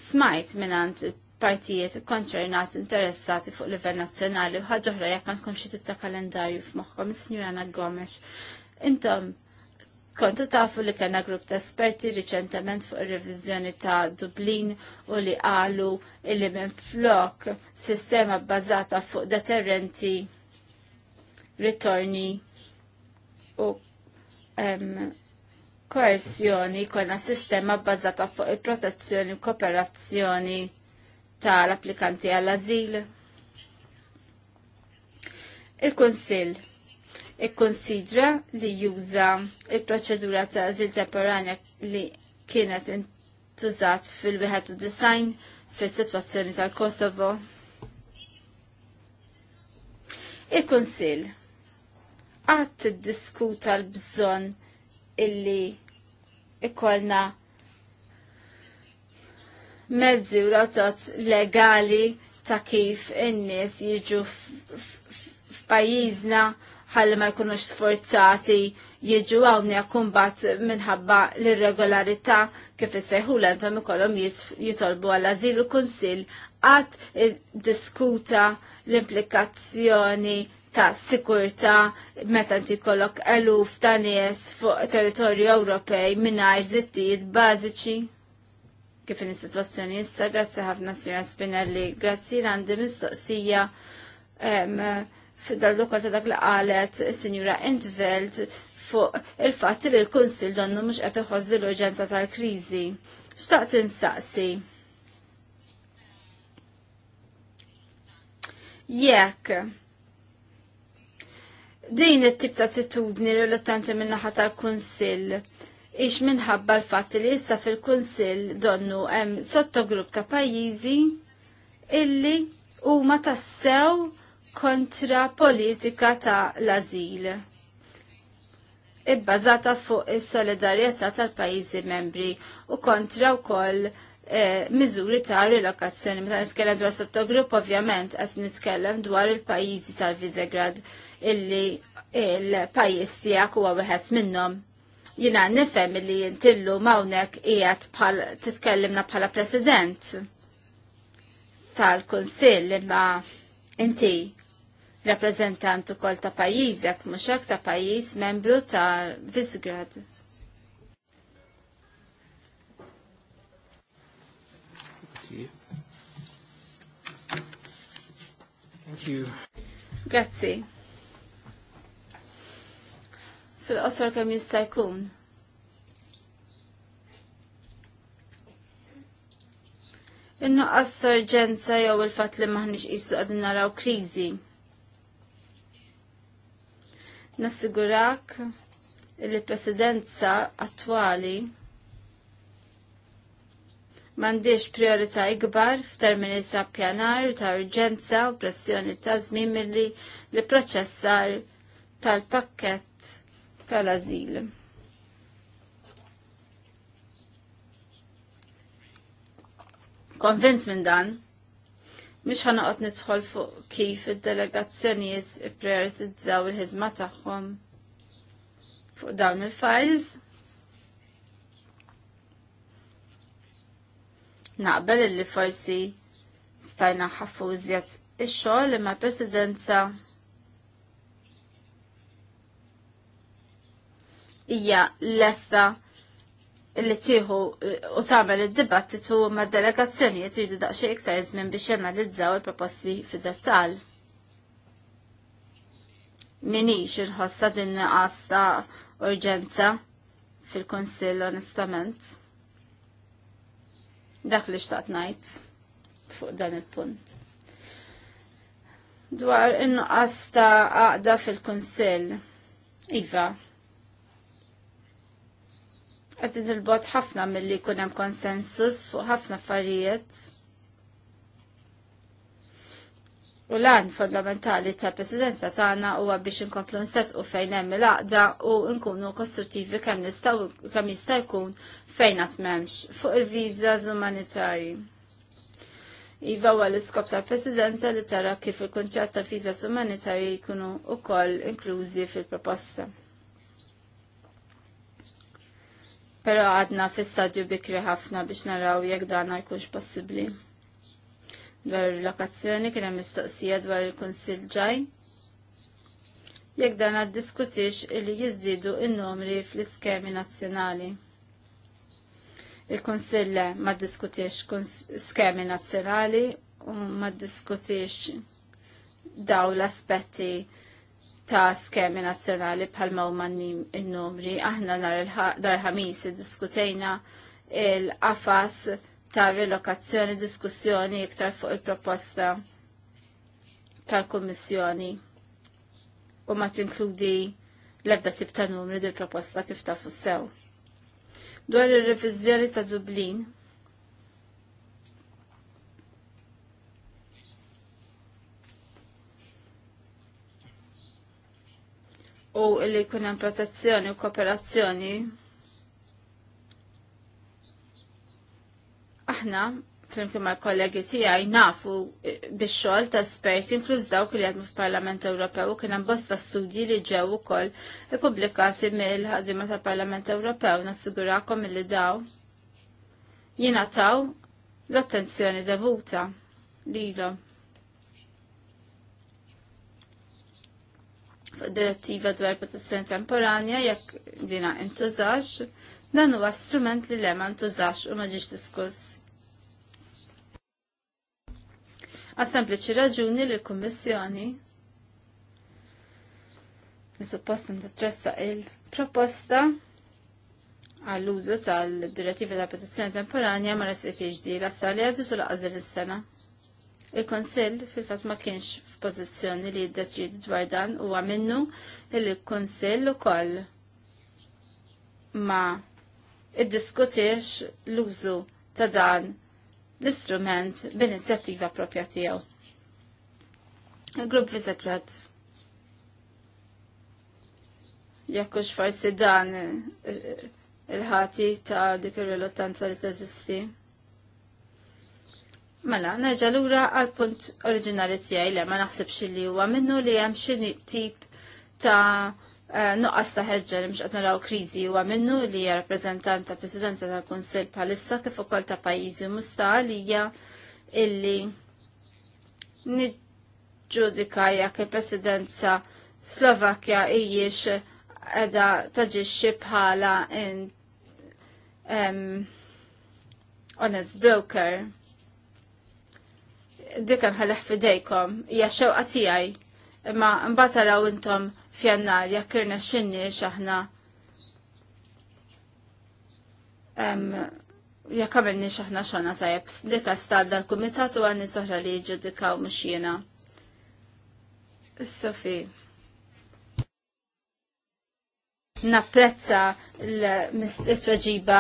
smajt minant partijiet konċernati interessati fuq livell nazzjonali u ħagħuħra jekk ma tkunx tip ta' kalendarju f'moħħkom, is-Sinjur Anna Gomes. Intom, kontu tafu li kena grupp ta' esperti riċentement fuq ir revizjoni ta' Dublin u li għalu illi minn flok sistema bbażata fuq deterrenti, ritorni u um, koersjoni konna sistema bbażata fuq il-protezzjoni u kooperazzjoni tal-applikanti għall-azil. Il-Konsil il-konsidra li juża il-proċedura ta' azil temporanja li kienet intużat fil design fis-sitwazzjoni tal-Kosovo. Il-Konsil għat diskuta l-bżon illi ikolna mezzi u rotot legali ta' kif in-nies jiġu f'pajjiżna ħalli ma jkunux sforzati jiġu hawnhekk kumbat minħabba l-irregolarità kif issejħu l-entom ikollhom jitolbu għal azilu konsil kunsill qatt diskuta l-implikazzjoni ta' sikurta meta inti kollok eluf ta' nies fuq territorju Ewropej mingħajr zittijiet bażiċi? kif in situazzjoni issa, grazzi ħafna Sira Spinelli, grazzi għandi mistoqsija fid-dallu ta' dak li qalet Sinjura Intveld fuq il-fatt li l-Kunsil donnu mhux qed iħoss l-urġenza tal-kriżi. Xtaqt insaqsi. Jekk din it-tip ta' attitudni riluttanti min-naħa tal-Kunsill ix minħabba l-fatt li issa fil-Kunsill donnu hemm sottogrupp ta' pajjiżi illi huma tassew kontra politika ta' l-azil. Ibbażata fuq is-solidarjetà tal-pajjiżi membri u kontra wkoll koll eh, miżuri ta' relokazzjoni. Meta nitkellem dwar sottogrupp, ovvjament, qed nitkellem dwar il-pajjiżi tal-Visegrad illi il-pajjiż tiegħek huwa wieħed minnhom jina nifem li jintillu mawnek ijat pal titkellimna pala president tal-konsil imma inti rappresentant kol ta' pajizek, muxak ta' pajiz membru ta' Visgrad. Grazie fil-qosor kemm jista' jkun. Innuqqas sorġenza jew il-fatt li maħniex qisu qegħdin naraw kriżi. Nassigurak li presidenza attwali m'għandix priorità ikbar f'termini ta' pjanar ta' urġenza u pressjoni ta' żmien milli li proċessar tal-pakket tal-azil. Konvint minn dan, mish ħanaqot nidħol fuq kif id-delegazzjonijiet prioritizzaw il-ħizma tagħhom fuq dawn il-files. Naqbel li forsi stajna ħaffu iżjed ix-xogħol imma presidenza hija lesta li tieħu eh, u tagħmel id-dibattitu ma' delegazzjonijiet jridu daqsxejn iktar izmin biex jenalizzaw il-proposti fid-dettall. Minix inħossa din għasta urġenza fil-Konsill onestament. Dak li xtaqt ngħid fuq dan il-punt. Dwar in ta' għaqda fil-Konsill. Iva, Għadin il-bot ħafna mill-li kunem konsensus fuq ħafna affarijiet. U l-għan fondamentali ta' presidenza tagħna huwa biex inkomplu nsettqu fejn hemm il-għaqda u nkunu kostruttivi kemm nistaw kemm jista' jkun fejn memx m'hemmx fuq il-viżas umanitarji. Iva huwa l-iskop tal-Presidenza li tara kif il-kunċett ta' viżas umanitarji jkunu wkoll inklużi fil-proposta. Pero għadna fi stadju bikri ħafna biex naraw jekk dan jkunx possibbli. Dwar il-lokazzjoni kien hemm mistoqsija dwar il-Kunsill ġaj. Jekk dan għaddiskutix li jiżdiedu n numri fl-iskemi nazzjonali. Il-Kunsill ma diskutix skemi nazzjonali u ma diskutix daw l-aspetti ta' skemi nazzjonali bħalma huma n-numri, aħna nar ħamis diskutejna il-qafas ta' relokazzjoni diskussjoni iktar fuq il-proposta tal-Kummissjoni u ma tinkludi l-ebda tip ta' numri di proposta kif ta' sew. Dwar ir revizjoni ta' Dublin, u li jkun hemm protezzjoni u kooperazzjoni aħna flimkien mal kollegi tiegħi nafu bix-xogħol ta' esperti inkluż dawk li għadmu fil-Parlament Ewropew u kien hemm bosta studji li ġew ukoll ippubblikati mill ħadima tal-Parlament Ewropew nassigurakom milli daw jingħataw l-attenzjoni devuta lilhom. direttiva dwar protezzjoni temporanja jekk dina intużax, dan huwa strument li lema ntużax u ma ġiex diskuss. Għas sempliċi raġuni li l-Kummissjoni li suppost titressa il-proposta għall-użu tal-direttiva tal protezzjoni temporanja ma resifiex di la sali għadżu laqqas din is-sena il konsil fil-fatt ma kienx f'pożizzjoni li jiddeċidi dwar dan u għamennu il-Konsill ukoll ma iddiskutix l-użu ta' dan l-istrument b'inizjattiva propja tiegħu. Il-Grupp Visegrad jekkux forsi dan il-ħati ta' dik ir-relottanza li teżisti. Mela, nerġa' lura għal punt oriġinali tiegħi li ma naħsibx li huwa minnu li hemm xi tip ta' eh, nuqqas ta' ħeġġa li mxqat naraw kriżi huwa minnu li hija rappreżentant ta' Presidenza tal Kunsill bħalissa kif ukoll ta' pajjiżi musta hija illi niġġudika jekk il-Presidenza Slovakkja hijiex qiegħda taġixxi bħala honest broker Dikan nħalleħ fidejkom, hija xewqa tiegħi. Imma mbagħad taraw intom f'jannar jekk irna x'inni xaħna jekk għamilni x'aħna xogħna tajjeb. Dik għastalda dan kumitat u għanni soħra li ġudikaw mhux jiena. Sofi napprezza l-tweġiba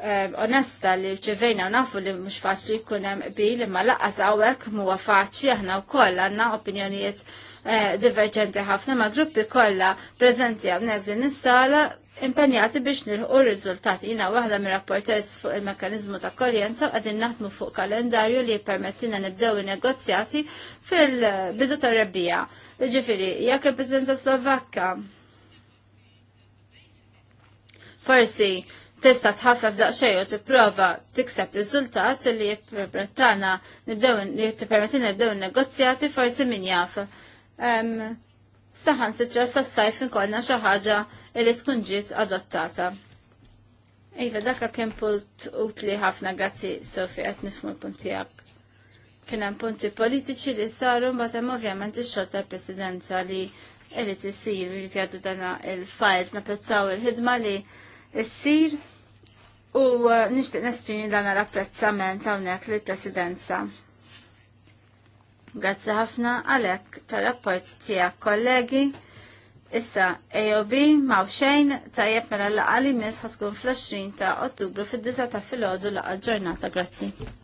ehm, onesta li rċevejna u nafu li mhux faċli jkun hemm bil ma laqqas hawnhekk huwa faċli aħna wkoll għandna opinjonijiet eh, diverġenti ħafna ma' gruppi kollha preżenti hawnhekk din is-sala impenjati biex nilħu r-riżultati. Jina waħda mir rapporters fuq il-mekanizmu ta' korjenza għadin naħdmu fuq kalendarju li permettina nibdew negozjati fil-bidu ta' rebbija. Ġifiri, jekk il-Presidenza Slovakka forsi tista' tħaffef daqsxejn u tipprova tikseb riżultat li jippermettana nibdew li tippermettina nibdew negozjati forsi min jaf. Saħan sitra sas-sajf inkollna xi ħaġa li tkun ġiet adottata. Iva, dakka kien punt utli ħafna grazzi Sofi qed nifhmu l-punt tiegħek. Kien hemm punti politiċi li saru mbagħad hemm ovvjament ix-xogħol tal-Presidenza li irid isir irid jgħidu dana il-fajl napezzaw il-ħidma li issir u uh, nixtieq nesprimi dan l-apprezzament hawnhekk lill presidenza Grazzi ħafna għalhekk tar-rapport tiegħek kollegi. Issa, AOB maw xejn tajjeb mela l għalimis ħaskun fl-20 ta' Ottubru fid disa ta' filgħodu laqa ġurnata. Grazzi.